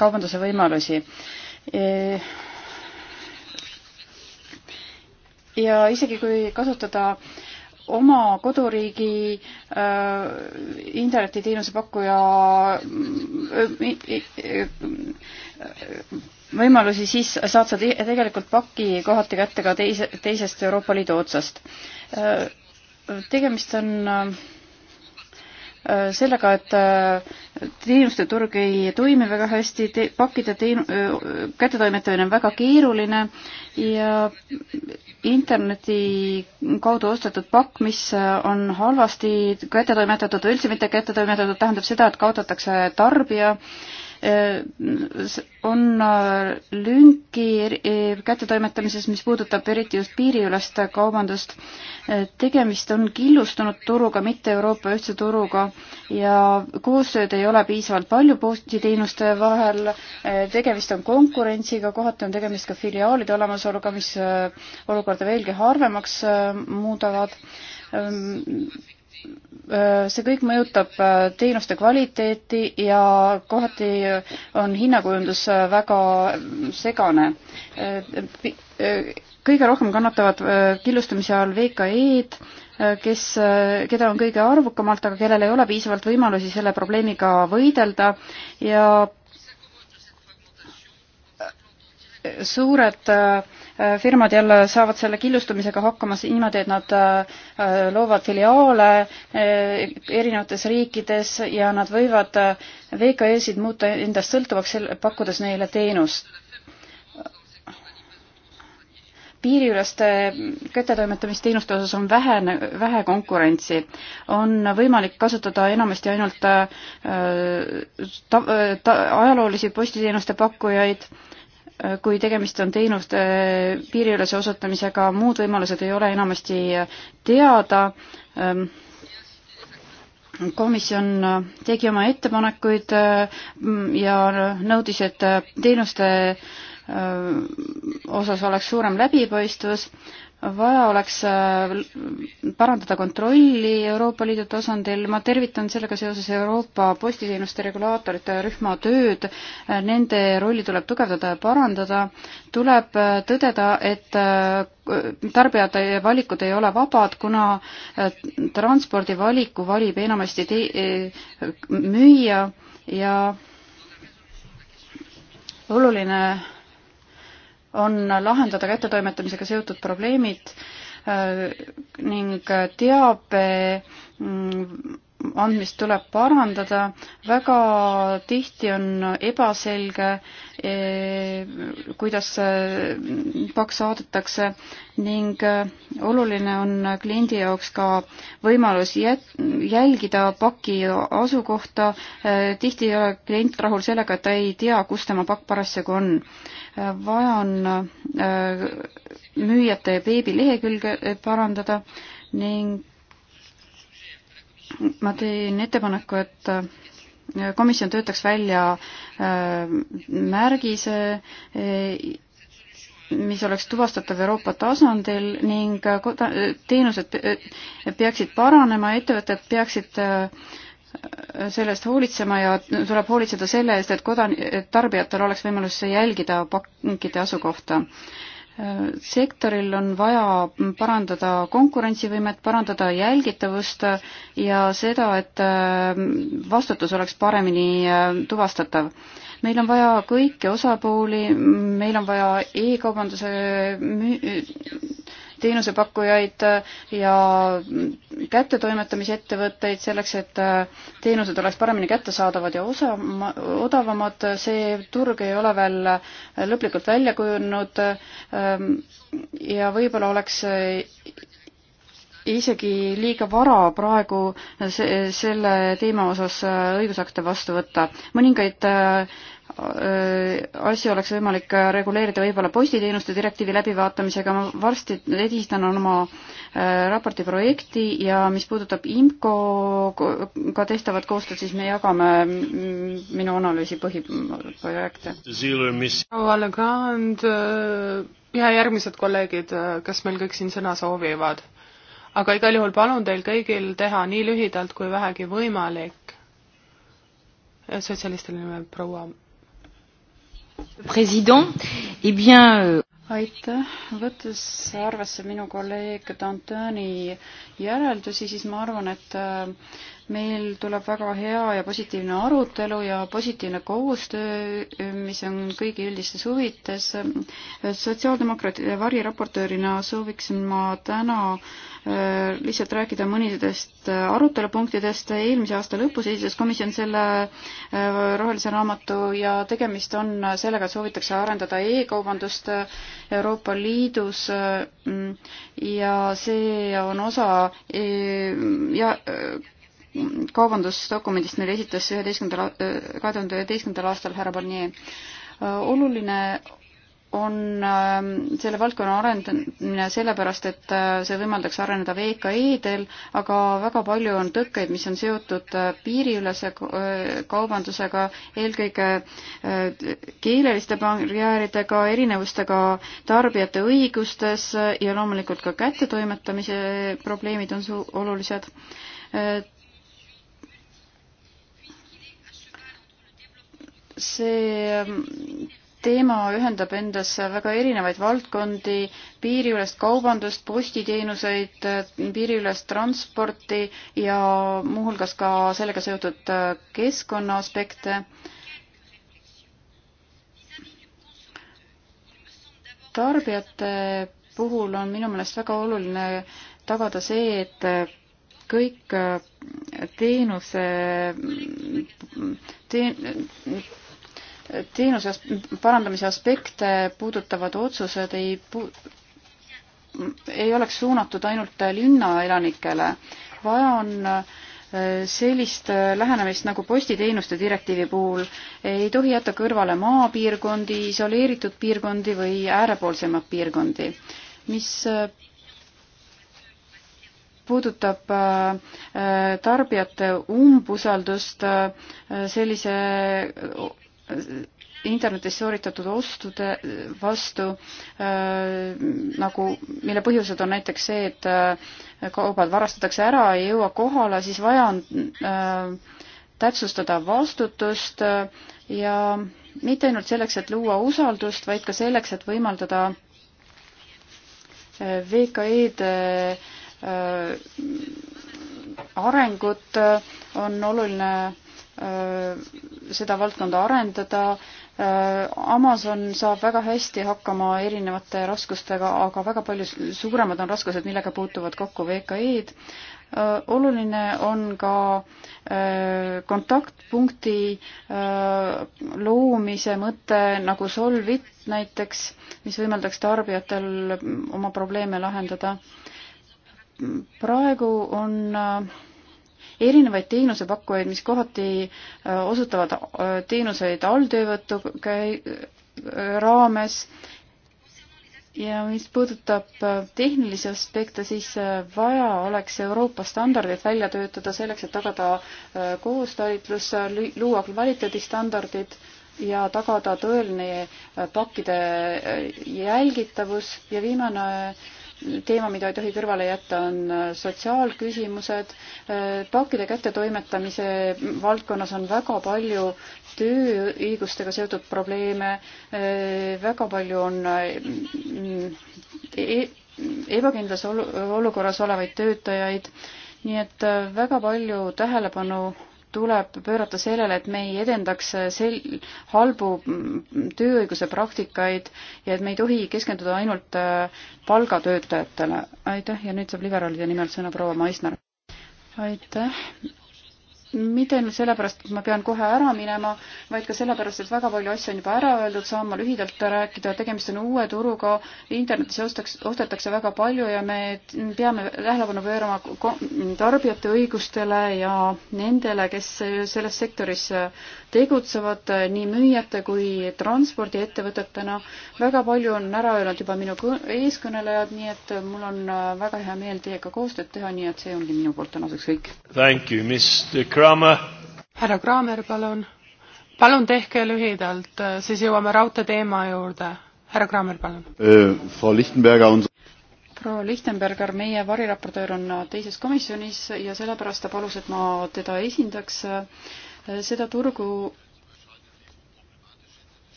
kaubanduse võimalusi ja isegi kui kasutada oma koduriigi äh, internetiteenuse pakkuja mm, mm, võimalusi, siis saad sa te tegelikult paki kohati kätte ka teise, teisest Euroopa Liidu otsast äh,. tegemist on äh, Äh, sellega, et äh, teenuste turg ei toimi väga hästi te,, pakkide teen-, äh, kättetoimetamine on väga keeruline ja interneti kaudu ostetud pakk, mis on halvasti kättetoimetatud või üldse mitte kättetoimetatud, tähendab seda, et kaotatakse tarbija äh, Äh, on äh, lünki äh, kättetoimetamises, mis puudutab eriti just piiriülest kaubandust. tegemist on killustunud turuga, mitte Euroopa ühtse turuga ja koostööd ei ole piisavalt palju postiteenuste vahel. tegemist on konkurentsiga, kohati on tegemist ka filiaalide olemasoluga, mis olukorda veelgi harvemaks muudavad Äh, see kõik mõjutab äh, teenuste kvaliteeti ja kohati on hinnakujundus äh, väga segane. kõige rohkem kannatavad killustamise all VKE-d, kes, keda on kõige arvukamalt, aga kellel ei ole piisavalt võimalusi selle probleemiga võidelda ja suured äh, Äh, firmad jälle saavad selle killustumisega hakkama niimoodi, et nad äh, loovad filiaale äh, erinevates riikides ja nad võivad VKE-sid muuta endast sõltuvaks, pakkudes neile teenust piiriüleste kättetoimetamisteenuste osas on vähe, vähe konkurentsi. on võimalik kasutada enamasti ainult ta, ta, ajaloolisi postiteenuste pakkujaid kui tegemist on teenuste piiriülese osutamisega, muud võimalused ei ole enamasti teada. Ähm, komisjon tegi oma ettepanekuid mm, ja nõudis, et teenuste äh, osas oleks suurem läbipaistvus vaja oleks äh, parandada kontrolli Euroopa Liidu tasandil, ma tervitan sellega seoses Euroopa postiteenuste regulaatorite rühma tööd, äh, nende rolli tuleb tugevdada ja parandada, tuleb äh, tõdeda, et tarbijate valikud ei ole vabad, kuna transpordivaliku valib enamasti müüja ja oluline on lahendada kättetoimetamisega seotud probleemid äh, ning teabe mm, andmist tuleb parandada, väga tihti on ebaselge, e, kuidas e, paks saadetakse ning e, oluline on kliendi jaoks ka võimalus jälgida paki asukohta. tihti ei ole klient rahul sellega, et ta ei tea, kus tema pakk parasjagu on. vaja on müüjate veebilehekülge parandada ning ma teen ettepaneku, et äh, komisjon töötaks välja äh, märgise, äh, mis oleks tuvastatav Euroopa tasandil ning teenused peaksid paranema, ettevõtted peaksid selle eest hoolitsema ja tuleb hoolitseda selle eest, et kodan-, et tarbijatel oleks võimalus jälgida pakkide asukohta sektoril on vaja parandada konkurentsivõimet, parandada jälgitavust ja seda, et ähm, vastutus oleks paremini ähm, tuvastatav. meil on vaja kõiki osapooli, meil on vaja e-kaubanduse teenusepakkujaid äh, ja kättetoimetamisettevõtteid selleks, et äh, teenused oleks paremini kättesaadavad ja osa, odavamad, see turg ei ole veel äh, lõplikult välja kujunenud ähm, ja võib-olla oleks isegi liiga vara praegu se selle teema osas õigusakte vastu võtta. mõningaid äh, Äh, asju oleks võimalik äh, reguleerida võib-olla postiteenuste direktiivi läbivaatamisega, ma varsti edistan oma äh, raporti projekti ja mis puudutab IMCO-ga tehtavat koostööd, siis me jagame minu analüüsi põhiprojekte. proua Legrand ja järgmised kolleegid, kes meil kõik siin sõna soovivad, aga igal juhul palun teil kõigil teha nii lühidalt kui vähegi võimalik sotsialistide nimel proua president, eh bien euh, aitäh, võttes arvesse minu kolleeg Dantoni järeldusi, siis ma arvan, et meil tuleb väga hea ja positiivne arutelu ja positiivne koostöö, mis on kõigi üldistes huvides. sotsiaaldemokraatide variraportöörina sooviksin ma täna äh, lihtsalt rääkida mõnidest äh, arutelupunktidest. eelmise aasta lõpus esitas komisjon selle äh, rohelise raamatu ja tegemist on sellega, et soovitakse arendada e-kaubandust Euroopa Liidus mm, ja see on osa ja kaubandusdokumendist, mille esitas üheteistkümnendal, kahe tuhande üheteistkümnendal aastal härra Barnier. oluline on ähm, selle valdkonna arendamine sellepärast, et äh, see võimaldaks areneda VKE-del, aga väga palju on tõkkeid, mis on seotud äh, piiriülese kaubandusega, eelkõige äh, keeleliste barjääridega, erinevustega tarbijate õigustes ja loomulikult ka kättetoimetamise probleemid on su-, olulised see ähm, teema ühendab endas väga erinevaid valdkondi, piiriülest kaubandust, postiteenuseid, äh, piiriülest transporti ja muuhulgas ka sellega seotud äh, keskkonna aspekte. tarbijate puhul on minu meelest väga oluline tagada see, et äh, kõik teenuse teen,, teenuse parandamise aspekte puudutavad otsused ei pu-, ei oleks suunatud ainult linnaelanikele. vaja on äh, sellist äh, lähenemist nagu postiteenuste direktiivi puhul ei tohi jätta kõrvale maapiirkondi, isoleeritud piirkondi või äärepoolsemaid piirkondi. mis äh, puudutab tarbijate umbusaldust sellise internetis sooritatud ostude eh, vastu äh, nagu, mille põhjused on näiteks see, et äh, kaubad varastatakse ära, ei jõua kohale, siis vaja on äh, täpsustada vastutust ja mitte ainult selleks, et luua usaldust, vaid ka selleks, et võimaldada VKE-de arengut on oluline Äh, seda valdkonda arendada. Äh, Amazon saab väga hästi hakkama erinevate raskustega, aga väga palju suuremad on raskused, millega puutuvad kokku VKE-d. Äh, oluline on ka kontaktpunkti loomise mõte nagu Solvit näiteks, mis võimaldaks tarbijatel oma probleeme lahendada. praegu on äh, erinevaid teenusepakkujaid, mis kohati äh, osutavad äh, teenuseid alltöövõtu äh, raames ja mis puudutab tehnilisi aspekte, siis vaja oleks Euroopa standardid välja töötada selleks, et tagada koostalitlus, luua kvaliteedistandardid ja tagada tõeline pakkide jälgitavus ja viimane teema, mida ei tohi kõrvale jätta, on äh, sotsiaalküsimused. Äh, pakkide kättetoimetamise valdkonnas on väga palju tööõigustega seotud probleeme, äh, väga palju on e ebakindlas olukorras olevaid töötajaid, nii et väga palju tähelepanu tuleb pöörata sellele, et me ei edendaks sel-, halbu tööõiguse praktikaid ja et me ei tohi keskenduda ainult äh, palgatöötajatele. aitäh ja nüüd saab liberaalide nimel sõna proua Maisner. aitäh, mitte ainult sellepärast, et ma pean kohe ära minema, vaid ka sellepärast, et väga palju asju on juba ära öeldud, saan ma lühidalt rääkida, tegemist on uue turuga, internetis ostaks, ostetakse väga palju ja me peame tähelepanu pöörama tarbijate õigustele ja nendele, kes selles sektoris tegutsevad nii müüjate kui transpordiettevõtetena. väga palju on ära öelnud juba minu eeskõnelejad, nii et mul on väga hea meel teiega koostööd teha, nii et see ongi minu poolt tänaseks kõik. Thank you, Mr. Kramer. härra Kramer, palun. palun tehke lühidalt, äh, siis jõuame raudteeteema juurde. härra Kramer, palun äh,. Frau Lichtenberger on proua Lichtenberger, meie variraportöör on äh, teises komisjonis ja sellepärast ta palus, et ma teda esindaks. Äh, seda turgu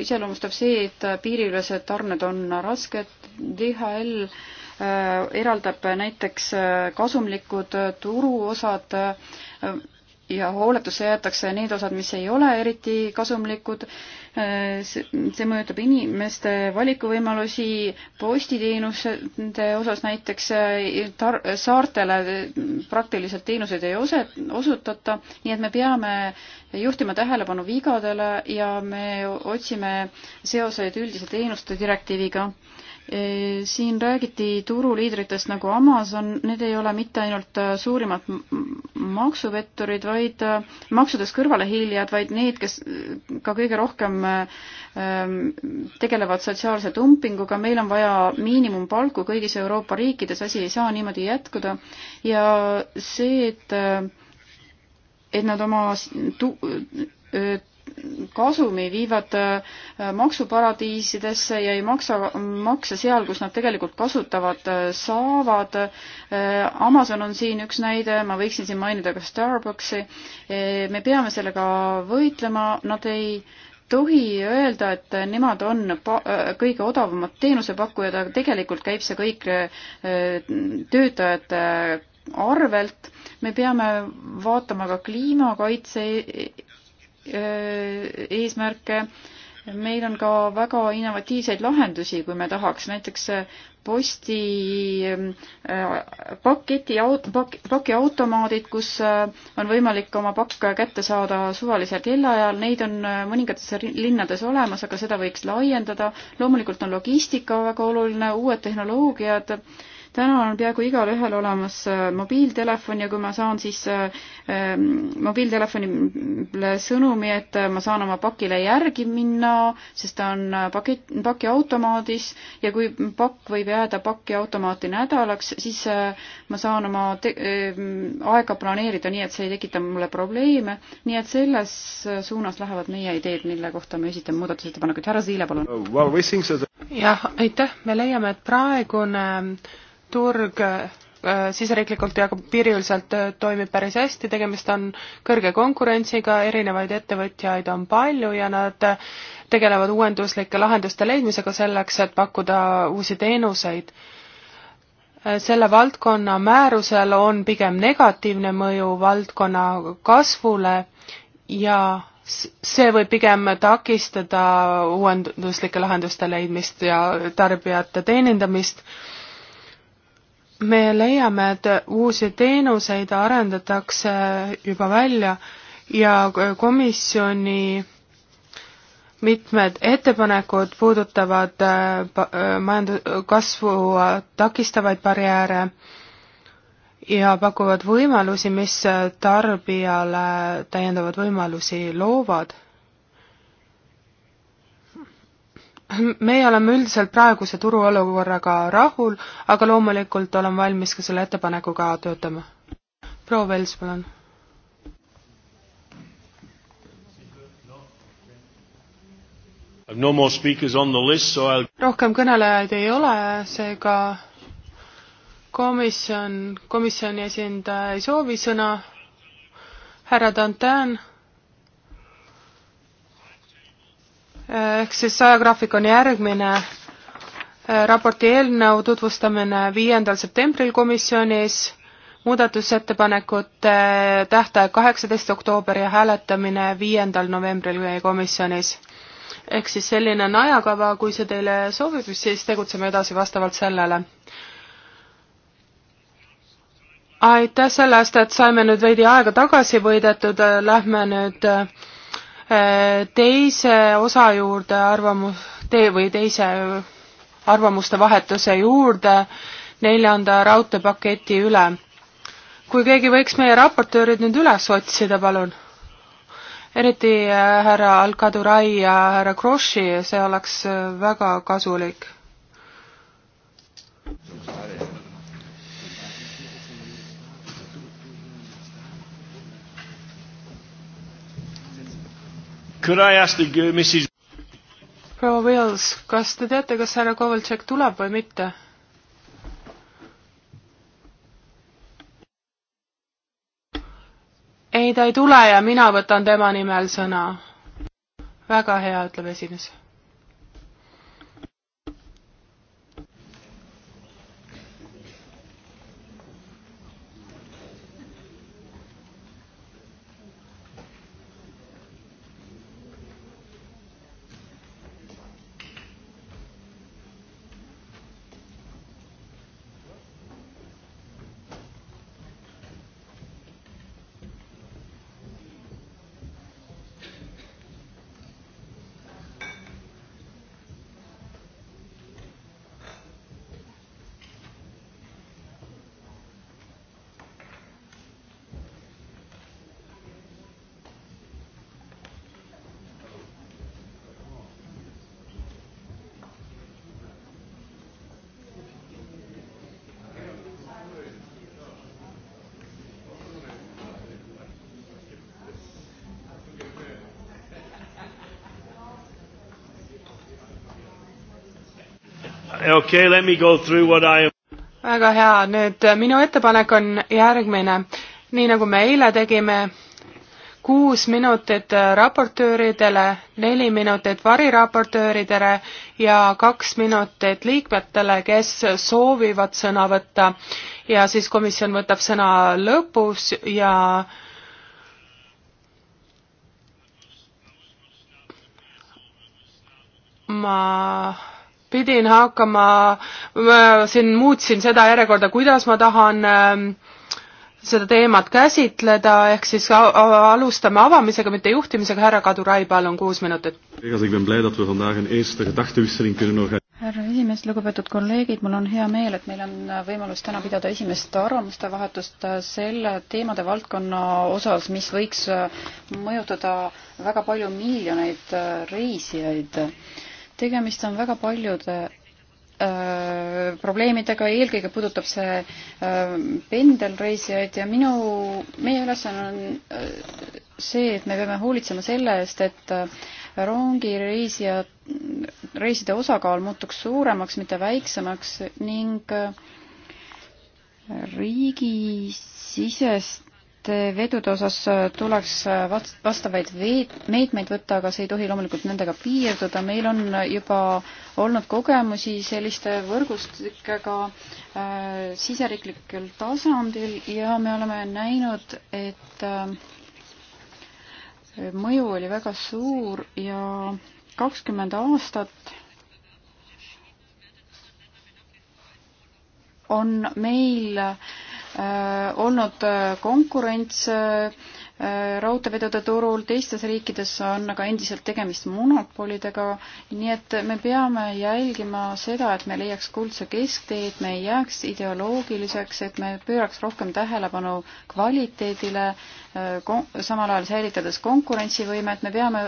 iseloomustab see, et piiriülesed tarned on rasked. DHL Äh, eraldab näiteks äh, kasumlikud äh, turuosad ja hooletusse jäetakse need osad, mis ei ole eriti kasumlikud. see mõjutab inimeste valikuvõimalusi postiteenuste osas näiteks tar-, saartele praktiliselt teenuseid ei ose-, osutata, nii et me peame juhtima tähelepanu vigadele ja me otsime seoseid üldise teenuste direktiiviga siin räägiti turuliidritest nagu Amazon, need ei ole mitte ainult äh, suurimad maksupetturid, vaid äh, maksudest kõrvalehiilijad, vaid need, kes äh, ka kõige rohkem ähm, tegelevad sotsiaalse dumpinguga, meil on vaja miinimumpalku kõigis Euroopa riikides, asi ei saa niimoodi jätkuda ja see, et et nad oma tu-, kasumi viivad äh, maksuparadiisidesse ja ei maksa makse seal, kus nad tegelikult kasutavad äh, saavad. Äh, Amazon on siin üks näide, ma võiksin siin mainida ka Starbucksi. me peame sellega võitlema, nad ei tohi öelda, et nemad on pa-, kõige odavamad teenusepakkujad, aga tegelikult käib see kõik töötajate arvelt. me peame vaatama ka kliimakaitse Äh, eesmärke. meil on ka väga innovatiivseid lahendusi, kui me tahaks, näiteks äh, posti ähm, äh, paketi, pakiautomaadid, kus on võimalik oma pakk kätte saada suvalisel kellaajal, neid on mõningates linnades olemas, aga seda võiks laiendada. loomulikult on logistika väga oluline, uued tehnoloogiad täna on peaaegu igalühel olemas äh, mobiiltelefon ja kui ma saan siis äh, ähm, mobiiltelefonile sõnumi, et äh, ma saan oma pakile järgi minna, sest ta on pakett, pakiautomaadis ja kui pakk võib jääda pakiautomaati nädalaks, siis ma saan oma ähm, aega planeerida nii, et see ei tekita mulle probleeme, nii et selles suunas lähevad meie ideed, mille kohta me esitame muudatusettepanekuid. härra Siile, palun. jah, aitäh, me leiame, et praegune turg äh, siseriiklikult ja ka piiriüleselt äh, toimib päris hästi, tegemist on kõrge konkurentsiga, erinevaid ettevõtjaid on palju ja nad äh, tegelevad uuenduslike lahenduste leidmisega selleks, et pakkuda uusi teenuseid. selle valdkonna määrusel on pigem negatiivne mõju valdkonna kasvule ja see võib pigem takistada uuenduslike lahenduste leidmist ja tarbijate teenindamist me leiame, et uusi teenuseid arendatakse juba välja ja komisjoni mitmed ettepanekud puudutavad äh, äh, majanduskasvu takistavaid barjääre ja pakuvad võimalusi, mis tarbijale täiendavaid võimalusi loovad meie oleme üldiselt praeguse turuolukorraga rahul, aga loomulikult olen valmis ka selle ettepanekuga töötama. proua Vels, palun. No list, rohkem kõnelejaid ei ole, seega komisjon, komisjoni esindaja ei soovi sõna. härra Dantin ehk siis ajagraafik on järgmine. Äh, raporti eelnõu tutvustamine viiendal septembril komisjonis, muudatusettepanekute äh, tähtaeg kaheksateist oktoober ja hääletamine viiendal novembril komisjonis. ehk siis selline on ajakava, kui see teile sobib, siis tegutseme edasi vastavalt sellele. aitäh selle eest, et saime nüüd veidi aega tagasi võidetud, äh, lähme nüüd äh, Äh, teise osa juurde arvamus, tee või teise arvamuste vahetuse juurde neljanda raudteepaketi üle. kui keegi võiks meie raportöörid nüüd üles otsida, palun. eriti äh, härra Alcadurai ja härra Kroshi, see oleks äh, väga kasulik Uh, proua Wills, kas te teate, kas härra Kovaltšek tuleb või mitte? ei, ta ei tule ja mina võtan tema nimel sõna. väga hea, ütleb esimees okay, let me go through what I am väga hea, nüüd äh, minu ettepanek on järgmine. nii nagu me eile tegime, kuus minutit äh, raportööridele, neli minutit variraportööridele ja kaks minutit liikmetele, kes soovivad sõna võtta. ja siis komisjon võtab sõna lõpus ja ma pidin hakkama, siin muutsin seda järjekorda, kuidas ma tahan ähm, seda teemat käsitleda, ehk siis alustame avamisega, mitte juhtimisega, härra Kadu Rai, palun, kuus minutit. härra esimees, lugupeetud kolleegid, mul on hea meel, et meil on võimalus täna pidada esimest arvamuste vahetust selle teemade valdkonna osas, mis võiks mõjutada väga palju miljoneid reisijaid tegemist on väga paljude öö, äh, probleemidega, eelkõige puudutab see öö, äh, pendelreisijaid ja minu, meie ülesanne on äh, see, et me peame hoolitsema selle eest, et rongireisija, reiside osakaal muutuks suuremaks, mitte väiksemaks ning riigisisest et vedude osas tuleks vastavaid meetmeid võtta, aga see ei tohi loomulikult nendega piirduda, meil on juba olnud kogemusi selliste võrgustikega äh, siseriiklikul tasandil ja me oleme näinud, et äh, mõju oli väga suur ja kakskümmend aastat on meil äh, Äh, olnud äh, konkurents äh, raudteevedude turul, teistes riikides on aga endiselt tegemist monopolidega, nii et me peame jälgima seda, et me leiaks kuldse kesktee, et me ei jääks ideoloogiliseks, et me pööraks rohkem tähelepanu kvaliteedile, samal ajal säilitades konkurentsivõimet, me peame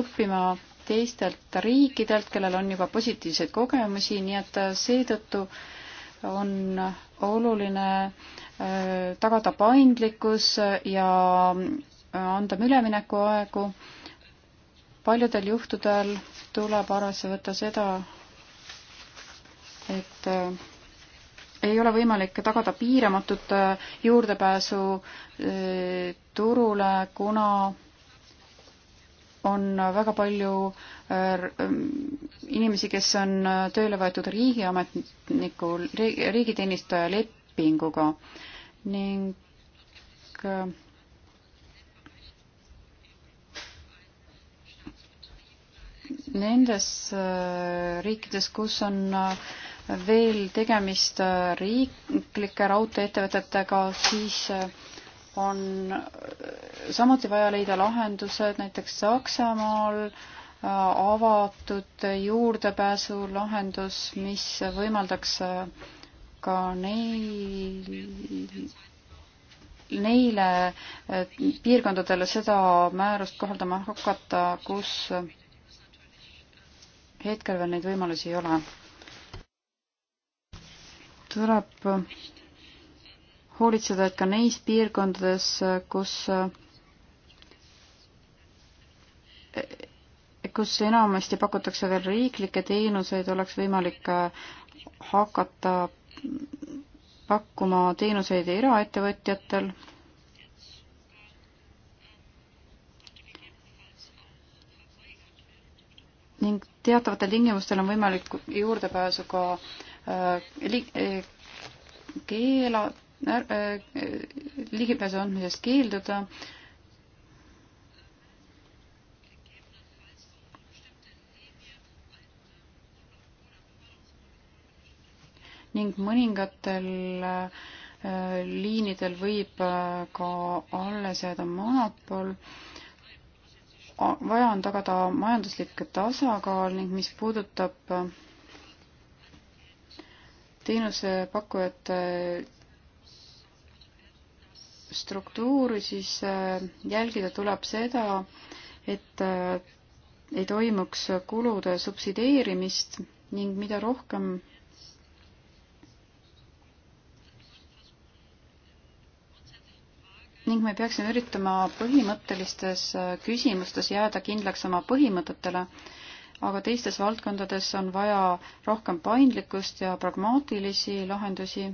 õppima teistelt riikidelt, kellel on juba positiivseid kogemusi, nii et seetõttu äh, on oluline äh, tagada paindlikkus ja äh, anda üleminekuaegu. paljudel juhtudel tuleb arvesse võtta seda, et äh, ei ole võimalik tagada piiramatut juurdepääsu turule, kuna on väga palju äh, ähm, inimesi, kes on äh, tööle võetud riigiametniku, riigiteenistuja lepinguga ning äh, nendes riikides, kus on veel tegemist riiklike raudtee-ettevõtetega, siis on samuti vaja leida lahendused, näiteks Saksamaal äh, avatud juurdepääsu lahendus, mis võimaldaks äh, ka neil, neile äh, piirkondadele seda määrust kohaldama hakata, kus hetkel veel neid võimalusi ei ole. tuleb hoolitseda, et ka neis piirkondades, kus kus enamasti pakutakse veel riiklikke teenuseid, oleks võimalik äh, hakata pakkuma teenuseid eraettevõtjatel. ning teatavatel tingimustel on võimalik juurdepääsu ka äh, äh, keelata Äh, ligipääsu andmisest keelduda. ning mõningatel äh, liinidel võib äh, ka alles jääda monopol vaja on tagada majanduslik tasakaal ning mis puudutab teenusepakkujate struktuuri, siis äh, jälgida tuleb seda, et äh, ei toimuks kulude subsideerimist ning mida rohkem ning me peaksime üritama põhimõttelistes äh, küsimustes jääda kindlaks oma põhimõtetele, aga teistes valdkondades on vaja rohkem paindlikkust ja pragmaatilisi lahendusi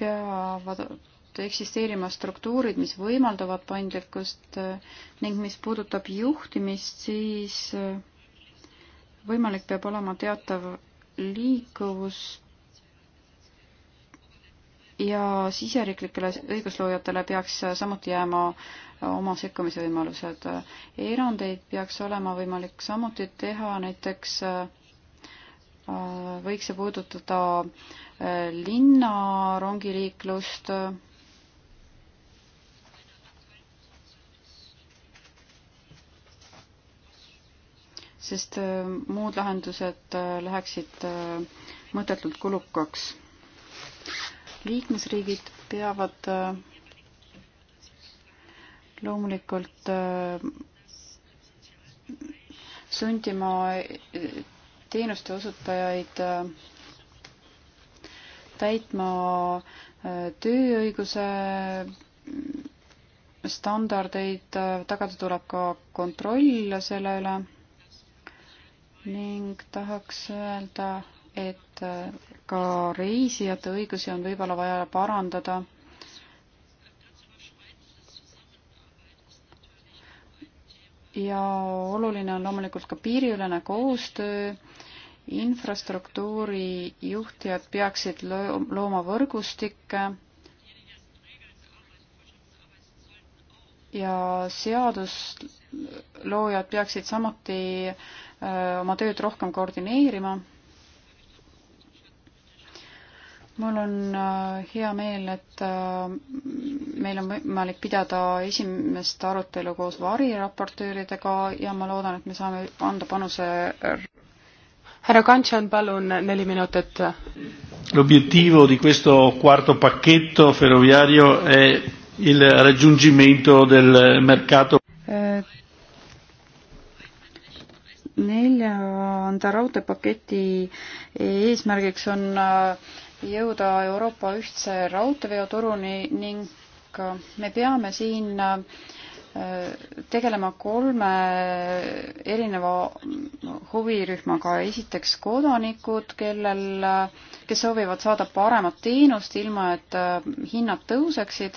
peavad eksisteerima struktuurid, mis võimaldavad paindlikkust eh, ning mis puudutab juhtimist, siis eh, võimalik peab olema teatav liikuvus ja siseriiklikele õigusloojatele peaks samuti jääma oma sekkumisvõimalused. erandeid peaks olema võimalik samuti teha näiteks eh, Äh, võiks see puudutada äh, linna rongiliiklust. sest äh, muud lahendused läheksid mõttetult kulukaks. liikmesriigid peavad loomulikult sundima teenuste osutajaid äh, täitma äh, tööõiguse äh, standardeid, tagada tuleb ka kontroll selle üle ning tahaks öelda, et ka reisijate õigusi on võib-olla vaja parandada ja oluline on loomulikult ka piiriülene koostöö. infrastruktuuri juhtijad peaksid looma võrgustikke ja seadusloojad peaksid samuti äh, oma tööd rohkem koordineerima mul on äh, hea meel, et äh, meil on võimalik pidada esimest arutelu koos variraportööridega ja ma loodan, et me saame anda panuse. härra Kantšan, palun neli minutit. L'obiettivo di questo quarto pacchetto ferroviario è il raggiungimento del mercato äh, neljanda raudteepaketi eesmärgiks on äh, jõuda Euroopa ühtse raudteeveoturuni ning me peame siin äh, tegelema kolme erineva huvirühmaga. esiteks kodanikud, kellel, kes soovivad saada paremat teenust, ilma et äh, hinnad tõuseksid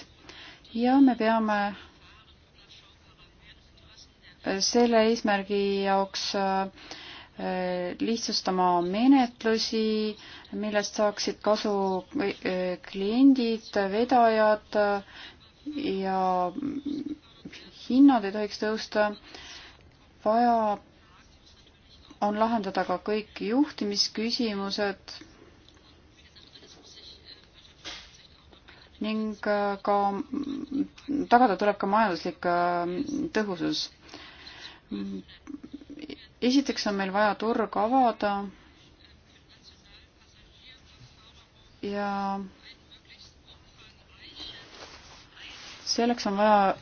ja me peame äh, selle eesmärgi jaoks äh, Äh, lihtsustama menetlusi, millest saaksid kasu äh, kliendid, vedajad äh, ja hinnad ei tohiks tõusta. vaja on lahendada ka kõik juhtimisküsimused ning ka tagada tuleb ka majanduslik tõhusus esiteks on meil vaja turg avada ja selleks on vaja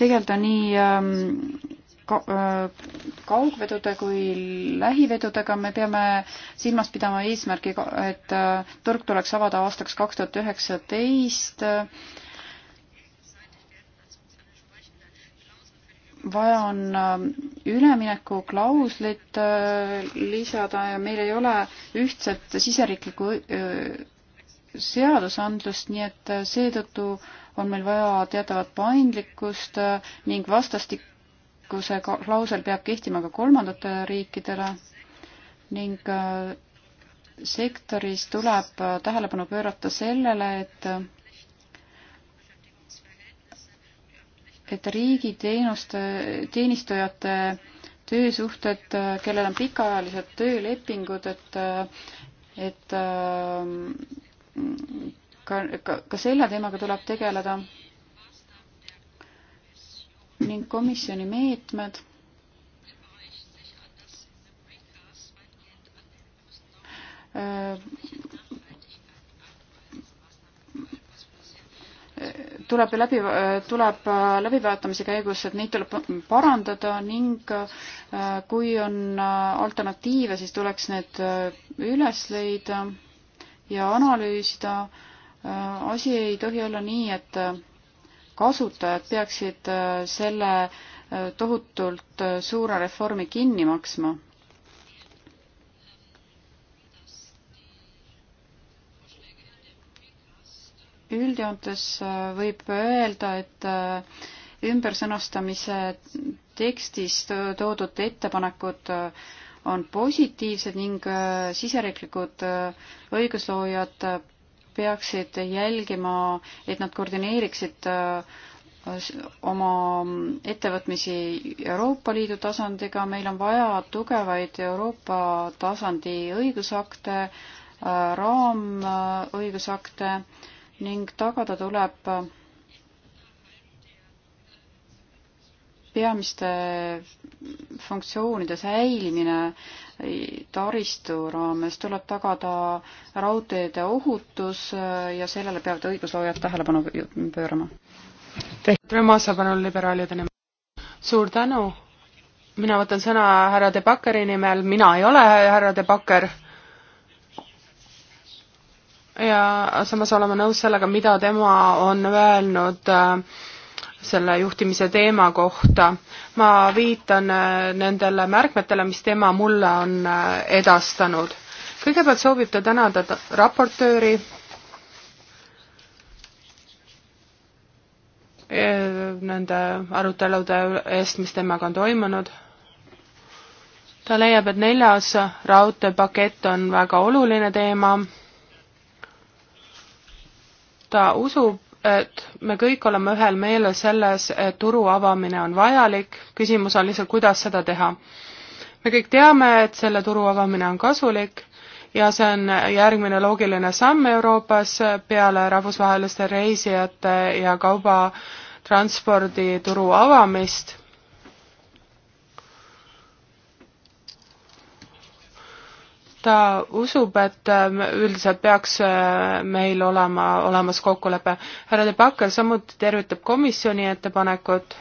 tegeleda nii ähm, ka äh, kaugvedude kui lähivedudega, me peame silmas pidama eesmärgi, et äh, turg tuleks avada aastaks kaks tuhat üheksateist vaja on äh, üleminekuklauslit äh, lisada ja meil ei ole ühtset siseriiklikku äh, seadusandlust, nii et seetõttu on meil vaja teatavat paindlikkust ning vastastikuse klausel peab kehtima ka kolmandatele riikidele ning sektoris tuleb tähelepanu pöörata sellele, et et riigi teenuste, teenistujate töösuhted, kellel on pikaajalised töölepingud, et et ähm, ka, ka, ka selle teemaga tuleb tegeleda ning komisjoni meetmed äh, tuleb läbi, tuleb äh, läbivaatamise käigus, et neid tuleb parandada ning äh, kui on äh, alternatiive, siis tuleks need üles leida ja analüüsida. asi ei tohi olla nii, et kasutajad peaksid selle tohutult suure reformi kinni maksma üldjoontes äh, võib öelda, et äh, ümbersõnastamise tekstis äh, toodud ettepanekud on positiivsed ning siseriiklikud õigusloojad peaksid jälgima, et nad koordineeriksid oma mm, ettevõtmisi Euroopa Liidu tasandiga, meil on vaja tugevaid Euroopa tasandi õigusakte, raamõigusakte äh,, ning tagada tuleb peamiste funktsioonide säilimine taristu raames, tuleb tagada raudteede ohutus ja sellele peavad õigusloojad tähelepanu pöörama. Tremasa, palun liberaalide nimel. suur tänu, mina võtan sõna härra De Bakkeri nimel, mina ei ole härra De Bakker ja samas oleme nõus sellega, mida tema on öelnud äh, selle juhtimise teema kohta. ma viitan äh, nendele märkmetele, mis tema mulle on äh, edastanud. kõigepealt soovib ta tänada raportööri nende arutelude eest, mis temaga on toimunud. ta leiab, et neljas raudteepakett on väga oluline teema ta usub, et me kõik oleme ühel meelel selles, et turu avamine on vajalik, küsimus on lihtsalt, kuidas seda teha. me kõik teame, et selle turu avamine on kasulik ja see on järgmine loogiline samm Euroopas peale rahvusvaheliste reisijate ja kaubatranspordituru avamist ta usub, et ähm, üldiselt peaks äh, meil olema olemas kokkulepe. härra De Backer samuti tervitab komisjoni ettepanekut.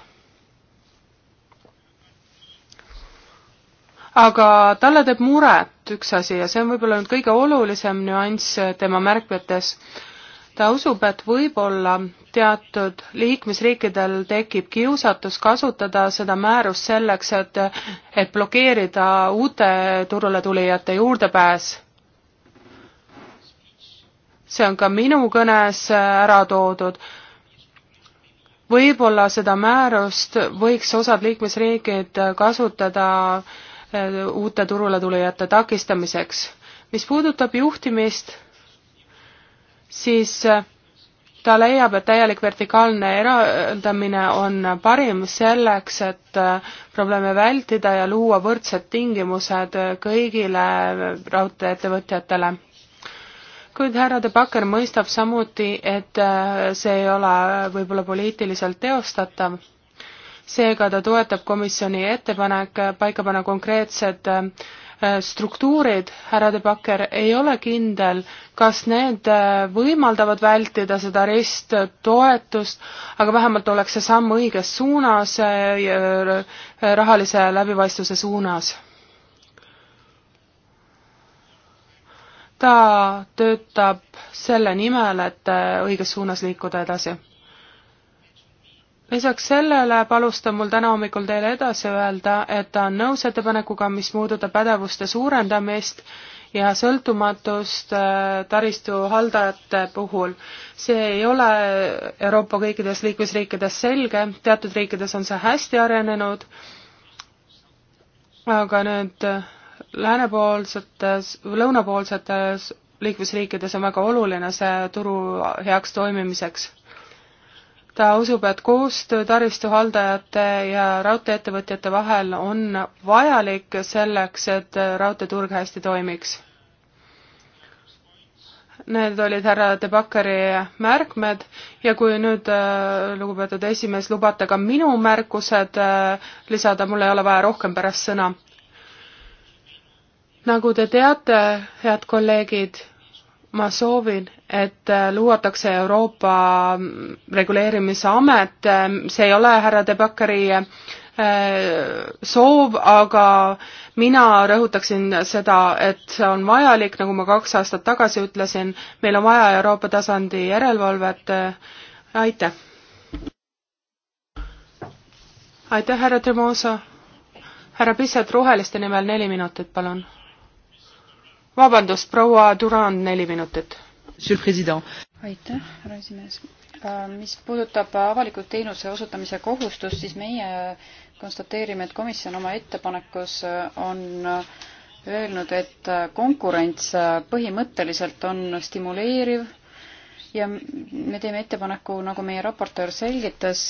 aga talle teeb muret üks asi ja see on võib-olla nüüd kõige olulisem nüanss äh, tema märkmetes ta usub, et võib-olla teatud liikmesriikidel tekib kiusatus kasutada seda määrust selleks, et, et blokeerida uute turule tulijate juurdepääs. see on ka minu kõnes ära toodud. võib-olla seda määrust võiks osad liikmesriigid kasutada eh, uute turule tulijate takistamiseks. mis puudutab juhtimist siis äh, ta leiab, et täielik vertikaalne eraldamine on parim selleks, et äh, probleeme vältida ja luua võrdsed tingimused äh, kõigile raudteeettevõtjatele. kuid härra De Backer mõistab samuti, et see ei ole võib-olla poliitiliselt teostatav. seega ta toetab komisjoni ettepanek paika panna konkreetsed Äh, struktuurid, härra De Backer, ei ole kindel, kas need äh, võimaldavad vältida seda risttoetust, aga vähemalt oleks see samm õiges suunas, äh, rahalise läbipaistvuse suunas. ta töötab selle nimel, et õiges suunas liikuda edasi lisaks sellele palus ta mul täna hommikul teile edasi öelda, et ta on nõus ettepanekuga, mis puudutab pädevuste suurendamist ja sõltumatust äh, taristu haldajate puhul. see ei ole Euroopa kõikides liikmesriikides selge, teatud riikides on see hästi arenenud, aga nüüd äh, läänepoolsetes, lõunapoolsetes liikmesriikides on väga oluline see turu heaks toimimiseks ta usub, et koostöö taristuhaldajate ja raudteeettevõtjate vahel on vajalik selleks, et raudteeturg hästi toimiks. Need olid härra De Bakkeri märkmed ja kui nüüd, äh, lugupeetud esimees, lubate ka minu märkused äh, lisada, mul ei ole vaja rohkem pärast sõna. nagu te teate, head kolleegid ma soovin, et äh, luuatakse Euroopa mm, Reguleerimisamet, ähm, see ei ole härra De Bakkeri äh, soov, aga mina rõhutaksin seda, et see on vajalik, nagu ma kaks aastat tagasi ütlesin, meil on vaja Euroopa tasandi järelevalvet, äh, aitäh! aitäh, härra Tremosa! härra Pisset Roheliste nimel neli minutit, palun vabandust, proua Duran, neli minutit. aitäh, härra esimees. mis puudutab avaliku teenuse osutamise kohustust, siis meie konstateerime, et komisjon oma ettepanekus on öelnud, et konkurents põhimõtteliselt on stimuleeriv ja me teeme ettepaneku, nagu meie raportöör selgitas,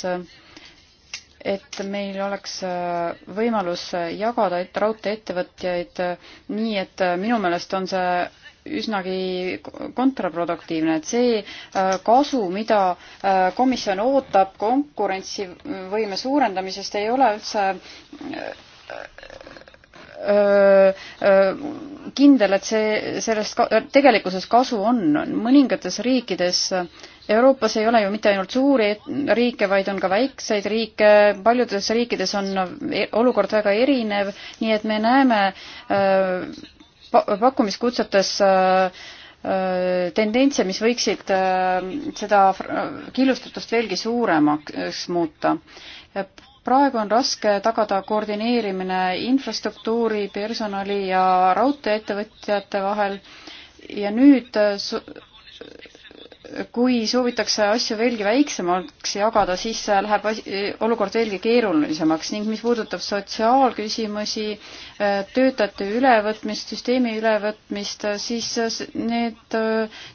et meil oleks äh, võimalus äh, jagada et raudtee-ettevõtjaid äh, nii, et minu meelest on see üsnagi kontraproduktiivne, et see kasu, mida komisjon ootab konkurentsivõime suurendamisest, ei ole üldse kindel, et see, sellest ka, tegelikkuses kasu on. mõningates riikides äh, Euroopas ei ole ju mitte ainult suuri riike, vaid on ka väikseid riike, paljudes riikides on e-, olukord väga erinev, nii et me näeme äh, pakkumiskutsetes äh, äh, tendentse, mis võiksid seda killustatust veelgi suuremaks muuta praegu on raske tagada koordineerimine infrastruktuuri, personali ja raudteeettevõtjate vahel ja nüüd kui soovitakse asju veelgi väiksemaks jagada, siis läheb asi, olukord veelgi keerulisemaks ning mis puudutab sotsiaalküsimusi, äh, töötajate ülevõtmist, süsteemi ülevõtmist, äh, siis äh, need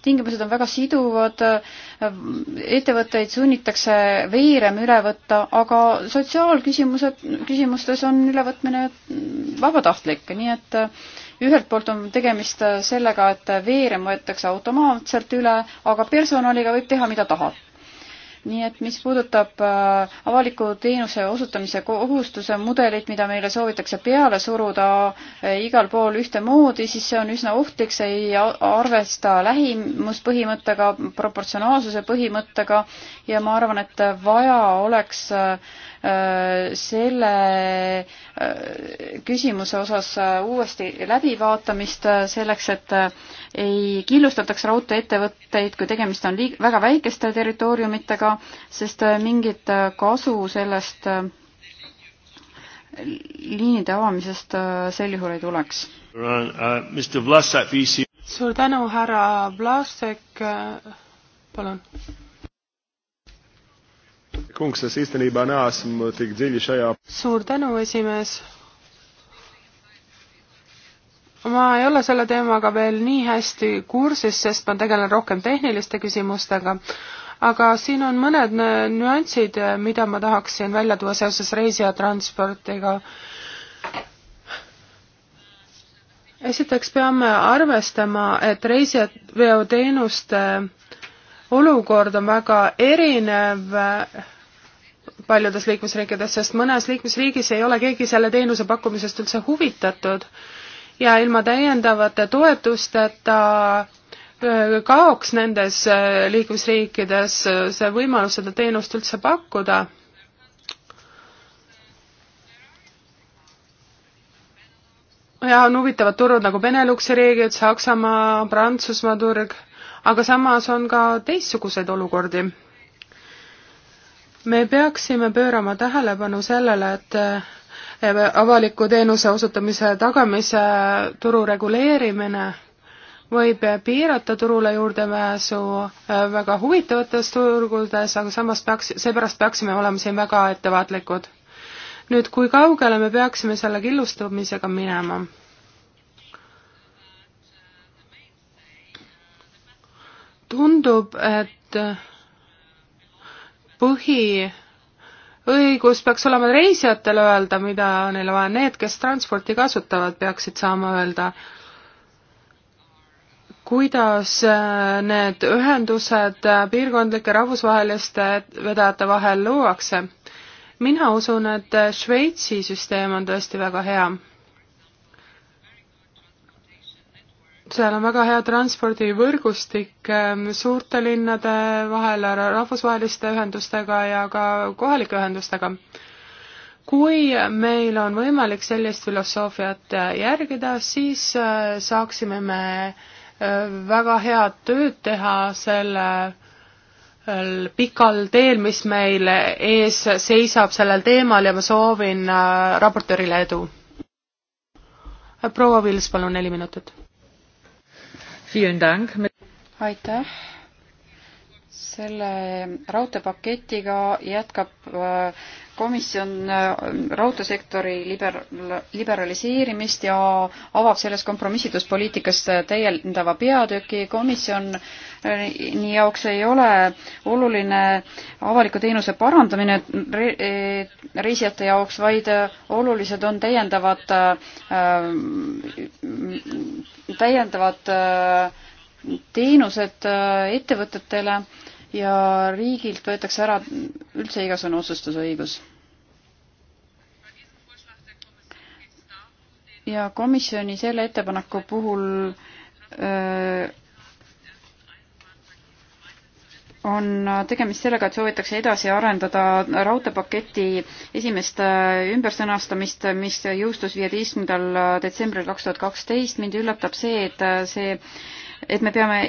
tingimused on väga siduvad, ettevõtteid sunnitakse veerem üle võtta, aga sotsiaalküsimused, küsimustes on ülevõtmine mm, vabatahtlik, nii et äh, ühelt poolt on tegemist sellega, et veerem võetakse automaatselt üle, aga personaliga võib teha, mida tahab nii et mis puudutab äh, avaliku teenuse osutamise kohustuse mudelit, mida meile soovitakse peale suruda äh, igal pool ühtemoodi, siis see on üsna ohtlik, see ei arvesta lähimuspõhimõttega, proportsionaalsuse põhimõttega ja ma arvan, et vaja oleks äh, Äh, selle äh, küsimuse osas äh, uuesti läbivaatamist selleks, et ei killustataks raudtee-ettevõtteid, kui tegemist on liig-, väga väikeste territooriumitega, sest mingit kasu sellest liinide avamisest sel juhul ei tuleks. Uh, suur tänu, härra Vlasek, palun kungs, es īstenībā neesmu tik dziļi šajā. suur tänu, esimees. ma ei ole selle teemaga veel nii hästi kursis, sest ma tegelen rohkem tehniliste küsimustega, aga siin on mõned nüansid, mida ma tahaksin välja tuua seoses reisijatransportiga. esiteks peame arvestama, et reisijaveoteenuste äh, olukord on väga erinev äh, paljudes liikmesriikides, sest mõnes liikmesriigis ei ole keegi selle teenuse pakkumisest üldse huvitatud ja ilma täiendavate toetusteta äh, kaoks nendes äh, liikmesriikides see võimalus seda teenust üldse pakkuda. ja on huvitavad turud nagu Beneluxi riigid, Saksamaa, Prantsusmaa turg aga samas on ka teistsuguseid olukordi. me peaksime pöörama tähelepanu sellele, et avaliku teenuse osutamise tagamise turu reguleerimine võib piirata turule juurdepääsu äh, väga huvitavates turgudes, aga samas peaks, seepärast peaksime olema siin väga ettevaatlikud. nüüd, kui kaugele me peaksime selle killustumisega minema? tundub, et põhiõigus peaks olema reisijatele öelda, mida neil on vaja, need, kes transporti kasutavad, peaksid saama öelda, kuidas need ühendused piirkondlike rahvusvaheliste vedajate vahel luuakse. mina usun, et Šveitsi süsteem on tõesti väga hea seal on väga hea transpordivõrgustik ähm, suurte linnade vahel, rahvusvaheliste ühendustega ja ka kohalike ühendustega. kui meil on võimalik sellist filosoofiat järgida, siis äh, saaksime me äh, väga head tööd teha selle äh, pikal teel, mis meil ees seisab sellel teemal ja ma soovin raportöörile edu. proua Vils, palun neli minutit aitäh selle raudteepaketiga jätkab äh, komisjon äh, raudteesektori liber-, liberaliseerimist ja avab selles kompromissituspoliitikas täiendava peatüki. komisjoni äh, jaoks ei ole oluline avaliku teenuse parandamine äh, reisijate jaoks, vaid olulised on täiendavad, täiendavad teenused ettevõtetele ja riigilt võetakse ära üldse igasugune otsustusõigus. ja komisjoni selle ettepaneku puhul öö, on tegemist sellega, et soovitakse edasi arendada raudteepaketi esimest äh, ümbersõnastamist, mis jõustus viieteistkümnendal äh, detsembril kaks tuhat kaksteist. mind üllatab see, et äh, see, et me peame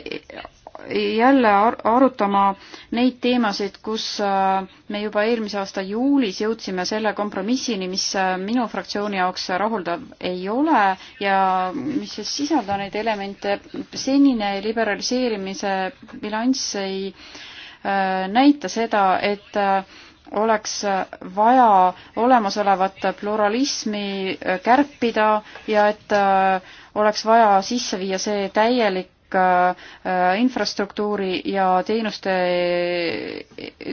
jälle ar arutama neid teemasid, kus äh, me juba eelmise aasta juulis jõudsime selle kompromissini, mis äh, minu fraktsiooni jaoks rahuldav ei ole ja mis siis sisalda neid elemente. senine liberaliseerimise bilanss ei äh, näita seda, et oleks vaja olemasolevat pluralismi kärpida ja et oleks vaja sisse viia see täielik energeetika, äh, infrastruktuuri ja teenuste,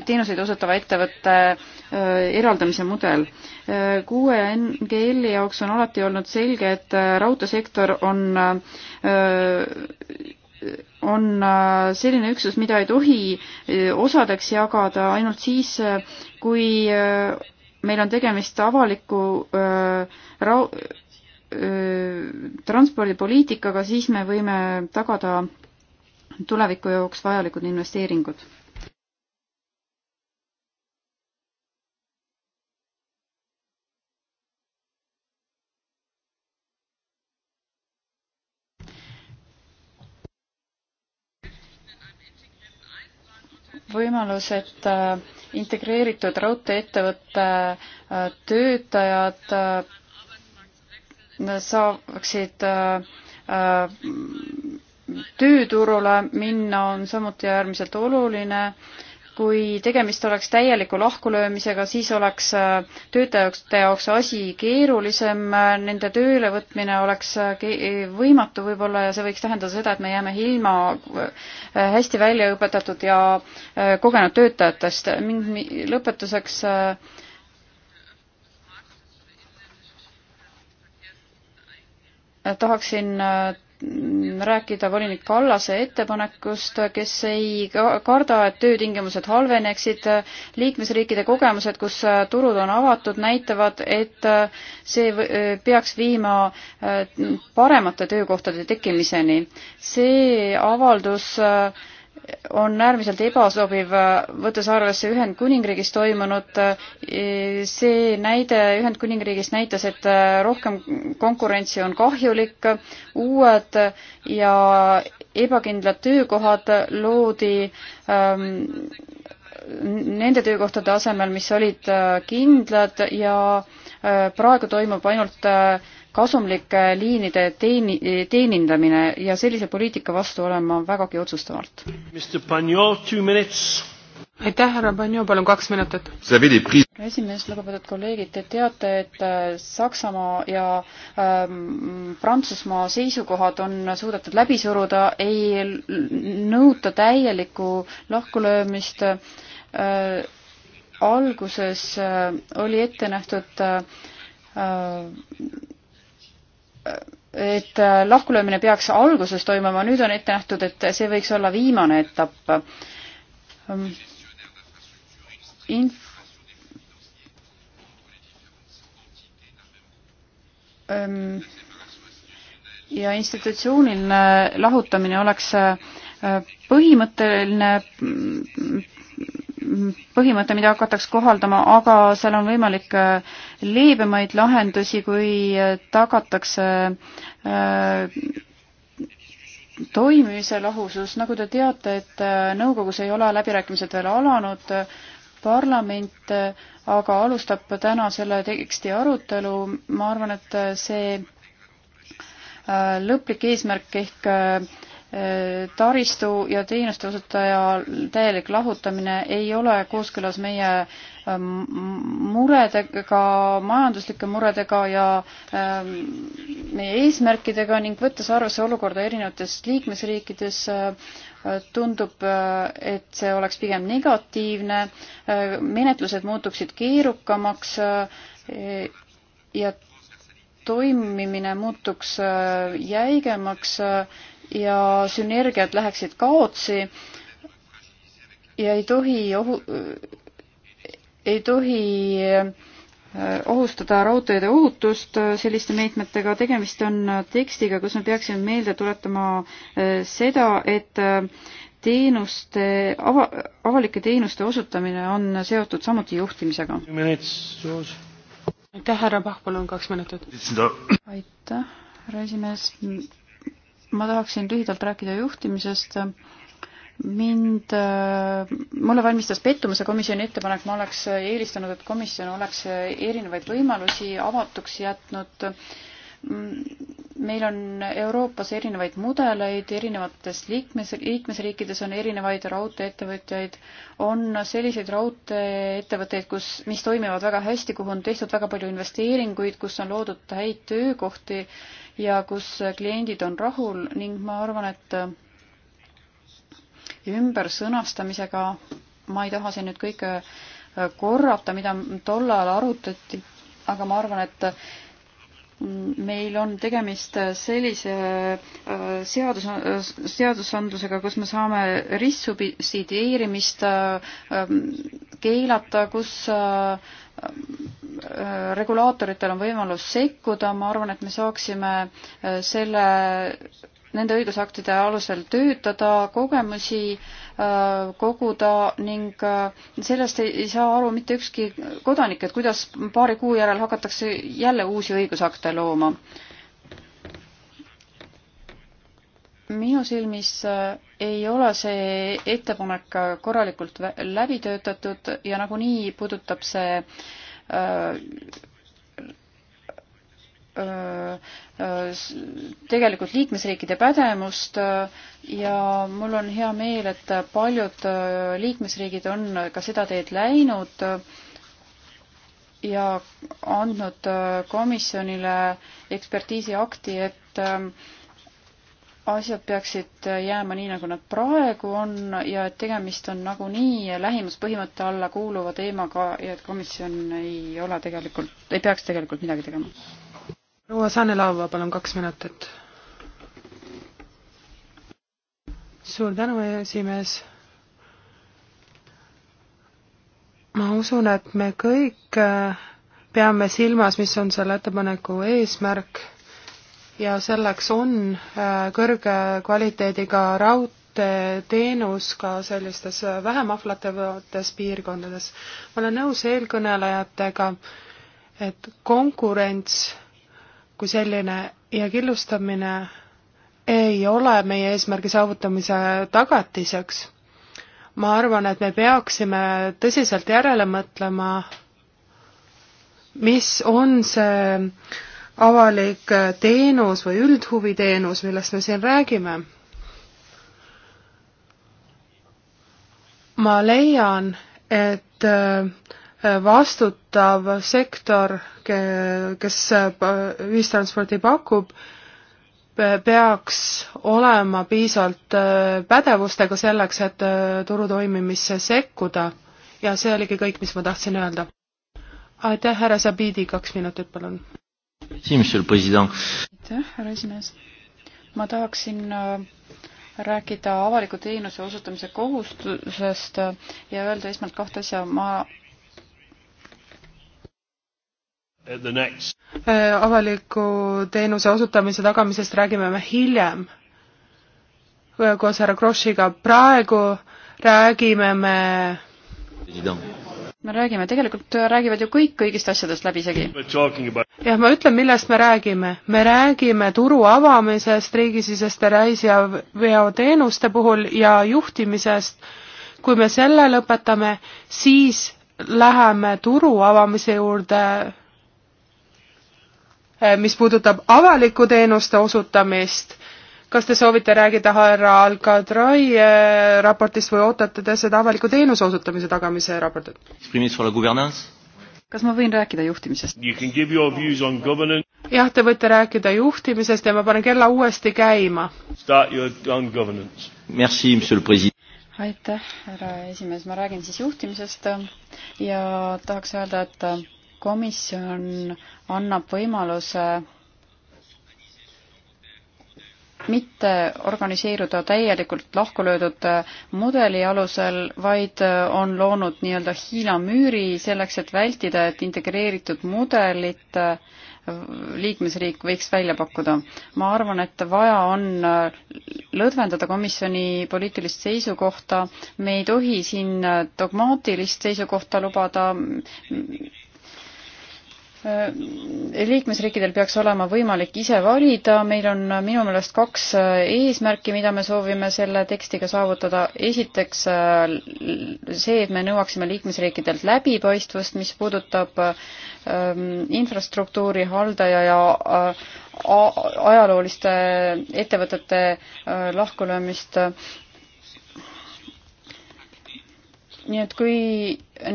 teenuseid osutava ettevõtte äh, eraldamise mudel. Äh, kuue NGL-i jaoks on alati olnud selge, et raudteesektor on on selline üksus, mida ei tohi osadeks jagada ainult siis, kui meil on tegemist avaliku äh, rau-, transpordipoliitikaga, siis me võime tagada tuleviku jaoks vajalikud investeeringud. võimalus, et äh, integreeritud raudtee-ettevõtte äh, töötajad äh, saaksid äh, äh, tööturule minna, on samuti äärmiselt oluline kui tegemist oleks täieliku lahkulöömisega, siis oleks äh, töötajate jaoks asi keerulisem, nende töölevõtmine oleks võimatu võib-olla ja see võiks tähendada seda, et me jääme ilma hästi välja õpetatud ja kogenud töötajatest. ning lõpetuseks tahaksin äh, rääkida volinik Kallase ettepanekust, kes ei karda, et töötingimused halveneksid. liikmesriikide kogemused, kus äh, turud on avatud, näitavad, et äh, see peaks viima paremate töökohtade tekkimiseni. see avaldus äh, on äärmiselt ebasobiv, võttes arvesse Ühendkuningriigis toimunut. see näide Ühendkuningriigis näitas, et rohkem konkurentsi on kahjulik, uued ja ebakindlad töökohad loodi ähm, nende töökohtade asemel, mis olid äh, kindlad ja äh, praegu toimub ainult äh, kasumlike liinide teeni-, teenindamine ja sellise poliitika vastu olen ma vägagi otsustavalt. aitäh, härra Panjo, palun kaks minutit. esimees, lugupeetud kolleegid, te teate, et äh, Saksamaa ja ähm, Prantsusmaa seisukohad on suudetud läbi suruda, ei nõuta täielikku lahkulöömist äh,. alguses äh, oli ette nähtud äh, et äh, lahkulöömine peaks alguses toimuma, nüüd on ette nähtud, et see võiks olla viimane etapp. Ähm, inf-, ähm, ja institutsiooniline lahutamine oleks äh, põhimõtteline põhimõte, mida hakataks kohaldama, aga seal on võimalik äh, leebemaid lahendusi, kui äh, tagatakse äh, toimimise lahusus, nagu te teate, et nõukogus ei ole läbirääkimised veel alanud, parlament aga alustab täna selle teksti arutelu, ma arvan, et see lõplik eesmärk ehk Äh, taristu ja teenuste osutaja täielik lahutamine ei ole kooskõlas meie ähm, muredega, majanduslike muredega ja ähm, meie eesmärkidega ning võttes arvesse olukorda erinevates liikmesriikides, äh, tundub, äh, et see oleks pigem negatiivne, menetlused muutuksid keerukamaks ja toimimine muutuks jäigemaks ja sünergiad läheksid kaotsi ja ei tohi ohu, ei tohi äh, ohustada raudteede ohutust äh, selliste meetmetega. tegemist on äh, tekstiga, kus me peaksime meelde tuletama seda, et teenuste, ava, avalike teenuste osutamine on seotud samuti juhtimisega. aitäh, härra Pahv, palun kaks minutit. aitäh, härra esimees ma tahaksin lühidalt rääkida juhtimisest. mind, mulle valmistas pettumuse komisjoni ettepanek, ma oleks eelistanud, et komisjon oleks erinevaid võimalusi avatuks jätnud äh, Mm, meil on Euroopas erinevaid mudeleid, erinevates liikmes, liikmesriikides on erinevaid raudtee-ettevõtjaid, on selliseid raudtee-ettevõtteid, kus, mis toimivad väga hästi, kuhu on tehtud väga palju investeeringuid, kus on loodud häid töökohti ja kus kliendid on rahul ning ma arvan, et ümbersõnastamisega, ma ei taha siin nüüd kõike korrata, mida tollal arutati, aga ma arvan, et meil on tegemist sellise äh, seadus, seadusandlusega, kus me saame ristsubsideerimist äh, keelata, kus äh, regulaatoritel on võimalus sekkuda, ma arvan, et me saaksime äh, selle, nende õigusaktide alusel töötada, kogemusi äh, koguda ning äh, sellest ei, ei saa aru mitte ükski kodanik, et kuidas paari kuu järel hakatakse jälle uusi õigusakte looma minu silmis äh, ei ole see ettepanek korralikult läbi töötatud ja nagunii puudutab see äh, äh, tegelikult liikmesriikide pädevust ja mul on hea meel, et paljud liikmesriigid on ka seda teed läinud ja andnud komisjonile ekspertiisiakti, et asjad peaksid jääma nii, nagu nad praegu on ja et tegemist on nagunii lähimuspõhimõtte alla kuuluva teemaga ja et komisjon ei ole tegelikult, ei peaks tegelikult midagi tegema. proua Sanne-Laava, palun kaks minutit. suur tänu, esimees. ma usun, et me kõik äh, peame silmas, mis on selle ettepaneku eesmärk ja selleks on äh, kõrge kvaliteediga raudteeteenus ka sellistes äh, vähem ahvatlevates piirkondades. ma olen nõus eelkõnelejatega, et konkurents kui selline ja killustamine ei ole meie eesmärgi saavutamise tagatiseks. ma arvan, et me peaksime tõsiselt järele mõtlema, mis on see avalik teenus või üldhuviteenus, millest me siin räägime. ma leian, et äh, vastutav sektor, kes äh, ühistransporti pakub, peaks olema piisavalt äh, pädevustega selleks, et turu toimimisse sekkuda ja see oligi kõik, mis ma tahtsin öelda. aitäh, härra Zabidi, kaks minutit, palun aitäh, härra esimees. ma tahaksin äh, rääkida avaliku teenuse osutamise kohustusest äh, ja öelda esmalt kahte asja. ma äh, avaliku teenuse osutamise tagamisest räägime me hiljem koos härra Krossiga. praegu räägime me me räägime, tegelikult räägivad ju kõik kõigist asjadest läbi isegi. jah, ma ütlen, millest me räägime. me räägime turu avamisest riigisiseste reisijaveoteenuste puhul ja juhtimisest. kui me selle lõpetame, siis läheme turu avamise juurde, eh, mis puudutab avaliku teenuste osutamist kas te soovite rääkida härra Alcatrai eh, raportist või ootate te seda avaliku teenuse osutamise tagamise raportit? kas ma võin rääkida juhtimisest? jah, te võite rääkida juhtimisest ja ma panen kella uuesti käima. aitäh, härra esimees, ma räägin siis juhtimisest ja tahaks öelda, et komisjon annab võimaluse mitte organiseeruda täielikult lahkulöödud äh, mudeli alusel, vaid äh, on loonud nii-öelda Hiina müüri selleks, et vältida, et integreeritud mudelit äh, liikmesriik võiks välja pakkuda. ma arvan, et vaja on lõdvendada komisjoni poliitilist seisukohta, me ei tohi siin dogmaatilist seisukohta lubada, Äh, liikmesriikidel peaks olema võimalik ise valida, meil on äh, minu meelest kaks äh, eesmärki, mida me soovime selle tekstiga saavutada. esiteks see, et me nõuaksime liikmesriikidelt läbipaistvust, mis puudutab infrastruktuuri haldaja ja ajalooliste ettevõtete lahkulöömist nii et kui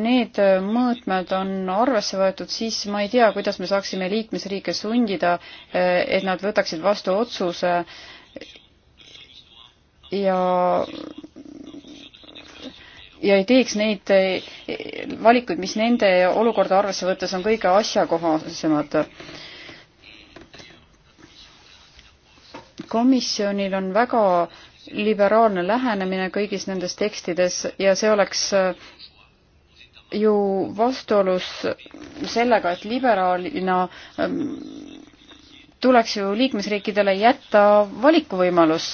need mõõtmed on arvesse võetud, siis ma ei tea, kuidas me saaksime liikmesriike sundida, et nad võtaksid vastu otsuse ja ja ei teeks neid valikuid, mis nende olukorda arvesse võttes on kõige asjakohasemad. komisjonil on väga äh, liberaalne lähenemine kõigis nendes tekstides ja see oleks äh, ju vastuolus sellega, et liberaalina ähm, tuleks ju liikmesriikidele jätta valikuvõimalus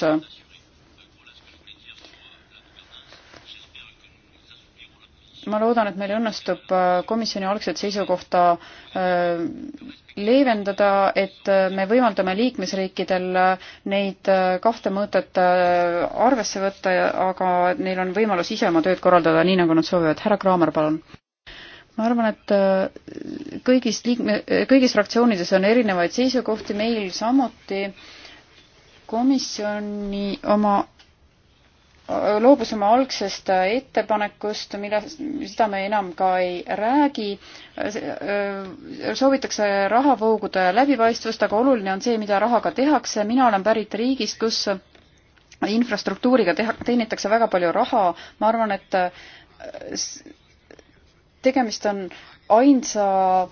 ma loodan, et meil õnnestub äh, komisjoni algset seisukohta äh, leevendada, et äh, me võimaldame liikmesriikidel neid kahte mõõtet arvesse võtta, aga neil on võimalus ise oma tööd korraldada nii, nagu nad soovivad. härra Kraamer, palun. ma arvan, et kõigis liikme, kõigis fraktsioonides on erinevaid seisukohti, meil samuti komisjoni oma loobus oma algsest ettepanekust, mille, seda me enam ka ei räägi. soovitakse rahavoogude läbipaistvust, aga oluline on see, mida rahaga tehakse. mina olen pärit riigist, kus infrastruktuuriga teha, teenitakse väga palju raha. ma arvan, et tegemist on ainsa äh,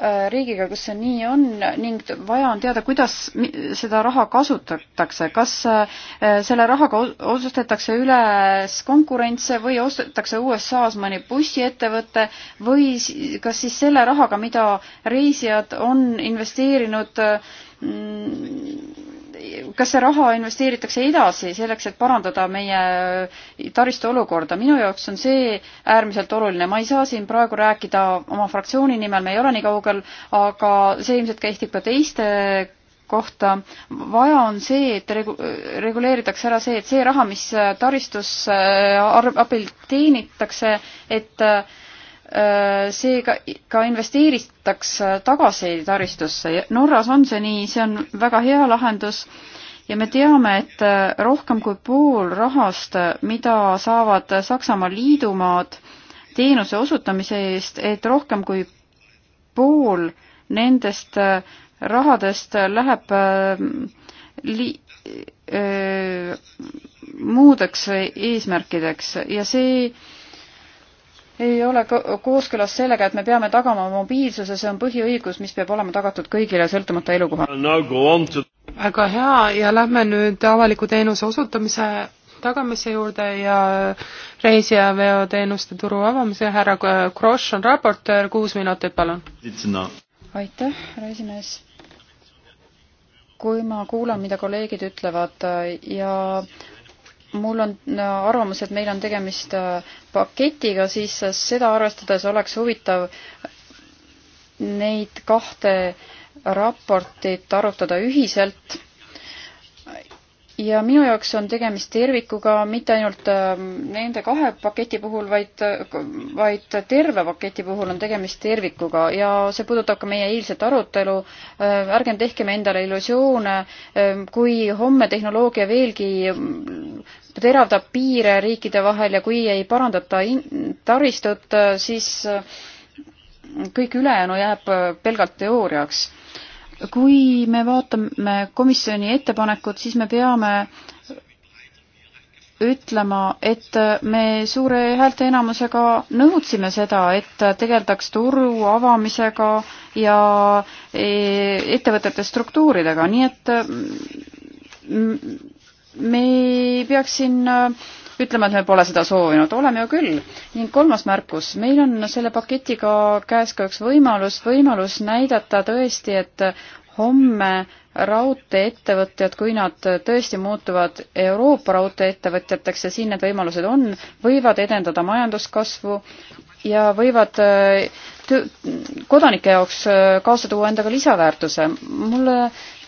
Äh, riigiga, kus see nii on ning vaja on teada, kuidas seda raha kasutatakse, kas äh, selle rahaga ostetakse üles konkurentse või ostetakse USA-s mõni bussiettevõte või kas siis selle rahaga, mida reisijad on investeerinud mm, kas see raha investeeritakse edasi selleks, et parandada meie taristu olukorda? minu jaoks on see äärmiselt oluline. ma ei saa siin praegu rääkida oma fraktsiooni nimel, me ei ole nii kaugel, aga see ilmselt kehtib ka teiste kohta. vaja on see, et regu-, reguleeritakse ära see, et see raha, mis taristusse abil teenitakse, et äh, Äh, seega ka investeeritaks tagasi taristusse. Norras on see nii, see on väga hea lahendus ja me teame, et äh, rohkem kui pool rahast, äh, mida saavad Saksamaa liidumaad teenuse osutamise eest, et rohkem kui pool nendest rahadest läheb li-, öö, muudeks eesmärkideks ja see öö, ei ole kooskõlas sellega, et me peame tagama mobiilsuse, see on põhiõigus, mis peab olema tagatud kõigile, sõltumata elukohast. väga hea ja lähme nüüd avaliku teenuse osutamise tagamise juurde ja reisijaveoteenuste turu avamise, härra Kross on raportöör, kuus minutit, palun. aitäh, härra esimees. kui ma kuulan, mida kolleegid ütlevad ja äh, mul on äh, arvamus, et meil on tegemist äh, paketiga, siis äh, seda arvestades oleks huvitav neid kahte raportit arutada ühiselt ja minu jaoks on tegemist tervikuga mitte ainult ähm, nende kahe paketi puhul, vaid, vaid terve paketi puhul on tegemist tervikuga ja see puudutab ka meie eilset arutelu. Äh, ärgem tehkem endale illusioone, ähm, kui homme tehnoloogia veelgi ähm, teravdab piire riikide vahel ja kui ei parandata taristut, äh, siis äh, kõik ülejäänu no jääb pelgalt teooriaks kui me vaatame komisjoni ettepanekut, siis me peame ütlema, et me suure häälteenamusega nõudsime seda, et tegeldaks turu avamisega ja e, ettevõtete struktuuridega, nii et mm, me ei peaks siin äh, ütlema, et me pole seda soovinud, oleme ju küll. ning kolmas märkus, meil on selle paketiga käes ka üks võimalus, võimalus näidata tõesti, et homme raudteeettevõtjad, kui nad tõesti muutuvad Euroopa raudteeettevõtjateks ja siin need võimalused on, võivad edendada majanduskasvu, ja võivad äh, kodanike jaoks äh, kaasa tuua endaga lisaväärtuse. mulle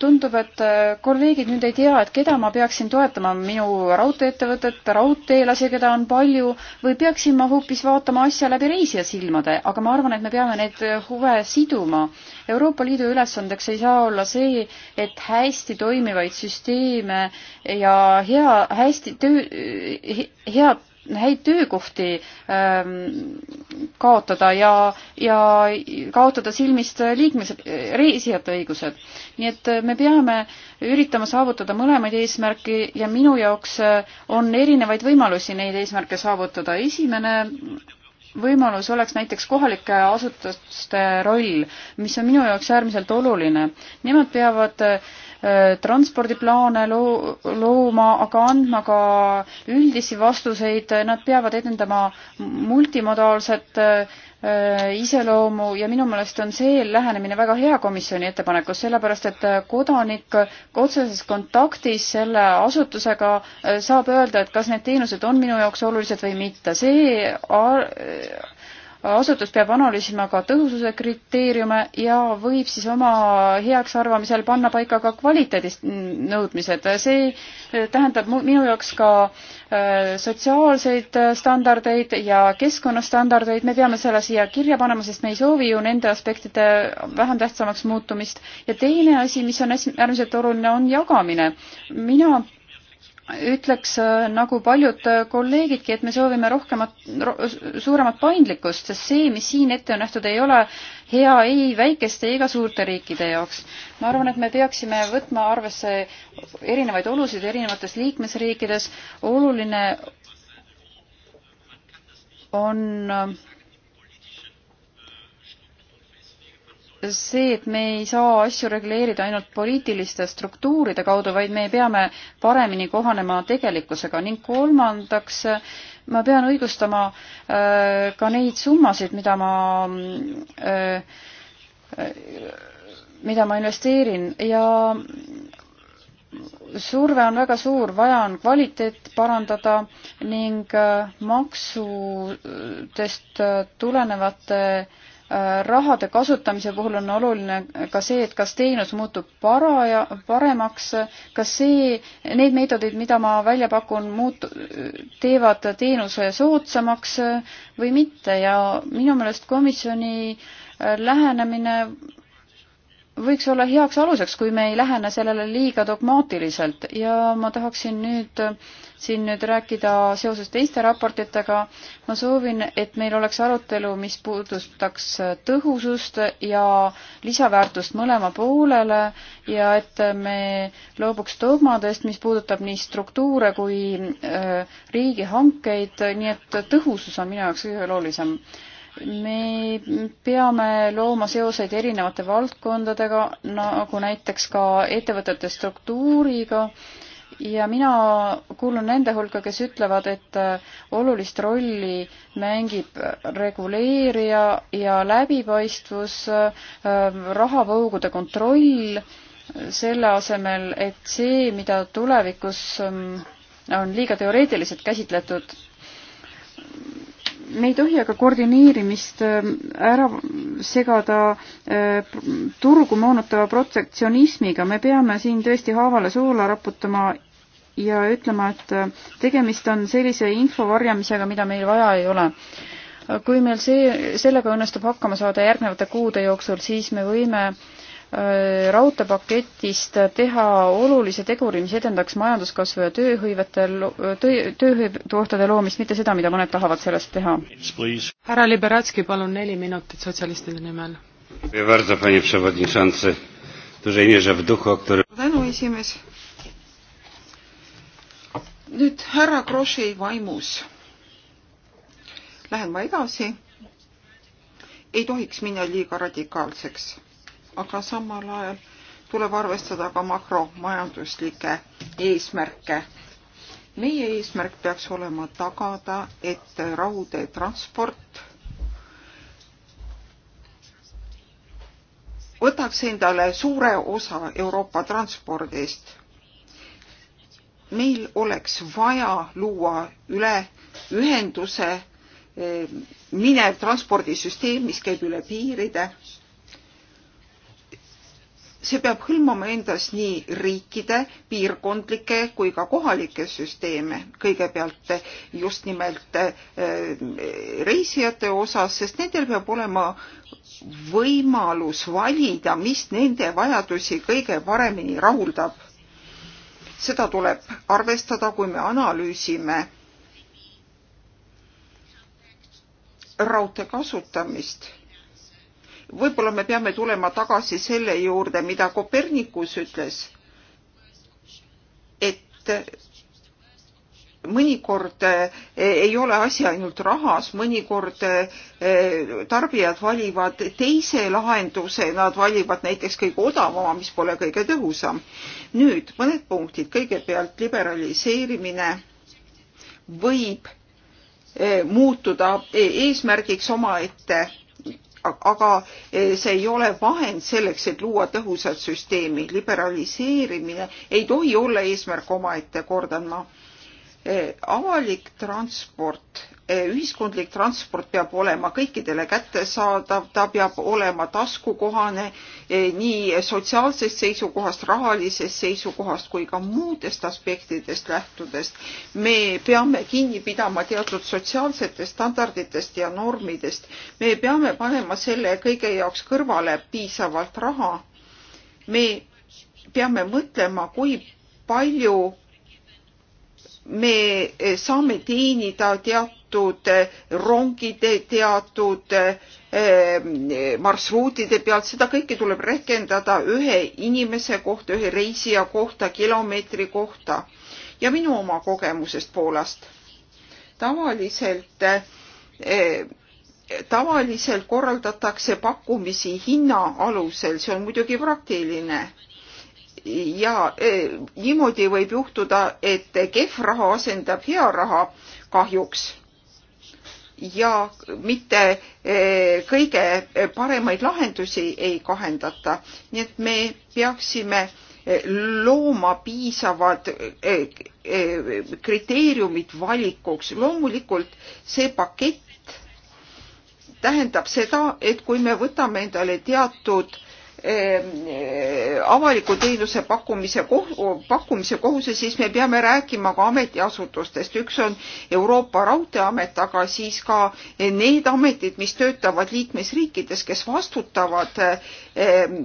tundub, et äh, kolleegid nüüd ei tea, et keda ma peaksin toetama, minu raudteeettevõtet, raudteelasi, keda on palju, või peaksin ma hoopis vaatama asja läbi reisija silmade, aga ma arvan, et me peame neid huve siduma. Euroopa Liidu ülesandeks ei saa olla see, et hästi toimivaid süsteeme ja hea, hästi töö, head häid töökohti ähm, kaotada ja, ja kaotada silmist liikmes, reisijate õigused. nii et äh, me peame üritama saavutada mõlemaid eesmärki ja minu jaoks äh, on erinevaid võimalusi neid eesmärke saavutada. esimene võimalus oleks näiteks kohalike asutuste roll, mis on minu jaoks äärmiselt oluline. Nemad peavad äh, Äh, transpordiplaane loo-, looma, aga andma ka üldisi vastuseid, nad peavad edendama multimodaalset äh, iseloomu ja minu meelest on see lähenemine väga hea komisjoni ettepanekus, sellepärast et kodanik otseses kontaktis selle asutusega äh, saab öelda, et kas need teenused on minu jaoks olulised või mitte. see asutus peab analüüsima ka tõhususe kriteeriume ja võib siis oma heaks arvamisel panna paika ka kvaliteedist nõudmised. see eh, tähendab minu jaoks ka eh, sotsiaalseid eh, standardeid ja keskkonnastandardeid, me peame selle siia kirja panema, sest me ei soovi ju nende aspektide vähem tähtsamaks muutumist. ja teine asi, mis on äärmiselt oluline, on jagamine. mina ütleks äh, nagu paljud äh, kolleegidki, et me soovime rohkemat ro,, suuremat paindlikkust, sest see, mis siin ette on nähtud, ei ole hea ei väikeste ega suurte riikide jaoks. ma arvan, et me peaksime võtma arvesse erinevaid olusid erinevates liikmesriikides. oluline on äh, see, et me ei saa asju reguleerida ainult poliitiliste struktuuride kaudu, vaid me peame paremini kohanema tegelikkusega ning kolmandaks, ma pean õigustama äh, ka neid summasid, mida ma äh, mida ma investeerin ja surve on väga suur, vaja on kvaliteet parandada ning äh, maksudest äh, tulenevate äh, rahade kasutamise puhul on oluline ka see, et kas teenus muutub paraja, paremaks, kas see, need meetodid, mida ma välja pakun, muut-, teevad teenuse soodsamaks või mitte ja minu meelest komisjoni lähenemine võiks olla heaks aluseks, kui me ei lähene sellele liiga dogmaatiliselt ja ma tahaksin nüüd siin nüüd rääkida seoses teiste raportitega. ma soovin, et meil oleks arutelu, mis puudutaks tõhusust ja lisaväärtust mõlema poolele ja et me loobuks dogmadest, mis puudutab nii struktuure kui äh, riigihankeid, nii et tõhusus on minu jaoks kõige olulisem me peame looma seoseid erinevate valdkondadega, nagu näiteks ka ettevõtete struktuuriga ja mina kuulun nende hulka, kes ütlevad, et äh, olulist rolli mängib reguleerija ja läbipaistvus, äh, rahavoogude kontroll, selle asemel, et see, mida tulevikus ähm, on liiga teoreetiliselt käsitletud, me ei tohi aga koordineerimist äh, ära segada äh, turgu moonutava protektsionismiga, me peame siin tõesti haavale suula raputama ja ütlema, et äh, tegemist on sellise info varjamisega, mida meil vaja ei ole. kui meil see, sellega õnnestub hakkama saada järgnevate kuude jooksul, siis me võime äh, Äh, raudteepaketist teha olulise teguri, mis edendaks majanduskasvu ja tööhõivete, töö, töökohtade loomist, mitte seda, mida mõned tahavad sellest teha. härra Liberatski, palun neli minutit sotsialistide nimel. tänu, esimees. nüüd härra Kroši vaimus. Lähen ma edasi. ei tohiks minna liiga radikaalseks aga samal ajal tuleb arvestada ka makromajanduslikke eesmärke. meie eesmärk peaks olema tagada, et raudteetransport võtaks endale suure osa Euroopa transpordist. meil oleks vaja luua üle ühenduse eh, minev transpordisüsteem, mis käib üle piiride see peab hõlmama endas nii riikide, piirkondlikke kui ka kohalikke süsteeme, kõigepealt just nimelt äh, reisijate osas, sest nendel peab olema võimalus valida, mis nende vajadusi kõige paremini rahuldab. seda tuleb arvestada, kui me analüüsime raudtee kasutamist võib-olla me peame tulema tagasi selle juurde, mida Kopernikus ütles, et mõnikord e, ei ole asi ainult rahas, mõnikord e, tarbijad valivad teise lahenduse, nad valivad näiteks kõige odavama, mis pole kõige tõhusam. nüüd mõned punktid, kõigepealt liberaliseerimine võib e, muutuda eesmärgiks omaette aga eh, see ei ole vahend selleks, et luua tõhusat süsteemi. liberaliseerimine ei tohi olla eesmärk omaette, kordan ma. Eh, avalik transport ühiskondlik transport peab olema kõikidele kättesaadav, ta peab olema taskukohane e, nii sotsiaalsest seisukohast, rahalisest seisukohast kui ka muudest aspektidest lähtudest. me peame kinni pidama teatud sotsiaalsetest standarditest ja normidest. me peame panema selle kõige jaoks kõrvale piisavalt raha. me peame mõtlema, kui palju me saame teenida teatud teatud eh, rongide, teatud eh, marsruutide pealt, seda kõike tuleb rehkendada ühe inimese kohta, ühe reisija kohta, kilomeetri kohta. ja minu oma kogemusest Poolast. tavaliselt, eh, tavaliselt korraldatakse pakkumisi hinna alusel, see on muidugi praktiline ja niimoodi võib juhtuda, et kehv raha asendab hea raha kahjuks ja mitte eh, kõige paremaid lahendusi ei kahendata. nii et me peaksime eh, looma piisavad eh, kriteeriumid valikuks. loomulikult see pakett tähendab seda, et kui me võtame endale teatud Ehm, eh, avaliku teenuse pakkumise, pakkumise kohuse, siis me peame rääkima ka ametiasutustest. üks on Euroopa Raudteeamet, aga siis ka need ametid, mis töötavad liikmesriikides, kes vastutavad ehm,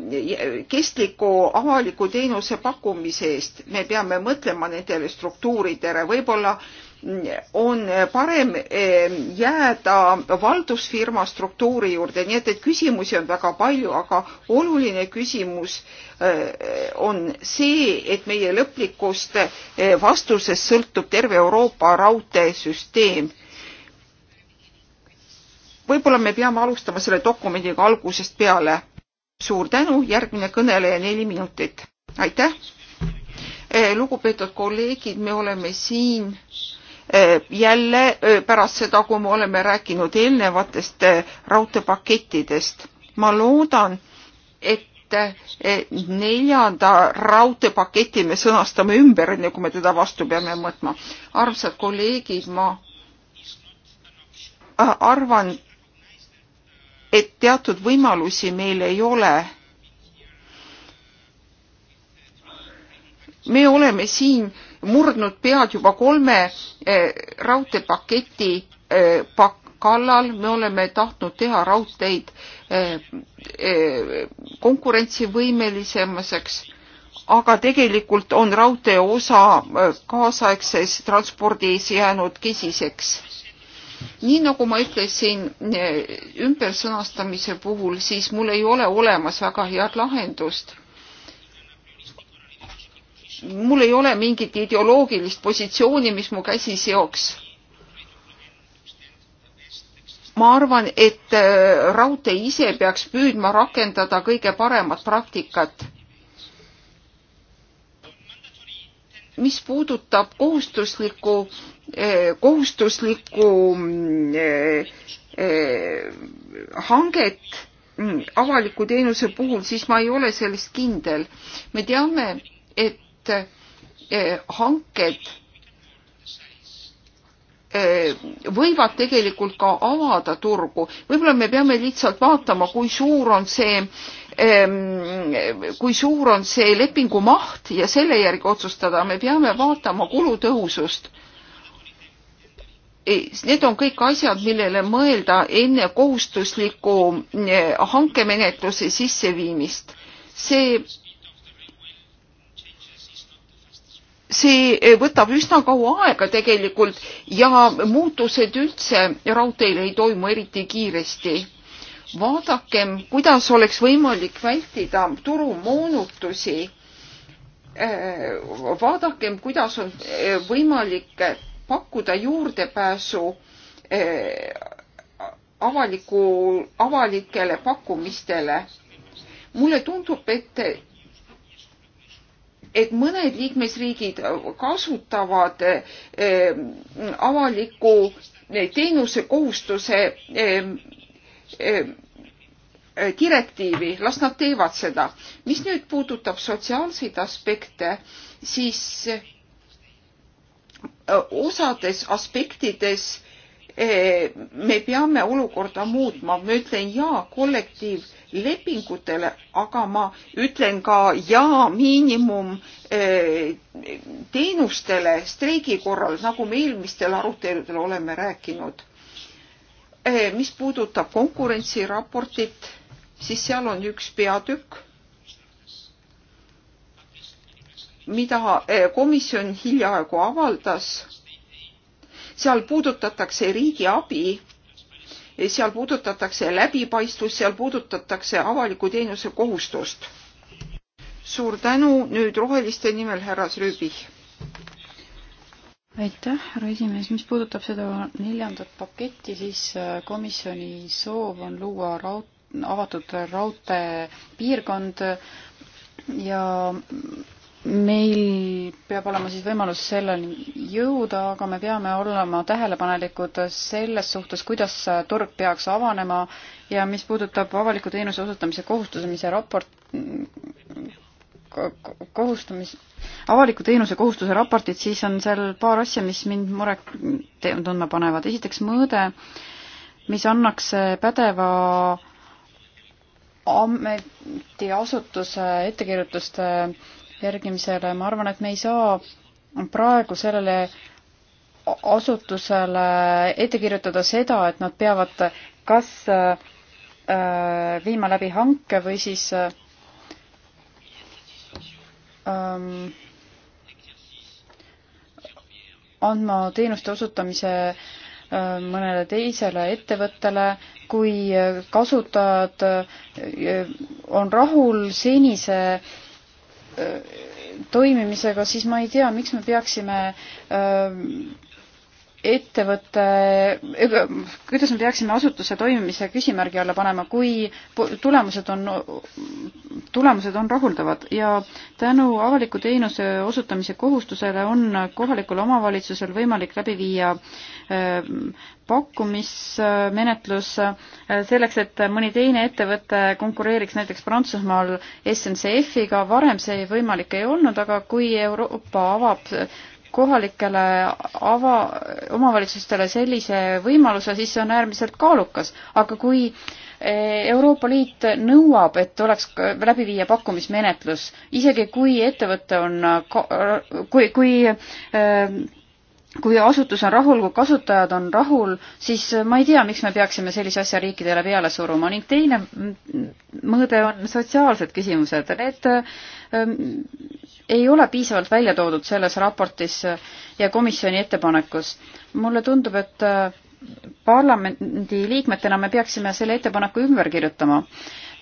kestliku avaliku teenuse pakkumise eest. me peame mõtlema nendele struktuuridele, võib-olla äh, on parem eh, jääda valdusfirma struktuuri juurde, nii et, et küsimusi on väga palju, aga oluline küsimus eh, on see, et meie lõplikust eh, vastusest sõltub terve Euroopa raudteesüsteem. võib-olla me peame alustama selle dokumendiga algusest peale. suur tänu, järgmine kõneleja neli minutit. aitäh! lugupeetud kolleegid, me oleme siin äh, Äh, jälle äh, pärast seda, kui me oleme rääkinud eelnevatest äh, raudteepakettidest. ma loodan, et neljanda raudteepaketi me sõnastame ümber, enne kui me teda vastu peame mõtma. armsad kolleegid, ma arvan, et teatud võimalusi meil ei ole me oleme siin murdnud pead juba kolme eh, raudteepaketi eh, pak-, kallal, me oleme tahtnud teha raudteid eh, konkurentsivõimelisemaks, aga tegelikult on raudtee osa kaasaegses transpordis jäänud kesiseks. nii nagu ma ütlesin ümbersõnastamise puhul, siis mul ei ole olemas väga head lahendust mul ei ole mingit ideoloogilist positsiooni, mis mu käsi seoks. ma arvan, et äh, raudtee ise peaks püüdma rakendada kõige paremat praktikat. mis puudutab kohustuslikku, äh, kohustuslikku mm, äh, hanget mm, avaliku teenuse puhul, siis ma ei ole selles kindel. me teame, et et eh, hanked eh, võivad tegelikult ka avada turgu. võib-olla me peame lihtsalt vaatama, kui suur on see, ehm, kui suur on see lepingu maht ja selle järgi otsustada, me peame vaatama kulutõhusust. Eh, need on kõik asjad, millele mõelda enne kohustusliku hankemenetluse sisseviimist. see see eh, võtab üsna kaua aega tegelikult ja muutused üldse raudteel ei toimu eriti kiiresti. vaadakem, kuidas oleks võimalik vältida turumoonutusi. Eh, vaadakem, kuidas on eh, võimalik pakkuda juurdepääsu avaliku, avalikele pakkumistele. mulle tundub, et et mõned liikmesriigid kasutavad eh, avaliku eh, teenuse kohustuse eh, direktiivi, las nad teevad seda. mis nüüd puudutab sotsiaalseid aspekte, siis osades aspektides me peame olukorda muutma, ma ütlen ja kollektiivlepingutele, aga ma ütlen ka ja miinimumteenustele eh, streigi korral, nagu me eelmistel aruteludel oleme rääkinud. Eh, mis puudutab konkurentsiraportit, siis seal on üks peatükk, mida eh, komisjon hiljaaegu avaldas seal puudutatakse riigi abi, seal puudutatakse läbipaistvust, seal puudutatakse avaliku teenuse kohustust. suur tänu, nüüd Roheliste nimel härra Srööbih aitäh, härra esimees, mis puudutab seda neljandat paketti, siis äh, komisjoni soov on luua raud-, avatud raudteepiirkond ja meil peab olema siis võimalus selleni jõuda, aga me peame olema tähelepanelikud selles suhtes, kuidas turg peaks avanema ja mis puudutab avaliku teenuse osutamise kohustuse, mis see raport kohustamis, avaliku teenuse kohustuse raportit, siis on seal paar asja, mis mind muret tundma panevad. esiteks mõõde, mis annaks pädeva ametiasutuse ettekirjutuste äh, järgimisele, ma arvan, et me ei saa praegu sellele asutusele ette kirjutada seda, et nad peavad kas äh, viima läbi hanke või siis ähm, andma teenuste osutamise äh, mõnele teisele ettevõttele, kui kasutajad äh, on rahul senise äh, Äh, toimimisega, siis ma ei tea, miks me peaksime öö, äh, ettevõtte, kuidas me peaksime asutuse toimimise küsimärgi alla panema, kui tulemused on, tulemused on rahuldavad ja tänu avaliku teenuse osutamise kohustusele on kohalikul omavalitsusel võimalik läbi viia ähm, pakkumismenetlus äh, selleks, et mõni teine ettevõte konkureeriks näiteks Prantsusmaal SNCF-iga, varem see võimalik ei olnud, aga kui Euroopa avab kohalikele ava, omavalitsustele sellise võimaluse, siis see on äärmiselt kaalukas, aga kui e, Euroopa Liit nõuab, et oleks läbi viia pakkumismenetlus, isegi kui ettevõte on, kui, kui e, kui asutus on rahul, kui kasutajad on rahul, siis ma ei tea, miks me peaksime sellise asja riikidele peale suruma ning teine mõõde on sotsiaalsed küsimused. Need e, ei ole piisavalt välja toodud selles raportis ja komisjoni ettepanekus. mulle tundub, et äh, parlamendi liikmetena me peaksime selle ettepaneku ümber kirjutama.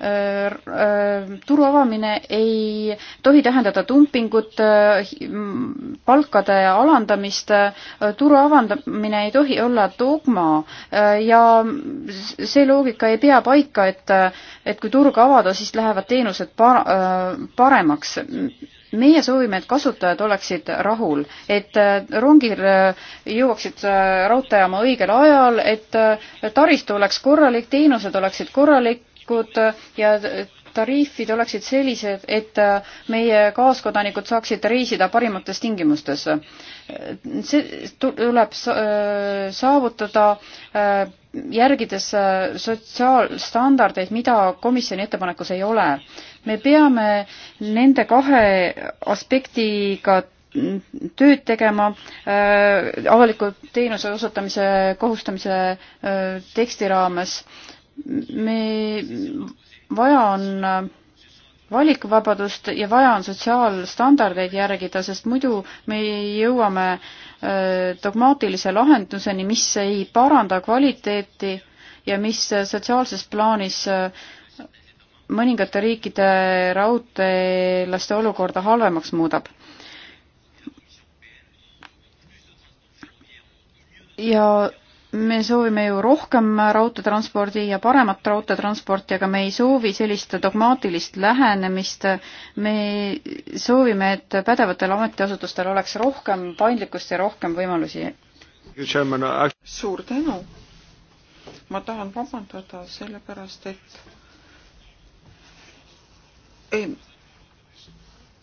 Äh, äh, turu avamine ei tohi tähendada dumpingut, palkade alandamist, turu avandamine ei tohi olla dogma ja see loogika ei pea paika, et, et kui turg avada, siis lähevad teenused par-, paremaks meie soovime, et kasutajad oleksid rahul, et äh, rongil äh, jõuaksid äh, raudteejaama õigel ajal, et taristu oleks korralik, teenused oleksid korralikud ja tariifid oleksid sellised, et meie kaaskodanikud saaksid reisida parimates tingimustes. see tuleb saavutada järgides äh, sotsiaalstandardeid, mida komisjoni ettepanekus ei ole. me peame nende kahe aspektiga tööd tegema äh,, avaliku teenuse osutamise kohustamise äh, teksti raames. me, vaja on äh, valikuvabadust ja vaja on sotsiaalstandardeid järgida, sest muidu me jõuame äh, dogmaatilise lahenduseni, mis ei paranda kvaliteeti ja mis äh, sotsiaalses plaanis äh, mõningate riikide raudteelaste olukorda halvemaks muudab. ja me soovime ju rohkem raudteetranspordi ja paremat raudteetransporti, aga me ei soovi sellist dogmaatilist lähenemist. me soovime, et pädevatel ametiasutustel oleks rohkem paindlikkust ja rohkem võimalusi. suur tänu. ma tahan vabandada sellepärast, et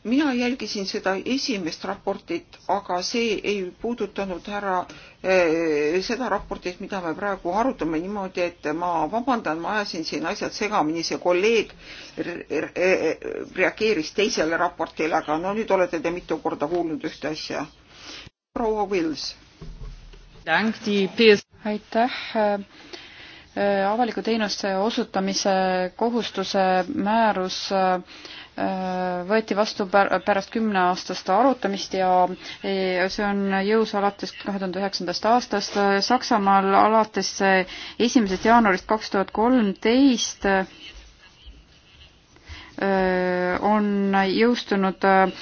mina jälgisin seda esimest raportit, aga see ei puudutanud härra eh, seda raportit, mida me praegu arutame niimoodi, et ma vabandan, ma ajasin siin asjad segamini, see kolleeg eh, reageeris teisele raportile, aga no nüüd olete te mitu korda kuulnud ühte asja. proua Vils. aitäh eh, avaliku teenuste osutamise kohustuse määrus äh, Äh, võeti vastu pärast kümneaastast arutamist ja see on jõus alates kahe tuhande üheksandast aastast. Saksamaal alates esimesest jaanuarist kaks tuhat kolmteist on jõustunud äh,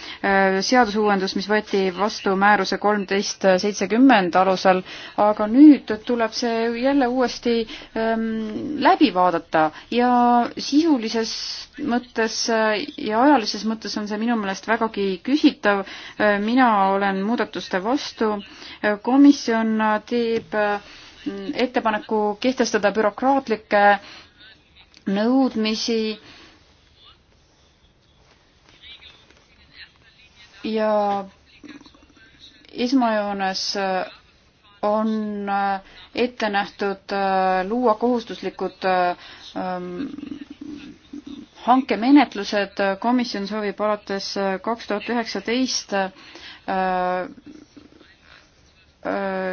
seadusuuendus, mis võeti vastu määruse kolmteist seitsekümmend alusel, aga nüüd tuleb see jälle uuesti ähm, läbi vaadata ja sisulises mõttes äh, ja ajalises mõttes on see minu meelest vägagi küsitav. Äh, mina olen muudatuste vastu. komisjon teeb ettepaneku kehtestada bürokraatlikke nõudmisi ja esmajoones äh, on äh, ette nähtud äh, luua kohustuslikud ähm, hankemenetlused, komisjon soovib alates kaks tuhat üheksateist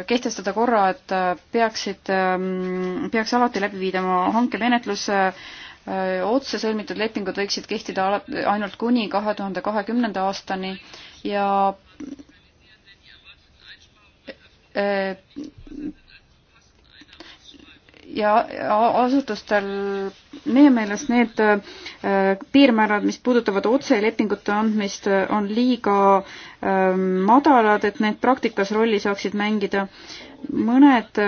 kehtestada korra, et peaksid, ähm, peaks alati läbi viidama hankemenetlus, otse sõlmitud lepingud võiksid kehtida ainult kuni kahe tuhande kahekümnenda aastani ja ja asutustel meie meelest need äh, piirmäärad, mis puudutavad otselepingute andmist, on liiga ähm, madalad, et need praktikas rolli saaksid mängida. mõned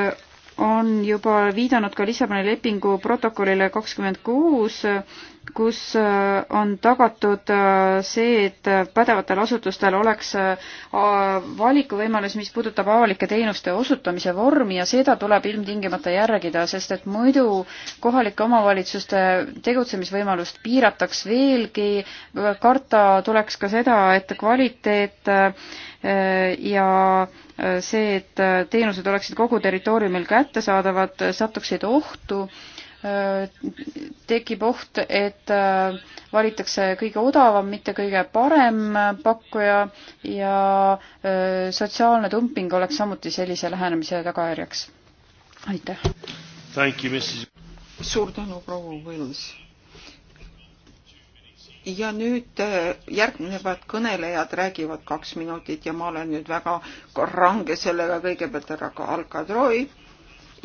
on juba viidanud ka Lissaboni lepingu protokollile kakskümmend kuus, kus äh, on tagatud äh, see, et pädevatel asutustel oleks äh, valikuvõimalus, mis puudutab avalike teenuste osutamise vormi ja seda tuleb ilmtingimata järgida, sest et muidu kohalike omavalitsuste tegutsemisvõimalust piirataks veelgi. karta tuleks ka seda, et kvaliteet ja see, et teenused oleksid kogu territooriumil kättesaadavad, satuksid ohtu tekib oht, et äh, valitakse kõige odavam, mitte kõige parem äh, pakkuja ja äh, sotsiaalne dumping oleks samuti sellise lähenemise tagajärjeks. aitäh! suur tänu, proua Võls! ja nüüd järgnevad kõnelejad räägivad kaks minutit ja ma olen nüüd väga range sellega, kõigepealt härra Alkadroi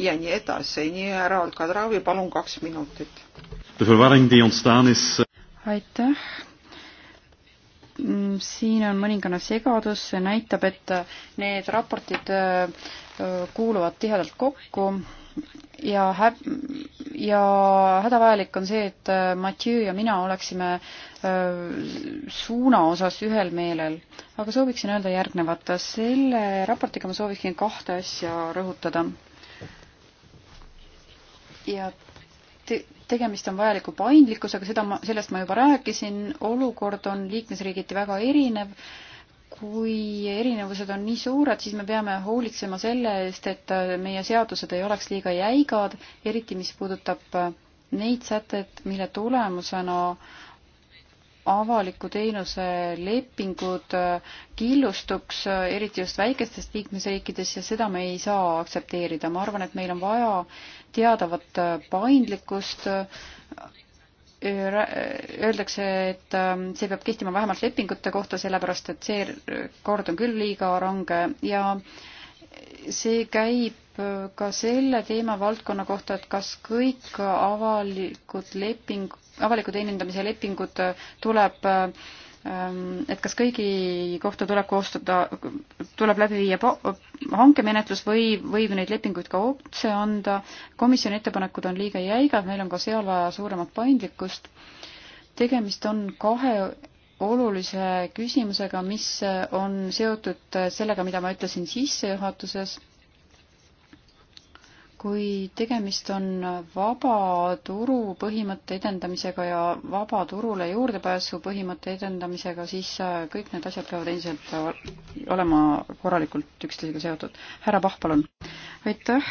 ja nii edasi. nii, härra Alkadravi, palun kaks minutit. Eh, aitäh. Mm, siin on mõningane segadus, see näitab, et eh, need raportid eh, kuuluvad tihedalt kokku ja hä-, ja hädavajalik on see, et Mathieu ja mina oleksime suuna osas ühel meelel. aga sooviksin öelda järgnevat. selle raportiga ma sooviksin kahte asja rõhutada ja te tegemist on vajaliku paindlikkusega, seda ma, sellest ma juba rääkisin, olukord on liikmesriigiti väga erinev. kui erinevused on nii suured, siis me peame hoolitsema selle eest, et meie seadused ei oleks liiga jäigad, eriti mis puudutab neid sätteid, mille tulemusena avaliku teenuse lepingud killustuks, eriti just väikestes liikmesriikides ja seda me ei saa aktsepteerida. ma arvan, et meil on vaja teadavat äh, paindlikkust. Äh, öeldakse, et ähm, see peab kehtima vähemalt lepingute kohta, sellepärast et see kord on küll liiga range ja see käib äh, ka selle teemavaldkonna kohta, et kas kõik avalikud leping, avaliku teenindamise lepingud tuleb äh, Ähm, et kas kõigi kohta tuleb koostada, tuleb läbi viia hankemenetlus või võib neid lepinguid ka otse anda. komisjoni ettepanekud on liiga jäigad, meil on ka seal vaja suuremat paindlikkust. tegemist on kahe olulise küsimusega, mis on seotud sellega, mida ma ütlesin sissejuhatuses kui tegemist on vaba turu põhimõtte edendamisega ja vaba turule juurdepääsu põhimõtte edendamisega, siis äh, kõik need asjad peavad endiselt äh, olema korralikult üksteisega seotud. härra Pahv, palun. aitäh.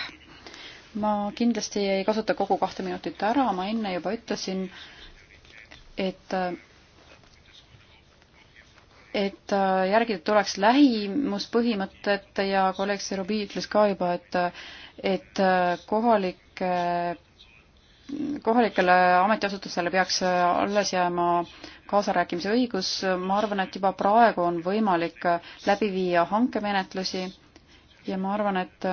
ma kindlasti ei kasuta kogu kahte minutit ära, ma enne juba ütlesin, et et äh, järgida tuleks lähimuspõhimõtet ja kolleeg Serobi ütles ka juba, et et äh, kohalike, äh, kohalikele ametiasutustele peaks äh, alles jääma kaasarääkimise õigus, ma arvan, et juba praegu on võimalik läbi viia hankemenetlusi ja ma arvan, et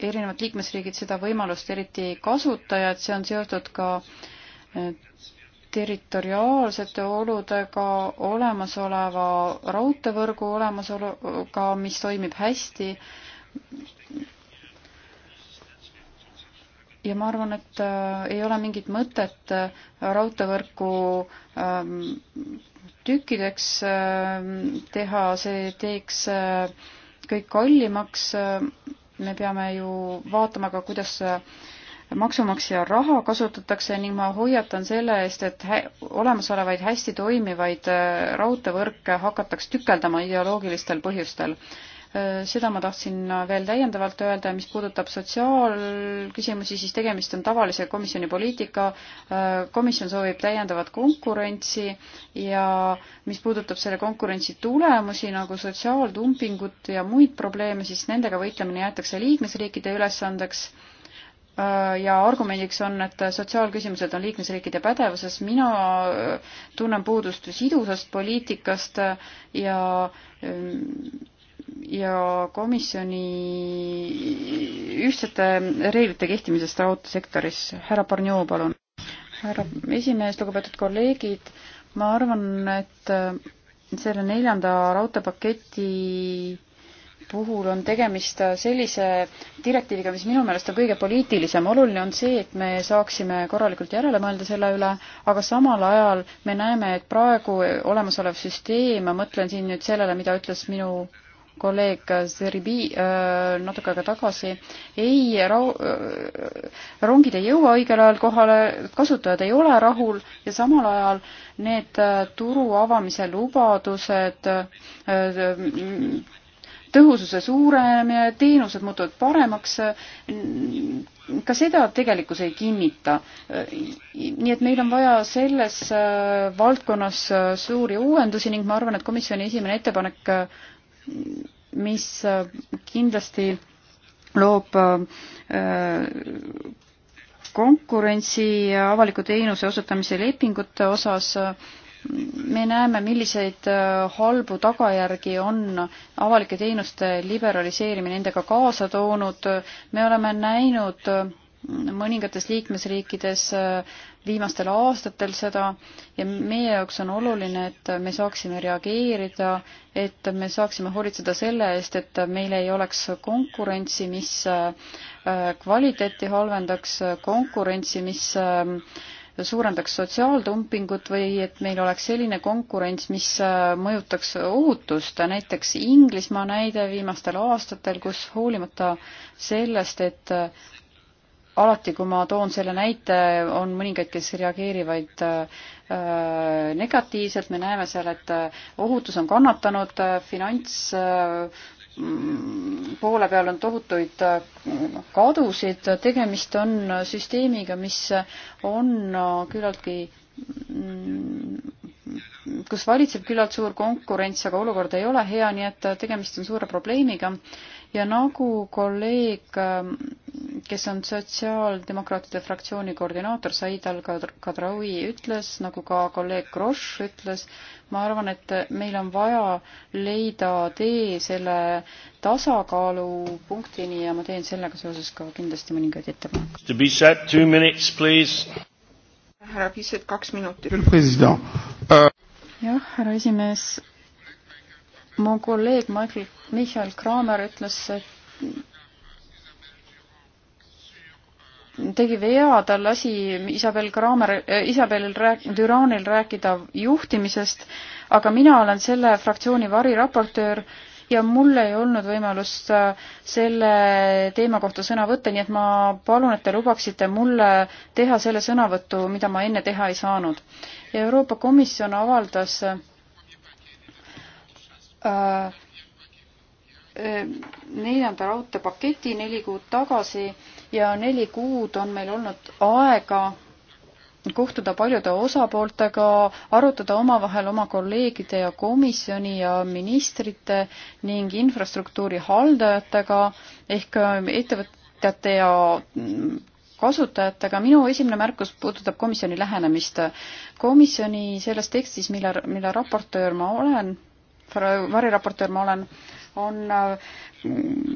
erinevad liikmesriigid seda võimalust eriti ei kasuta ja et see on seotud ka territoriaalsete oludega, olemasoleva raudteevõrgu olemasoluga, mis toimib hästi ja ma arvan, et äh, ei ole mingit mõtet äh, raudteevõrku äh, tükkideks äh, teha, see teeks äh, kõik kallimaks äh,. me peame ju vaatama ka, kuidas äh, maksumaksja raha kasutatakse ning ma hoiatan selle eest, et hä olemasolevaid hästi toimivaid äh, raudteevõrke hakatakse tükeldama ideoloogilistel põhjustel äh, Äh, seda ma tahtsin äh, veel täiendavalt öelda ja mis puudutab sotsiaalküsimusi, siis tegemist on tavalise komisjoni poliitika. Äh, komisjon soovib täiendavat konkurentsi ja mis puudutab selle konkurentsi tulemusi nagu sotsiaaldumpingut ja muid probleeme, siis nendega võitlemine jäetakse liikmesriikide ülesandeks ja argumendiks on, et sotsiaalküsimused on liikmesriikide pädevuses, mina tunnen puudust sidusast poliitikast ja ähm, ja komisjoni ühtsete reeglite kehtimisest raudteesektoris. härra Barnjoo, palun. härra esimees, lugupeetud kolleegid, ma arvan, et äh, selle neljanda raudteepaketi puhul on tegemist äh, sellise direktiiviga, mis minu meelest on kõige poliitilisem. oluline on see, et me saaksime korralikult järele mõelda selle üle, aga samal ajal me näeme, et praegu olemasolev süsteem, ma mõtlen siin nüüd sellele, mida ütles minu kolleeg Zerbi äh, natuke aega tagasi, ei, äh, rongid ei jõua õigel ajal kohale, kasutajad ei ole rahul ja samal ajal need äh, turu avamise lubadused, tõhususe suurenemine, teenused muutuvad paremaks, ka seda tegelikkus ei kinnita. nii et meil on vaja selles valdkonnas suuri uuendusi ning ma arvan, et komisjoni esimene ettepanek mis äh, kindlasti loob äh, konkurentsi avaliku teenuse osutamise lepingute osas me näeme, milliseid äh, halbu tagajärgi on avalike teenuste liberaliseerimine endaga kaasa toonud. me oleme näinud mõningates liikmesriikides äh, viimastel aastatel seda ja meie jaoks on oluline, et me saaksime reageerida, et me saaksime hoolitseda selle eest, et meil ei oleks konkurentsi, mis äh, kvaliteeti halvendaks, konkurentsi, mis äh, suurendaks sotsiaaldumpingut või et meil oleks selline konkurents, mis mõjutaks ohutust, näiteks Inglismaa näide viimastel aastatel, kus hoolimata sellest, et alati, kui ma toon selle näite, on mõningaid, kes reageerivad äh, negatiivselt, me näeme seal, et äh, ohutus on kannatanud, äh, finants mm, poole peal on tohutuid kadusid, tegemist on süsteemiga, mis on küllaltki mm, kus valitseb küllalt suur konkurents, aga olukord ei ole hea, nii et tegemist on suure probleemiga ja nagu kolleeg, ähm, kes on Sotsiaaldemokraatide fraktsiooni koordinaator, Said Al-Kadraoui ütles, nagu ka kolleeg Grosch ütles, ma arvan, et meil on vaja leida tee selle tasakaalupunktini ja ma teen sellega seoses ka kindlasti mõningaid ettepanekuid. härra Pisset, kaks minutit. Euh, jah, härra esimees mu kolleeg Michael, Michael Kramer ütles, tegi vea, ta lasi Isabel Kramer, äh, Isabel rääk-, Düranil rääkida juhtimisest, aga mina olen selle fraktsiooni variraportöör ja mul ei olnud võimalust äh, selle teema kohta sõna võtta, nii et ma palun, et te lubaksite mulle teha selle sõnavõtu, mida ma enne teha ei saanud. Euroopa Komisjon avaldas Äh, äh, neljanda raudteepaketi neli kuud tagasi ja neli kuud on meil olnud aega kohtuda paljude osapooltega, arutada omavahel oma kolleegide ja komisjoni ja ministrite ning infrastruktuuri haldajatega ehk äh, ettevõtjate ja mm, kasutajatega. minu esimene märkus puudutab komisjoni lähenemist. komisjoni selles tekstis, mille, mille raportöör ma olen, variraportöör ma olen, on äh,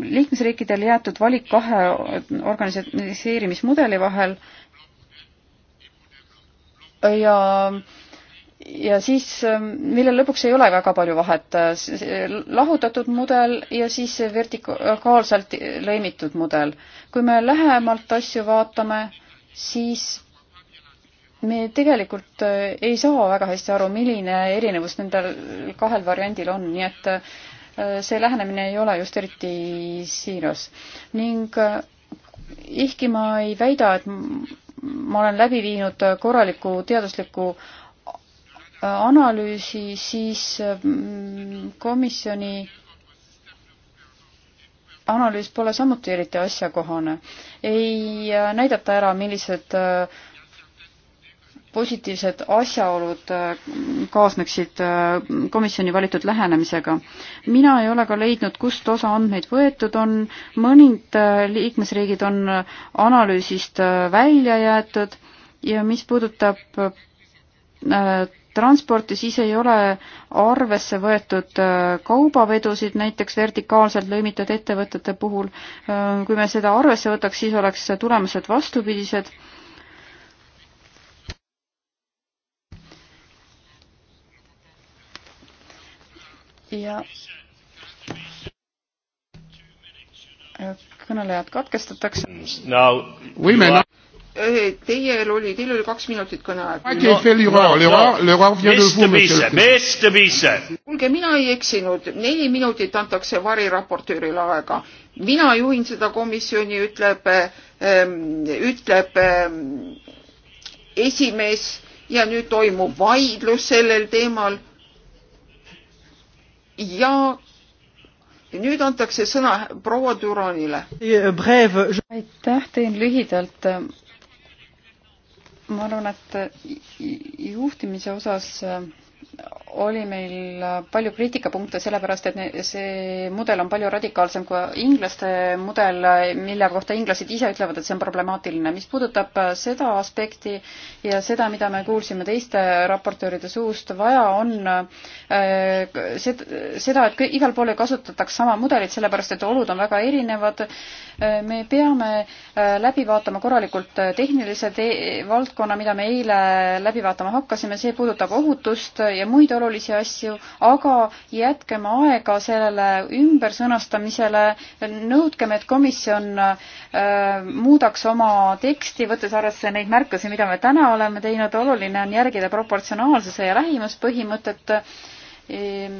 liikmesriikidel jäetud valik kahe organiseerimismudeli vahel ja ja siis, äh, millel lõpuks ei ole väga palju vahet, äh, lahutatud mudel ja siis vertikaalselt lõimitud mudel. kui me lähemalt asju vaatame, siis me tegelikult äh, ei saa väga hästi aru, milline erinevus nendel kahel variandil on, nii et äh, see lähenemine ei ole just eriti siiras. ning äh, ehkki ma ei väida, et ma olen läbi viinud korraliku teadusliku analüüsi, siis mm, komisjoni analüüs pole samuti eriti asjakohane. ei näidata ära, millised äh, positiivsed asjaolud äh, kaasneksid äh, komisjoni valitud lähenemisega. mina ei ole ka leidnud, kust osa andmeid võetud on, mõned äh, liikmesriigid on analüüsist välja jäetud ja mis puudutab transporti, siis ei ole arvesse võetud kaubavedusid näiteks vertikaalselt lõimitud ettevõtete puhul. kui me seda arvesse võtaks, siis oleks tulemused vastupidised ja kõnelejad katkestatakse no,. Eh, Teiel oli, teil oli kaks minutit kõneaega. kuulge, mina ei eksinud, neli minutit antakse variraportöörile aega. mina juhin seda komisjoni, ütleb, ehm, ütleb ehm, esimees ja nüüd toimub vaidlus sellel teemal ja nüüd antakse sõna proua Düranile. Euh, aitäh, teen lühidalt. ma arvan, et juhtimise osas oli meil palju kriitikapunkte, sellepärast et see mudel on palju radikaalsem kui inglaste mudel, mille kohta inglased ise ütlevad, et see on problemaatiline. mis puudutab seda aspekti ja seda, mida me kuulsime teiste raportööride suust, vaja on äh, seda, et igal pool ei kasutataks sama mudelit, sellepärast et olud on väga erinevad. Äh, me peame äh, läbi vaatama korralikult tehnilise te valdkonna, mida me eile läbi vaatama hakkasime, see puudutab ohutust ja ja muid olulisi asju, aga jätkem aega sellele ümbersõnastamisele, nõudkem, et komisjon äh, muudaks oma teksti, võttes arvesse neid märkusi, mida me täna oleme teinud, oluline on järgida proportsionaalsuse ja lähimuspõhimõtet ehm,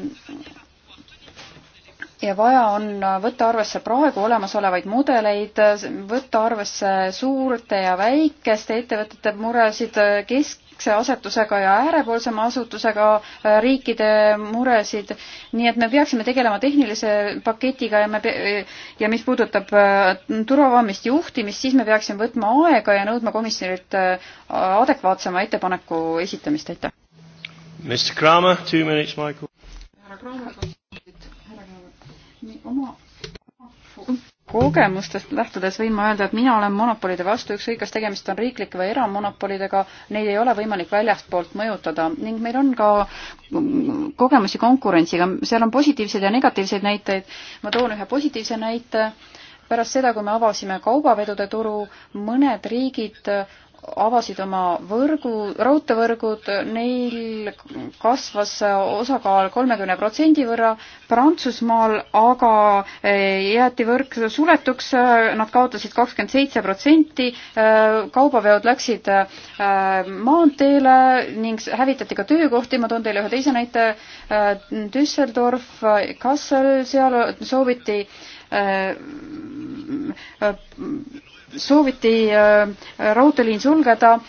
ja vaja on võtta arvesse praegu olemasolevaid mudeleid, võtta arvesse suurte ja väikeste ettevõtete muresid, keskse asetusega ja äärepoolsema asutusega riikide muresid, nii et me peaksime tegelema tehnilise paketiga ja me ja mis puudutab äh, turvavaamist juhtimist, siis me peaksime võtma aega ja nõudma komisjonilt äh, adekvaatsema ettepaneku esitamist, aitäh. Mr Kramer, two minutes, Michael. härra Kramer, palun oma kogemustest lähtudes võin ma öelda, et mina olen monopolide vastu, ükskõik kas tegemist on riiklike või eramonopolidega, neid ei ole võimalik väljastpoolt mõjutada ning meil on ka kogemusi konkurentsiga, seal on positiivseid ja negatiivseid näiteid. ma toon ühe positiivse näite. pärast seda, kui me avasime kaubavedude turu, mõned riigid avasid oma võrgu, raudteevõrgud, neil kasvas osakaal kolmekümne protsendi võrra, Prantsusmaal aga eh, jäeti võrk suletuks, nad kaotasid kakskümmend seitse protsenti, eh, kaubaveod läksid eh, maanteele ning hävitati ka töökohti, ma toon teile ühe teise näite, Düsseldorf, Kassel, seal sooviti sooviti äh, raudteeliin sulgeda äh,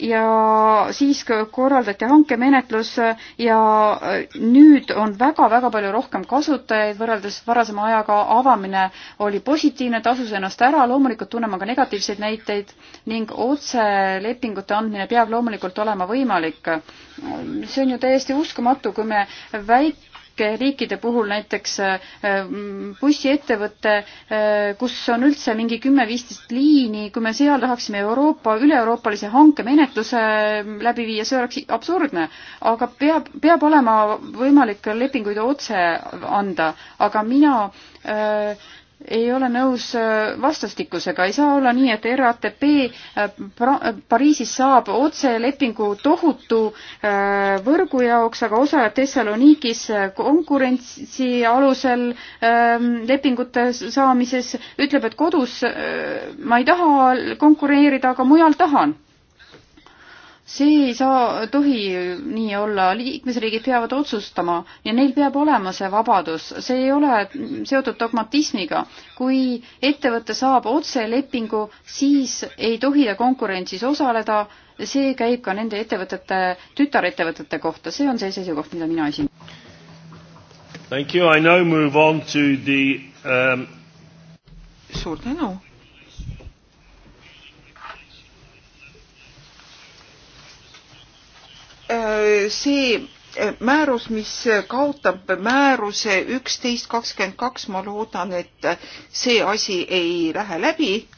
ja siis korraldati hankemenetlus äh, ja nüüd on väga-väga palju rohkem kasutajaid võrreldes varasema ajaga, avamine oli positiivne, tasus ennast ära, loomulikult tunneme ka negatiivseid näiteid ning otselepingute andmine peab loomulikult olema võimalik. see on ju täiesti uskumatu, kui me väik-, kodanike riikide puhul näiteks äh, mm, bussiettevõte, äh, kus on üldse mingi kümme-viisteist liini, kui me seal tahaksime Euroopa, üle-euroopalise hankemenetluse äh, läbi viia, see oleks absurdne. aga peab, peab olema võimalik lepinguid otse anda, aga mina äh, ei ole nõus äh, vastastikusega, ei saa olla nii, et RATP äh, äh, Pariisis saab otselepingu tohutu võrgu jaoks, aga osa Thessalonikis konkurentsi alusel ähm, lepingute saamises ütleb, et kodus ma ei taha konkureerida, aga mujal tahan see ei saa, tohi nii olla, liikmesriigid peavad otsustama ja neil peab olema see vabadus, see ei ole seotud dogmatismiga. kui ettevõte saab otselepingu, siis ei tohi ta konkurentsis osaleda, see käib ka nende ettevõtete, tütarettevõtete kohta, see on see seisukoht, mida mina esindan. Thank you, I now move on to the um... suur tänu Äh, see äh, määrus, mis kaotab määruse üksteist kakskümmend kaks, ma loodan, et äh, see asi ei lähe läbi.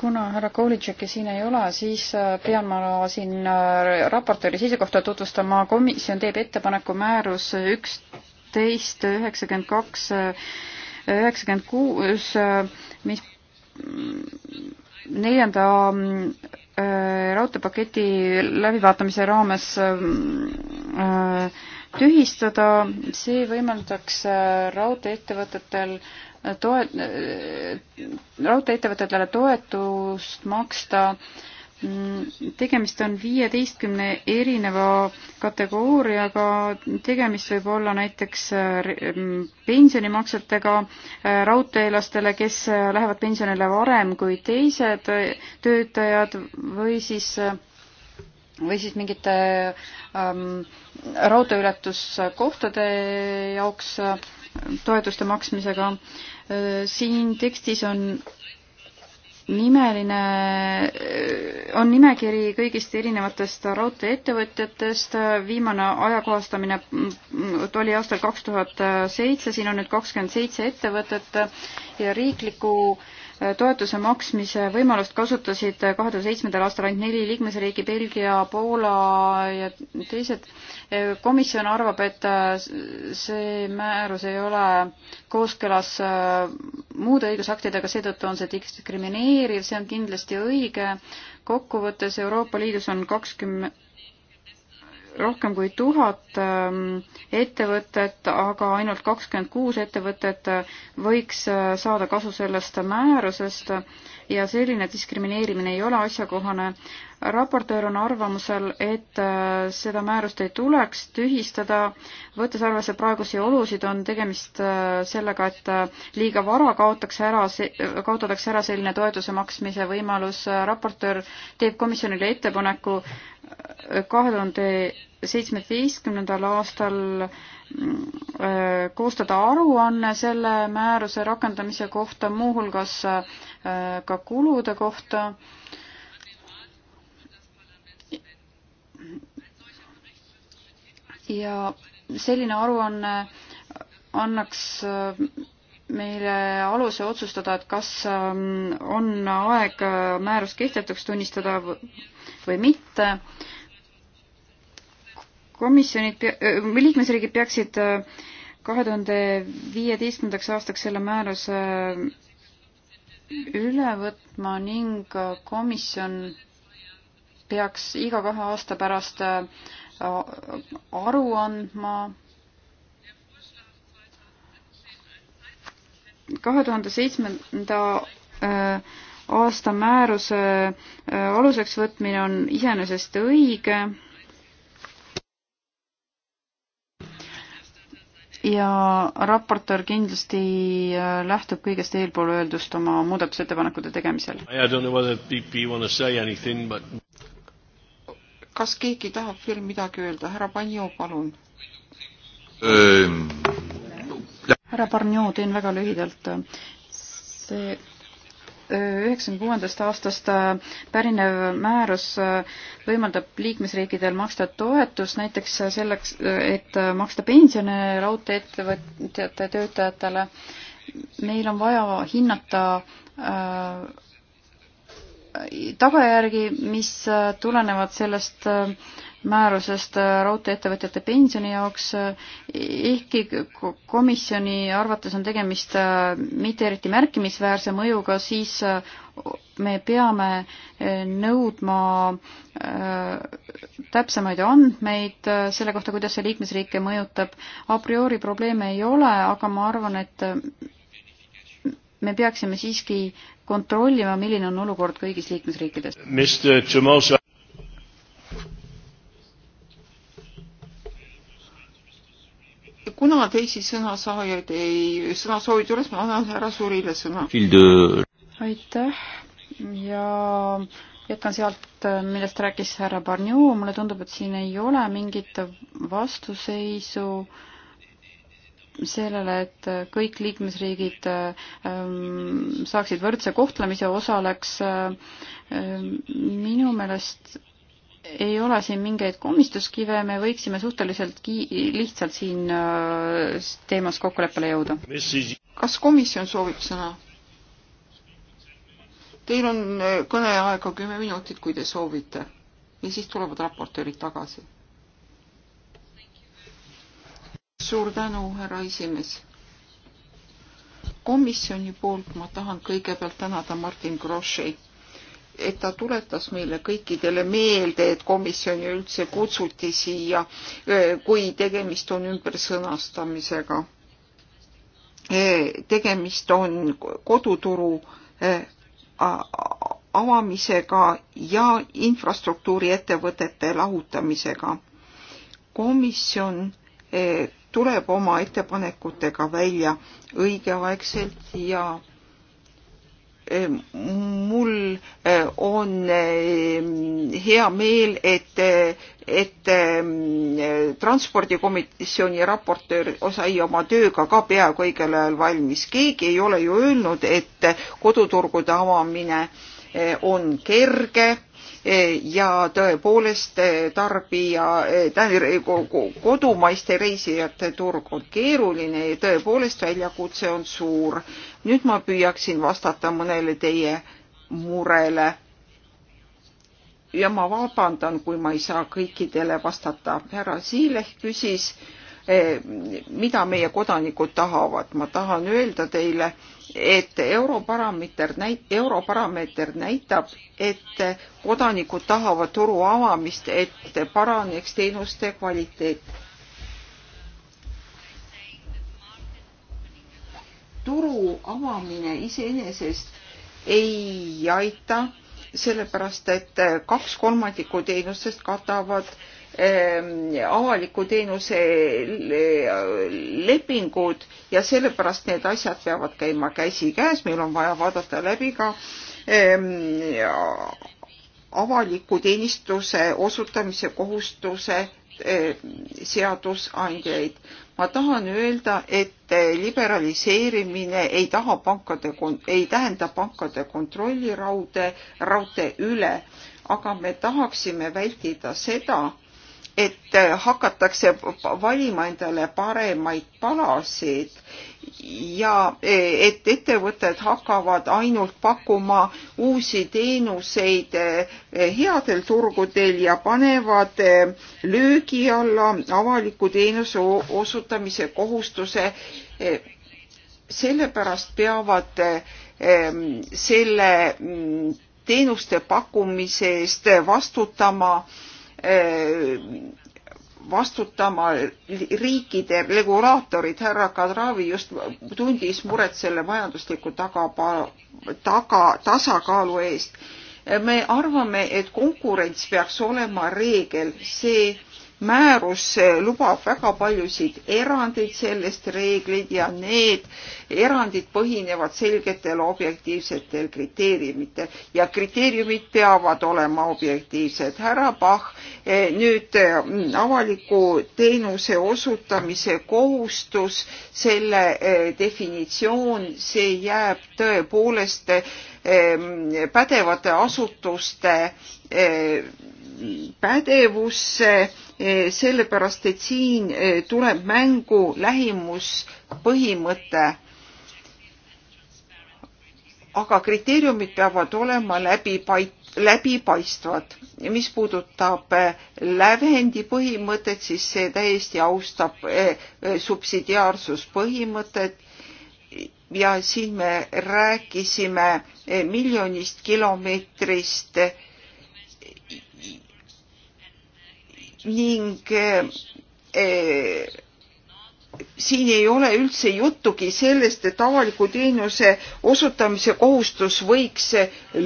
kuna härra Kolitšeki siin ei ole, siis pean ma siin raportööri seisukohta tutvustama. komisjon teeb ettepaneku määrus üksteist üheksakümmend kaks üheksakümmend kuus, mis neljanda mm, äh, raudteepaketi läbivaatamise raames mm, äh, tühistada, see võimaldaks äh, raudteeettevõtetel toe-, raudteeettevõtetele toetust maksta äh, Mm, tegemist on viieteistkümne erineva kategooriaga, tegemist võib olla näiteks äh, mm, pensionimaksetega äh, raudteelastele, kes äh, lähevad pensionile varem kui teised töötajad või siis või siis mingite ähm, raudteeületuskohtade jaoks toetuste maksmisega. siin tekstis on nimeline, on nimekiri kõigist erinevatest raudteeettevõtjatest, viimane ajakohastamine oli aastal kaks tuhat seitse, siin on nüüd kakskümmend seitse ettevõtet ja riikliku äh, toetuse maksmise võimalust kasutasid kahe tuhande seitsmendal aastal ainult neli liikmesriiki, Belgia, Poola ja teised. komisjon arvab, et see määrus ei ole kooskõlas muude õigusaktidega, seetõttu on see diskrimineeriv, see on kindlasti õige. kokkuvõttes Euroopa Liidus on kakskümmend rohkem kui tuhat ähm, ettevõtet, aga ainult kakskümmend kuus ettevõtet äh, võiks äh, saada kasu sellest määrusest ja selline diskrimineerimine ei ole asjakohane. raportöör on arvamusel, et äh, seda määrust ei tuleks tühistada, võttes arvesse praegusi olusid, on tegemist äh, sellega, et äh, liiga vara kaotakse ära, kaotatakse ära selline toetuse maksmise võimalus. raportöör teeb komisjonile ettepaneku kahe tuhande seitsmeteistkümnendal aastal mm, äh, koostada aruanne selle määruse rakendamise kohta, muuhulgas äh, ka kulude kohta. ja selline aruanne annaks äh, meile aluse otsustada, et kas ähm, on aeg määrus kehtetuks tunnistada või mitte komisjonid, liikmesriigid peaksid kahe tuhande viieteistkümnendaks aastaks selle määruse üle võtma ning komisjon peaks iga kahe aasta pärast aru andma kahe tuhande seitsmenda aasta määruse aluseks võtmine on iseenesest õige ja raportöör kindlasti äh, lähtub kõigest eelpool öeldust oma muudatusettepanekute tegemisel. But... kas keegi tahab veel midagi öelda, härra Panjo, palun ähm.? härra Barnjo, teen väga lühidalt. see üheksakümne kuuendast aastast äh, pärinev määrus äh, võimaldab liikmesriikidel maksta toetust näiteks selleks, äh, et maksta pensione raudtee-ettevõtjate töötajatele. meil on vaja hinnata tagajärgi, mis tulenevad sellest äh, määrusest äh, raudteeettevõtjate pensioni jaoks, äh, ehkki komisjoni arvates on tegemist äh, mitte eriti märkimisväärse mõjuga, siis me peame nõudma täpsemaid andmeid selle kohta, kuidas see liikmesriike mõjutab. a priori probleeme ei ole, aga ma arvan, et me peaksime siiski kontrollima, milline on olukord kõigis liikmesriikides. kuna teisi sõnasaajaid ei, sõnasoovid üles, ma annan härra Surile sõna. aitäh ja jätkan sealt, millest rääkis härra Barnjuu, mulle tundub, et siin ei ole mingit vastuseisu sellele, et kõik liikmesriigid ähm, saaksid võrdse kohtlemise osaleks ähm,. minu meelest ei ole siin mingeid komistuskive, me võiksime suhteliselt ki-, lihtsalt siin äh, teemas kokkuleppele jõuda. kas komisjon soovib sõna? Teil on äh, kõneaega kümme minutit, kui te soovite ja siis tulevad raportöörid tagasi. suur tänu, härra esimees. komisjoni poolt ma tahan kõigepealt tänada Martin Groscheid et ta tuletas meile kõikidele meelde, et komisjoni üldse kutsuti siia, e, kui tegemist on ümbersõnastamisega. E, tegemist on koduturu e, avamisega ja infrastruktuuriettevõtete lahutamisega. komisjon tuleb oma ettepanekutega välja õigeaegselt ja mul eh, on eh, hea meel, et, eh, et transpordikomisjoni raportöör sai oma tööga ka peaaegu õigel ajal valmis. keegi ei ole ju öelnud, et koduturgude avamine on kerge ja tõepoolest eh, tarbija, eh, kodumaiste reisijate turg on keeruline ja tõepoolest väljakutse on suur. nüüd ma püüaksin vastata mõnele teie murele. ja ma vabandan, kui ma ei saa kõikidele vastata. härra Siileh küsis, eh, mida meie kodanikud tahavad. ma tahan öelda teile, et Europarameeter näit-, Europarameeter näitab, et kodanikud tahavad turu avamist, et paraneks teenuste kvaliteet. turu avamine iseenesest ei aita, sellepärast et kaks kolmandikku teenustest katavad äh, Ehm, avaliku teenuse lepingud ja sellepärast need asjad peavad käima käsikäes, meil on vaja vaadata läbi ka ehm, avaliku teenistuse osutamise kohustuse ehm, seadusandjaid. ma tahan öelda, et liberaliseerimine ei taha pankade, ei tähenda pankade kontrolli raude, raudtee üle, aga me tahaksime vältida seda, et hakatakse valima endale paremaid palasid ja et ettevõtted hakkavad ainult pakkuma uusi teenuseid headel turgudel ja panevad löögi alla avaliku teenuse osutamise kohustuse. sellepärast peavad ehm, selle mm, teenuste pakkumise eest vastutama äh, Äh, vastutama riikide regulaatorid, härra Kadravi just tundis muret selle majandusliku taga, taga, tasakaalu eest. me arvame, et konkurents peaks olema reegel, see määrus lubab väga paljusid erandeid sellest reeglid ja need erandid põhinevad selgetel objektiivsetel kriteeriumitel ja kriteeriumid peavad olema objektiivsed. härra Pahh, eh, nüüd eh, avaliku teenuse osutamise kohustus, selle eh, definitsioon, see jääb tõepoolest ehm, pädevate asutuste pädevusse Eh, sellepärast et siin eh, tuleb mängu lähimuspõhimõte. aga kriteeriumid peavad olema läbipait-, läbipaistvad. mis puudutab eh, lävendi põhimõtet, siis see täiesti austab subsidiaarsuspõhimõtet ja siin me rääkisime miljonist kilomeetrist ning eh, eh, siin ei ole üldse juttugi sellest, et avaliku teenuse osutamise kohustus võiks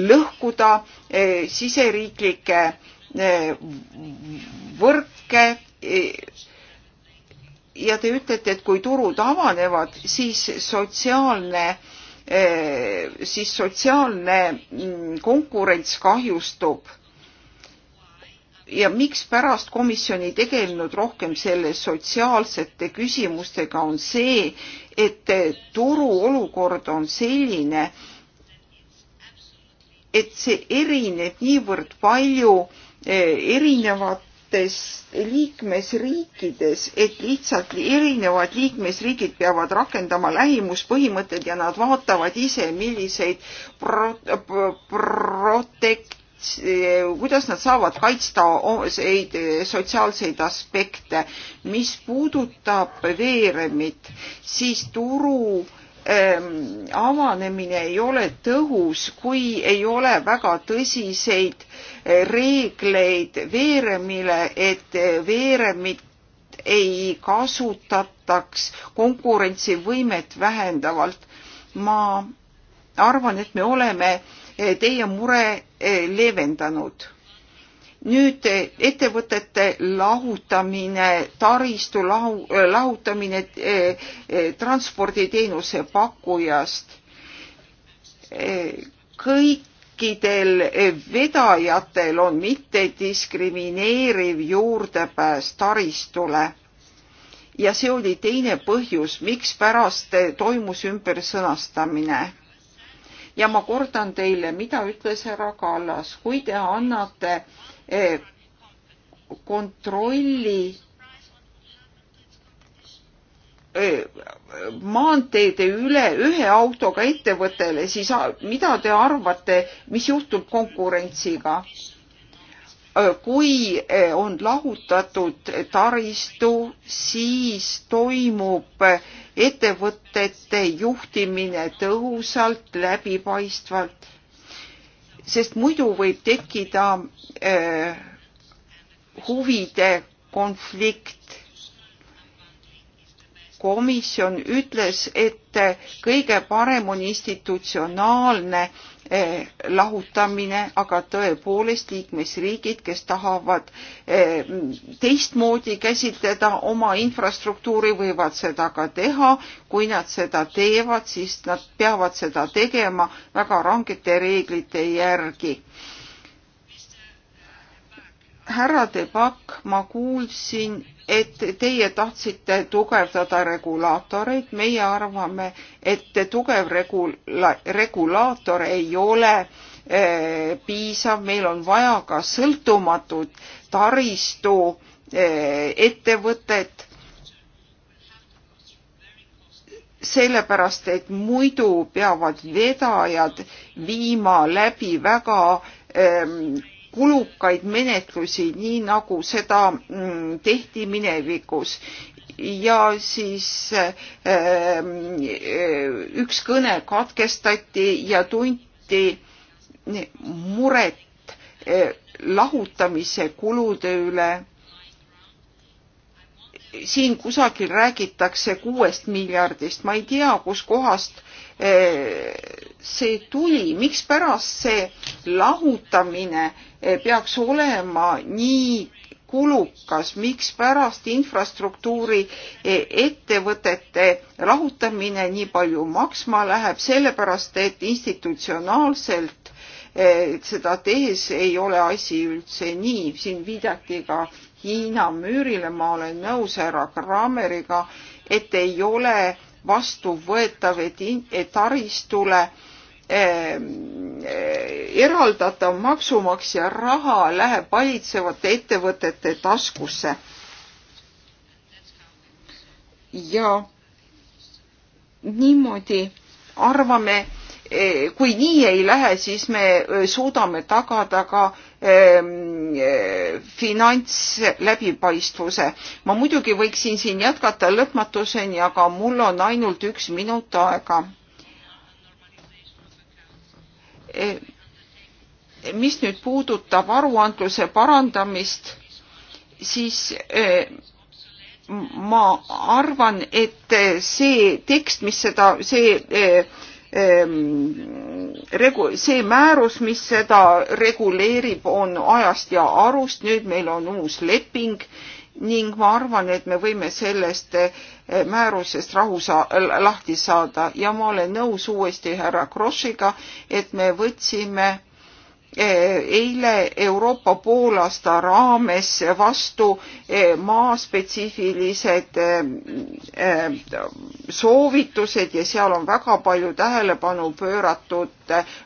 lõhkuda eh, siseriiklikke võrke. ja te ütlete, et kui turud avanevad, siis sotsiaalne, siis sotsiaalne mm, konkurents kahjustub ja mikspärast komisjon ei tegelenud rohkem selle sotsiaalsete küsimustega, on see, et turu olukord on selline, et see erineb niivõrd palju eh, erinevatest liikmesriikides, et lihtsalt erinevad liikmesriigid peavad rakendama lähimuspõhimõtted ja nad vaatavad ise, milliseid pro-, pro-, protekt-, kaits-, eh, kuidas nad saavad kaitsta neid sotsiaalseid aspekte. mis puudutab veeremit, siis turu ähm, avanemine ei ole tõhus, kui ei ole väga tõsiseid eh, reegleid veeremile, et eh, veeremit ei kasutataks konkurentsivõimet vähendavalt. ma arvan, et me oleme äh, Eh, teie mure eh, leevendanud. nüüd eh, ettevõtete lahutamine, taristu lahu, lahutamine transporditeenuse pakkujast. kõikidel vedajatel on mittediskrimineeriv juurdepääs taristule ja see oli teine põhjus, mikspärast toimus ümbersõnastamine ja ma kordan teile, mida ütles härra Kallas, kui te annate eh, kontrolli eh, maanteede üle ühe autoga ettevõttele, siis mida te arvate, mis juhtub konkurentsiga? Äh, kui äh, on lahutatud taristu, siis toimub äh, ettevõtete juhtimine tõhusalt, läbipaistvalt, sest muidu võib tekkida huvide konflikt. komisjon ütles, et kõige parem on institutsionaalne Eh, lahutamine, aga tõepoolest liikmesriigid, kes tahavad eh, teistmoodi käsitleda oma infrastruktuuri, võivad seda ka teha. kui nad seda teevad, siis nad peavad seda tegema väga rangete reeglite järgi härra De Bakk, ma kuulsin, et teie tahtsite tugevdada regulaatoreid, meie arvame, et tugev regula-, regulaator ei ole eh, piisav, meil on vaja ka sõltumatut taristu eh, ettevõtet, sellepärast et muidu peavad vedajad viima läbi väga eh, kulukaid menetlusi, nii nagu seda mm, tehti minevikus ja siis ähm, äh, üks kõne katkestati ja tunti muret äh, lahutamise kulude üle. siin kusagil räägitakse kuuest miljardist, ma ei tea, kuskohast Eh, see tuli, mikspärast see lahutamine eh, peaks olema nii kulukas, mikspärast infrastruktuuri eh, ettevõtete lahutamine nii palju maksma läheb, sellepärast et institutsionaalselt seda tehes ei ole asi üldse nii, siin viidati ka Hiina müürile, ma olen nõus härra Krammeriga, et ei ole vastuvõetav, et, et taristule ehm, eh, eraldatav maksumaksja raha läheb valitsevate ettevõtete taskusse. ja niimoodi arvame Eh, kui nii ei lähe, siis me eh, suudame tagada ka ehm, eh, finantsläbipaistvuse. ma muidugi võiksin siin jätkata lõpmatuseni, aga mul on ainult üks minut aega. mis nüüd puudutab aruandluse parandamist, siis ma arvan, et see tekst, mis seda, see Ehm, see määrus, mis seda reguleerib, on ajast ja arust, nüüd meil on uus leping ning ma arvan, et me võime sellest eh, määrusest rahu saa-, lahti saada ja ma olen nõus uuesti härra Krossiga, et me võtsime Eh, eile Euroopa poolaasta raames vastu eh, maaspetsiifilised eh, soovitused ja seal on väga palju tähelepanu pööratud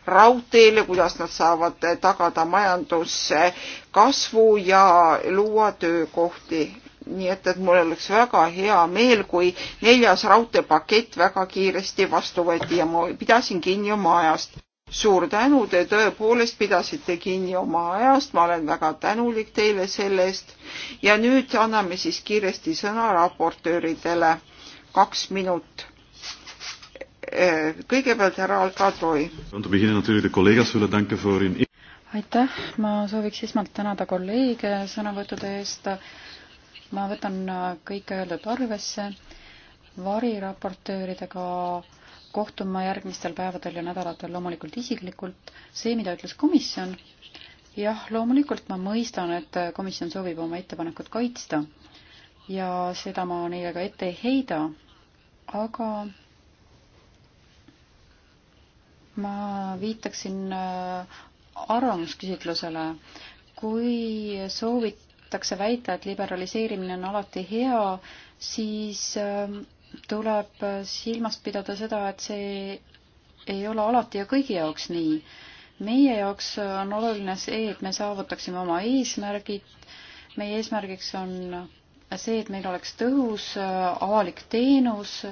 raudteele, kuidas nad saavad tagada majanduskasvu ja luua töökohti nii et, et mul oleks väga hea meel, kui neljas raudteepakett väga kiiresti vastu võeti ja ma pidasin kinni oma ajast suur tänu, te tõepoolest pidasite kinni oma ajast, ma olen väga tänulik teile selle eest ja nüüd anname siis kiiresti sõna raportööridele. kaks minutit. kõigepealt härra Alcatroi. aitäh, ma sooviks esmalt tänada kolleege sõnavõttude eest. ma võtan kõik öeldud arvesse variraportööridega kohtun ma järgmistel päevadel ja nädalatel loomulikult isiklikult. see, mida ütles komisjon, jah, loomulikult ma mõistan, et komisjon soovib oma ettepanekut kaitsta ja seda ma neile ka ette ei heida, aga ma viitaksin äh, arvamusküsitlusele. kui soovitakse väita, et liberaliseerimine on alati hea, siis äh, tuleb silmas pidada seda, et see ei ole alati ja kõigi jaoks nii. meie jaoks on oluline see, et me saavutaksime oma eesmärgid. meie eesmärgiks on see, et meil oleks tõhus avalik teenus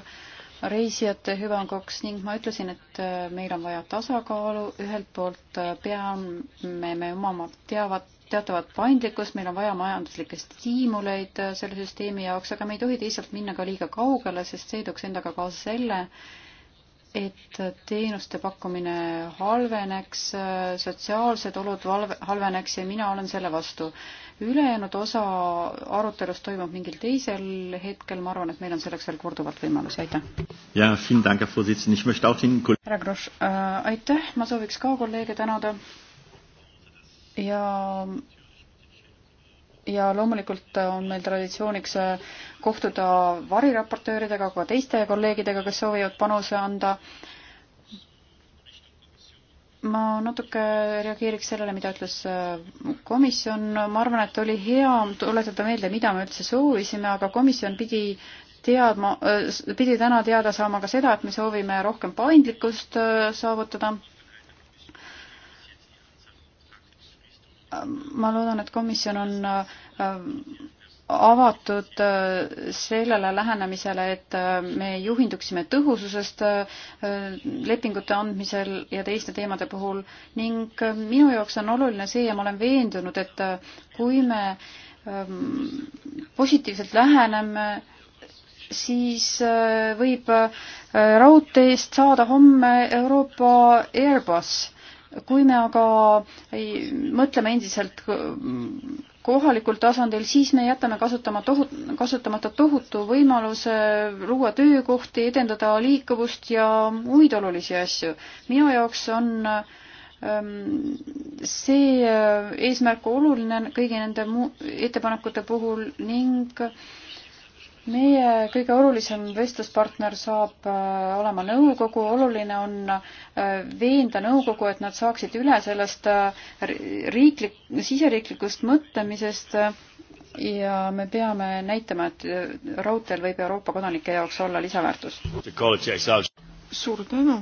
reisijate hüvanguks ning ma ütlesin, et meil on vaja tasakaalu, ühelt poolt peame me omama teavat teatavat paindlikkust, meil on vaja majanduslikke stiimuleid äh, selle süsteemi jaoks, aga me ei tohi teisalt minna ka liiga kaugele, sest see tooks endaga kaasa selle, et äh, teenuste pakkumine halveneks, äh, sotsiaalsed olud halveneks ja mina olen selle vastu. ülejäänud osa arutelust toimub mingil teisel hetkel, ma arvan, et meil on selleks veel korduvalt võimalusi, aitäh. härra Grosch, aitäh, ma sooviks ka kolleege tänada ja ja loomulikult on meil traditsiooniks äh, kohtuda variraportööridega, ka teiste kolleegidega, kes soovivad panuse anda. ma natuke reageeriks sellele, mida ütles äh, komisjon, ma arvan, et oli hea tuletada meelde, mida me üldse soovisime, aga komisjon pidi teadma, äh, pidi täna teada saama ka seda, et me soovime rohkem paindlikkust saavutada ma loodan, et komisjon on äh, avatud äh, sellele lähenemisele, et äh, me juhinduksime tõhususest lepingute andmisel ja teiste teemade puhul ning minu jaoks on oluline see ja ma olen veendunud, et kui me ähm, positiivselt läheneme, siis võib raudteest saada homme Euroopa Airbus kui me aga ei, mõtleme endiselt kohalikul tasandil, siis me jätame kasutama tohut-, kasutamata tohutu võimaluse luua töökohti, edendada liikuvust ja muid olulisi asju. minu jaoks on ähm, see äh, eesmärk oluline kõigi nende mu-, ettepanekute puhul ning äh, meie kõige olulisem vestluspartner saab äh, olema nõukogu, oluline on äh, veenda nõukogu, et nad saaksid üle sellest äh, riiklik, siseriiklikust mõtlemisest ja me peame näitama, et raudteel võib Euroopa kodanike jaoks olla lisaväärtus. suur tänu.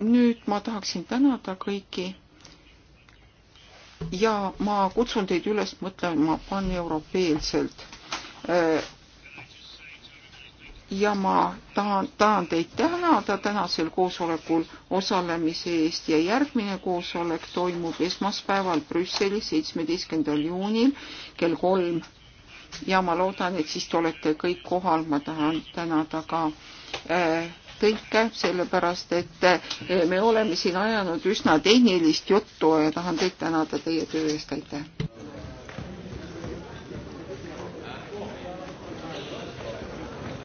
nüüd ma tahaksin tänada kõiki ja ma kutsun teid üles mõtlema paneuropeelselt. Äh, ja ma tahan, tahan teid tänada tänasel koosolekul osalemise eest ja järgmine koosolek toimub esmaspäeval Brüsselis, seitsmeteistkümnendal juunil kell kolm. ja ma loodan, et siis te olete kõik kohal, ma tahan tänada ka äh, tõlke, sellepärast et eh, me oleme siin ajanud üsna tehnilist juttu ja tahan teid tänada teie töö eest, aitäh!